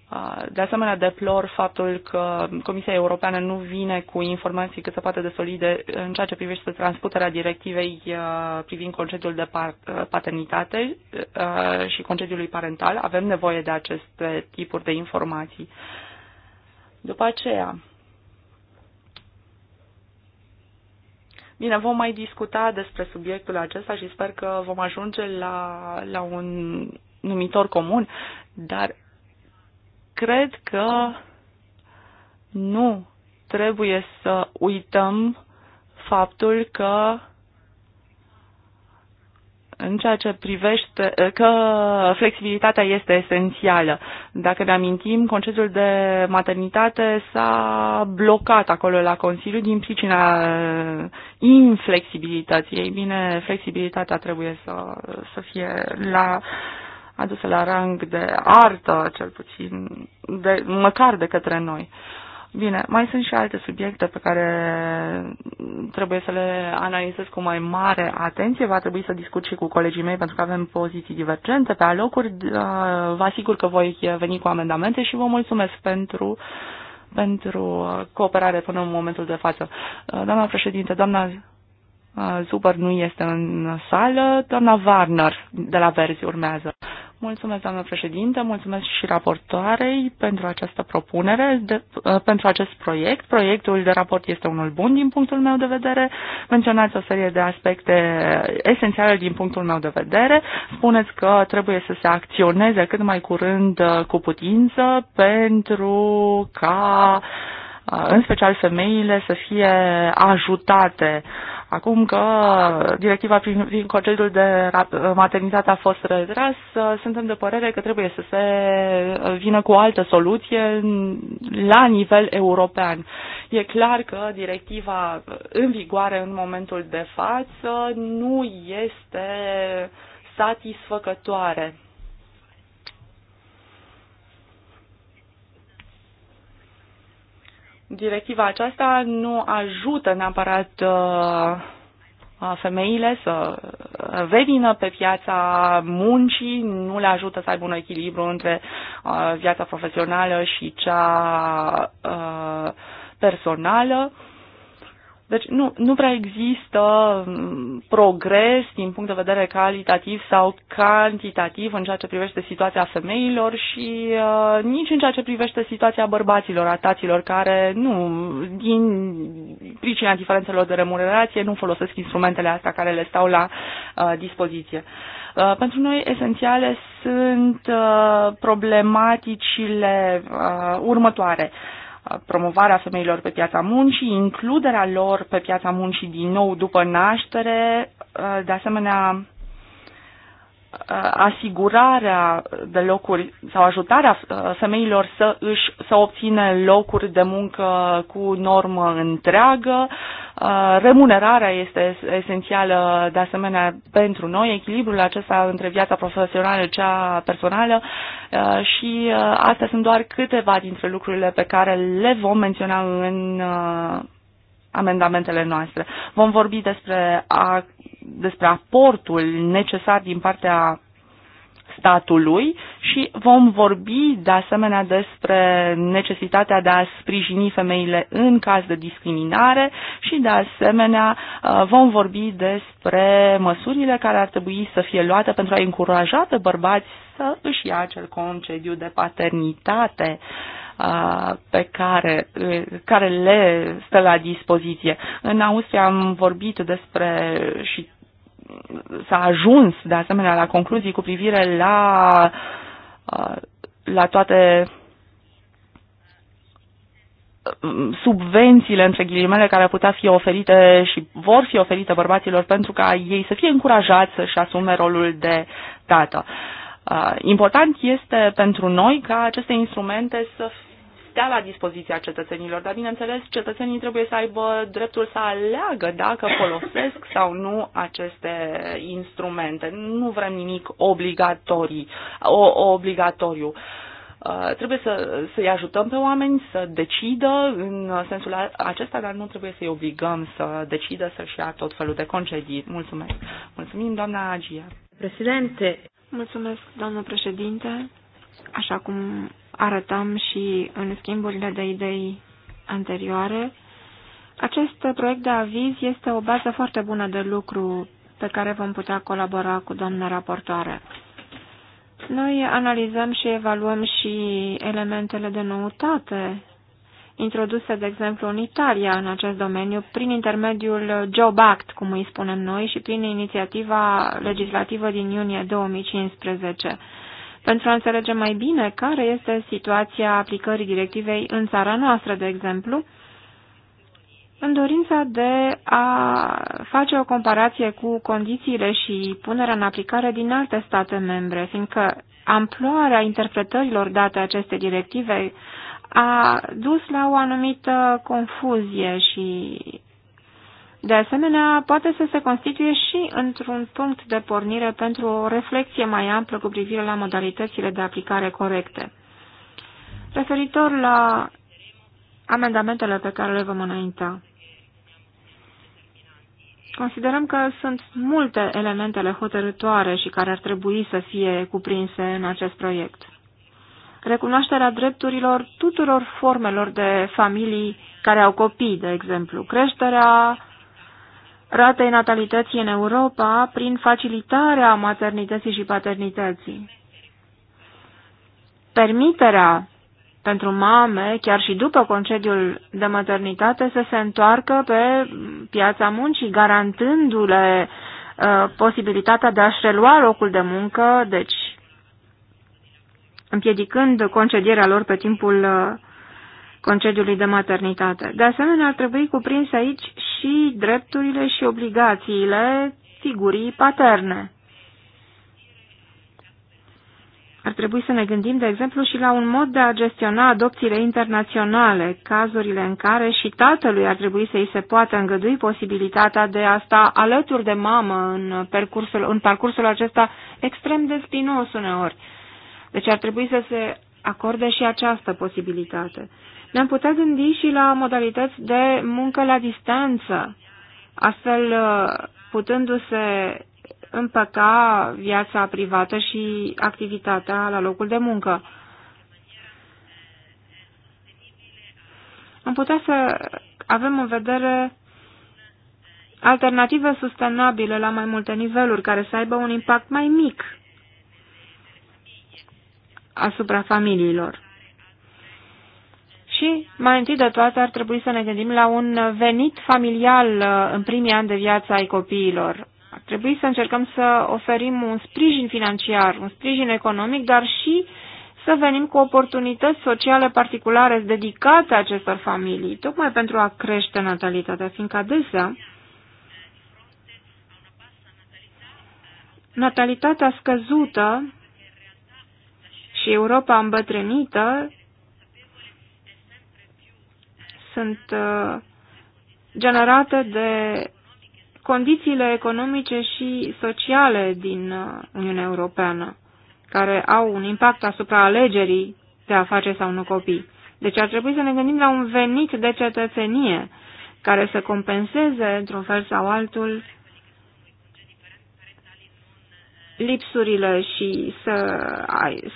Ah, de asemenea, deplor faptul că Comisia Europeană nu vine cu informații cât se poate de solide în ceea ce privește transpunerea directivei ah, privind concediul de ah, paternitate și concediului parental. Avem nevoie de aceste tipuri de informații. După aceea, Bine, vom mai discuta despre subiectul acesta și sper că vom ajunge la, la un numitor comun, dar cred că nu trebuie să uităm faptul că în ceea ce privește că flexibilitatea este esențială. Dacă ne amintim, concesul de maternitate s-a blocat acolo la Consiliu din pricina inflexibilității. Ei bine, flexibilitatea trebuie să, să fie la uh, adusă la rang de artă, cel puțin, de, măcar de către noi. Bine, mai sunt și alte subiecte pe care trebuie să le analizez cu mai mare atenție. Va trebui să discut și cu colegii mei pentru că avem poziții divergente pe alocuri. Uh, vă asigur că voi veni cu amendamente și vă mulțumesc pentru pentru cooperare până în momentul de față. Uh, doamna președinte, doamna Zuber nu este în sală. Doamna Warner de la Verzi urmează. Mulțumesc, doamnă președinte, mulțumesc și raportoarei pentru această propunere, de, uh, pentru acest proiect. Proiectul de raport este unul bun din punctul meu de vedere. Menționați o serie de aspecte esențiale din punctul meu de vedere. Spuneți că trebuie să se acționeze cât mai curând uh, cu putință pentru ca uh, în special femeile să fie ajutate uh, Acum că directiva prin concediul de maternitate a fost retras, suntem de părere că trebuie să se vină cu o altă soluție la nivel european. E clar că directiva în vigoare în momentul de față nu este satisfăcătoare. Directiva aceasta nu ajută neapărat uh, femeile să revină pe piața muncii, nu le ajută să aibă un echilibru între uh, viața profesională și cea uh, personală. Uh, deci nu, nu prea există mm, progres din punct de vedere calitativ sau cantitativ în ceea ce privește situația femeilor și uh, nici în ceea ce privește situația bărbaților, a taților care nu, din pricina diferențelor de remunerație, nu folosesc instrumentele astea care le stau la uh, dispoziție. Uh, pentru noi esențiale sunt uh, problematicile uh, următoare. Uh, promovarea femeilor pe piața muncii, includerea lor pe piața muncii din nou după naștere, uh, de asemenea Uh, asigurarea de locuri sau ajutarea uh, femeilor să își să obțină locuri de muncă cu normă întreagă. Uh, remunerarea este esențială de asemenea pentru noi, echilibrul acesta între viața profesională și cea personală și astea sunt doar câteva dintre lucrurile pe care le vom menționa în amendamentele noastre. Vom vorbi despre despre aportul necesar din partea statului și vom vorbi de asemenea despre necesitatea de a sprijini femeile în caz de discriminare și de asemenea uh, vom vorbi despre măsurile care ar trebui să fie luate pentru a încuraja pe bărbați să își ia acel concediu de paternitate uh, pe care, uh, care le stă la dispoziție. În Austria am vorbit despre și s-a ajuns de asemenea la concluzii cu privire la, uh, la toate uh, subvențiile, între ghilimele, care putea fi oferite și vor fi oferite bărbaților pentru ca ei să fie încurajați să-și asume rolul de tată. Uh, important este pentru noi ca aceste instrumente să stea la dispoziția cetățenilor, dar bineînțeles cetățenii trebuie să aibă dreptul să aleagă dacă folosesc sau nu aceste instrumente. Nu vrem nimic obligatorii, o, obligatoriu. Uh, trebuie să, să-i ajutăm pe oameni să decidă în sensul acesta, dar nu trebuie să-i obligăm să decidă să-și ia tot felul de concedii. Mulțumesc. Mulțumim, doamna Agia. Președinte. Mulțumesc, doamnă președinte. Așa cum arătam și în schimburile de idei anterioare. Acest proiect de aviz este o bază foarte bună de lucru pe care vom putea colabora cu doamna raportoare. Noi analizăm și evaluăm și elementele de noutate introduse, de exemplu, în Italia în acest domeniu prin intermediul Job Act, cum îi spunem noi, și prin inițiativa legislativă din iunie 2015 pentru a înțelege mai bine care este situația aplicării directivei în țara noastră, de exemplu, în dorința de a face o comparație cu condițiile și punerea în aplicare din alte state membre, fiindcă amploarea interpretărilor date aceste directive a dus la o anumită confuzie și de asemenea, poate să se constituie și într-un punct de pornire pentru o reflexie mai amplă cu privire la modalitățile de aplicare corecte. Referitor la amendamentele pe care le vom înainta. Considerăm că sunt multe elementele hotărătoare și care ar trebui să fie cuprinse în acest proiect. Recunoașterea drepturilor tuturor formelor de familii care au copii, de exemplu, creșterea ratei natalității în Europa prin facilitarea maternității și paternității. Permiterea pentru mame, chiar și după concediul de maternitate, să se întoarcă pe piața muncii, garantându-le uh, posibilitatea de a-și relua locul de muncă, deci împiedicând concedierea lor pe timpul uh, concediului de maternitate. De asemenea, ar trebui cuprins aici și drepturile și obligațiile figurii paterne. Ar trebui să ne gândim, de exemplu, și la un mod de a gestiona adopțiile internaționale, cazurile în care și tatălui ar trebui să îi se poată îngădui posibilitatea de a sta alături de mamă în parcursul, în parcursul acesta extrem de spinos uneori. Deci ar trebui să se acorde și această posibilitate. Ne-am putea gândi și la modalități de muncă la distanță, astfel uh, putându-se împăca viața privată și activitatea la locul de muncă. Am putea să avem în vedere alternative sustenabile la mai multe niveluri, care să aibă un impact mai mic asupra familiilor. Și mai întâi de toate ar trebui să ne gândim la un venit familial uh, în primii ani de viață ai copiilor. Ar trebui să încercăm să oferim un sprijin financiar, un sprijin economic, dar și să venim cu oportunități sociale particulare dedicate acestor familii, tocmai pentru a crește natalitatea, fiindcă adesea natalitatea scăzută și Europa îmbătrânită sunt uh, generate de condițiile economice și sociale din uh, Uniunea Europeană, care au un impact asupra alegerii de a face sau nu copii. Deci ar trebui să ne gândim la un venit de cetățenie care să compenseze, într-un fel sau altul, lipsurile și să,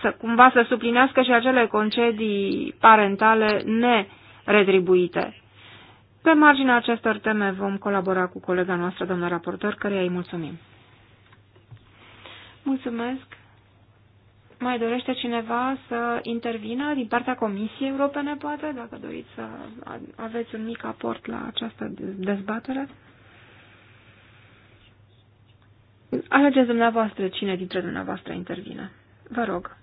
să cumva să suplinească și acele concedii parentale ne retribuite. Pe marginea acestor teme vom colabora cu colega noastră, doamna raportor, care îi mulțumim. Mulțumesc. Mai dorește cineva să intervină din partea Comisiei Europene, poate, dacă doriți să aveți un mic aport la această dezbatere? Alegeți dumneavoastră cine dintre dumneavoastră intervine. Vă rog.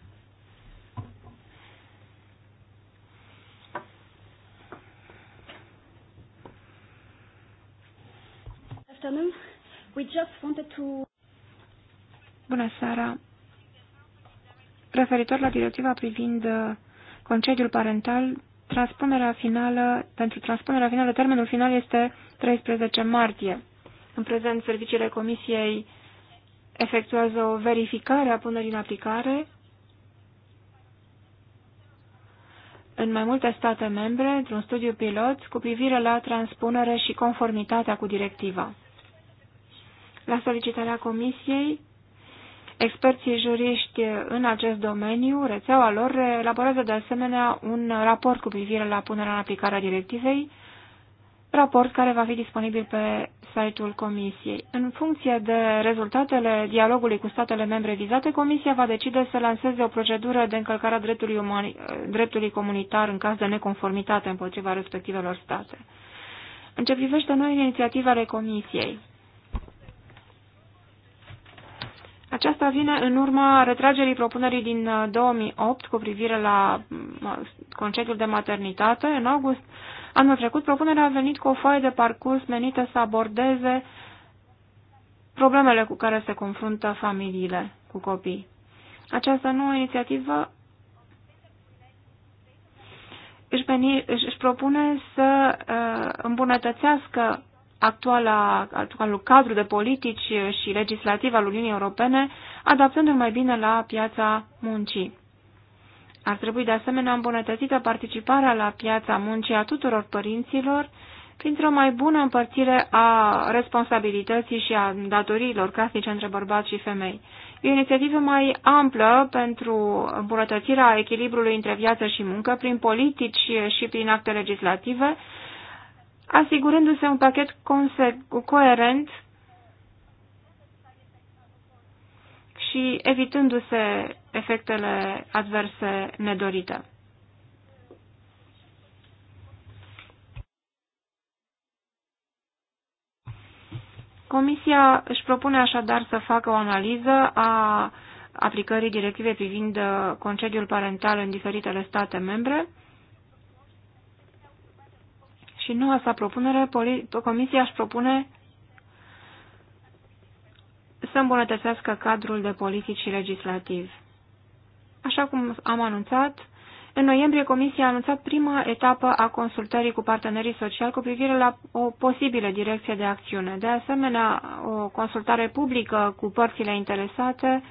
afternoon. We just wanted to... Bună seara! Referitor la directiva privind uh, concediul parental, transpunerea finală, pentru transpunerea finală, termenul final este 13 martie. În prezent, serviciile Comisiei efectuează o verificare a punerii în aplicare în mai multe state membre, într-un studiu pilot, cu privire la transpunere și conformitatea cu directiva. La solicitarea comisiei, experții juriști în acest domeniu, rețeaua lor, elaborează de asemenea un raport cu privire la punerea în aplicare a directivei, raport care va fi disponibil pe site-ul Comisiei. În funcție de rezultatele dialogului cu statele membre vizate, Comisia va decide să lanseze o procedură de încălcare a dreptului, umani, dreptului comunitar în caz de neconformitate împotriva respectivelor state. În ce privește noi inițiative ale Comisiei, Aceasta vine în urma retragerii propunerii din 2008 uh, cu privire la mm, uh, concediul de maternitate. În august anul trecut, propunerea a venit cu o foaie de parcurs menită să abordeze problemele cu care se confruntă familiile cu copii. Această nouă inițiativă își, veni, își propune să uh, îmbunătățească actuala, actualul cadru de politici și legislativ al Uniunii Europene, adaptându-l mai bine la piața muncii. Ar trebui de asemenea îmbunătățită participarea la piața muncii a tuturor părinților, printr-o mai bună împărțire a responsabilității și a datoriilor casnice între bărbați și femei. E o inițiativă mai amplă pentru îmbunătățirea echilibrului între viață și muncă prin politici și prin acte legislative, asigurându-se un pachet coerent și evitându-se efectele adverse nedorite. Comisia își propune așadar să facă o analiză a aplicării directivei privind uh, concediul parental în diferitele state membre, și nu asta propunere, Comisia își propune să îmbunătățească cadrul de politici și legislativ. Așa cum am anunțat, în noiembrie Comisia a anunțat prima etapă a consultării cu partenerii sociali cu privire la o posibilă direcție de acțiune. De asemenea, o consultare publică cu părțile interesate,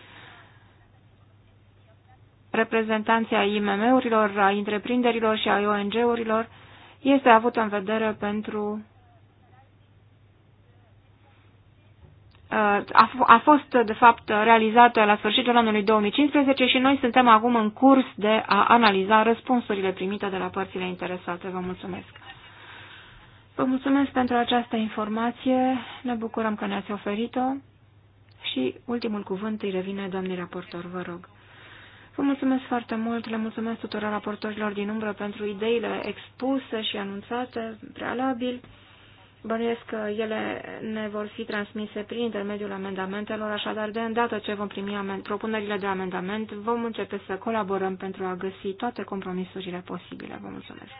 reprezentanții a IMM-urilor, a întreprinderilor și a ONG-urilor, este avut în vedere pentru uh, a, a fost, de fapt, realizată la sfârșitul anului 2015 și noi suntem acum în curs de a analiza răspunsurile primite de la părțile interesate. Vă mulțumesc! Vă mulțumesc pentru această informație, ne bucurăm că ne-ați oferit-o și ultimul cuvânt îi revine doamnei raportor, vă rog. Vă mulțumesc foarte mult, le mulțumesc tuturor raportorilor din umbră pentru ideile expuse și anunțate prealabil. Bănuiesc că ele ne vor fi transmise prin intermediul amendamentelor, așadar de îndată ce vom primi propunerile de amendament, vom începe să colaborăm pentru a găsi toate compromisurile posibile. Vă mulțumesc!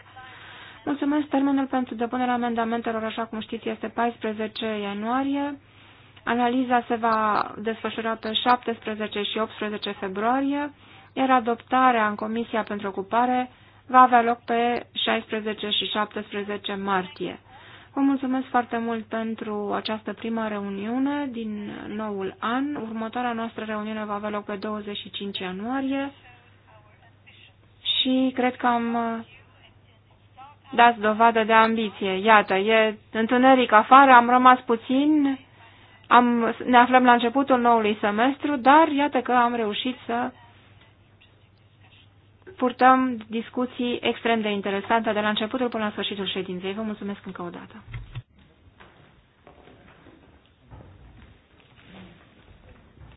Mulțumesc! Termenul pentru depunerea amendamentelor, așa cum știți, este 14 ianuarie. Analiza se va desfășura pe 17 și 18 februarie iar adoptarea în Comisia pentru Ocupare va avea loc pe 16 și 17 martie. Vă mulțumesc foarte mult pentru această prima reuniune din noul an. Următoarea noastră reuniune va avea loc pe 25 ianuarie și cred că am uh, dat dovadă de ambiție. Iată, e întuneric afară, am rămas puțin, am, ne aflăm la începutul noului semestru, dar iată că am reușit să purtăm discuții extrem de interesante de la începutul până la sfârșitul ședinței. Vă mulțumesc încă o dată.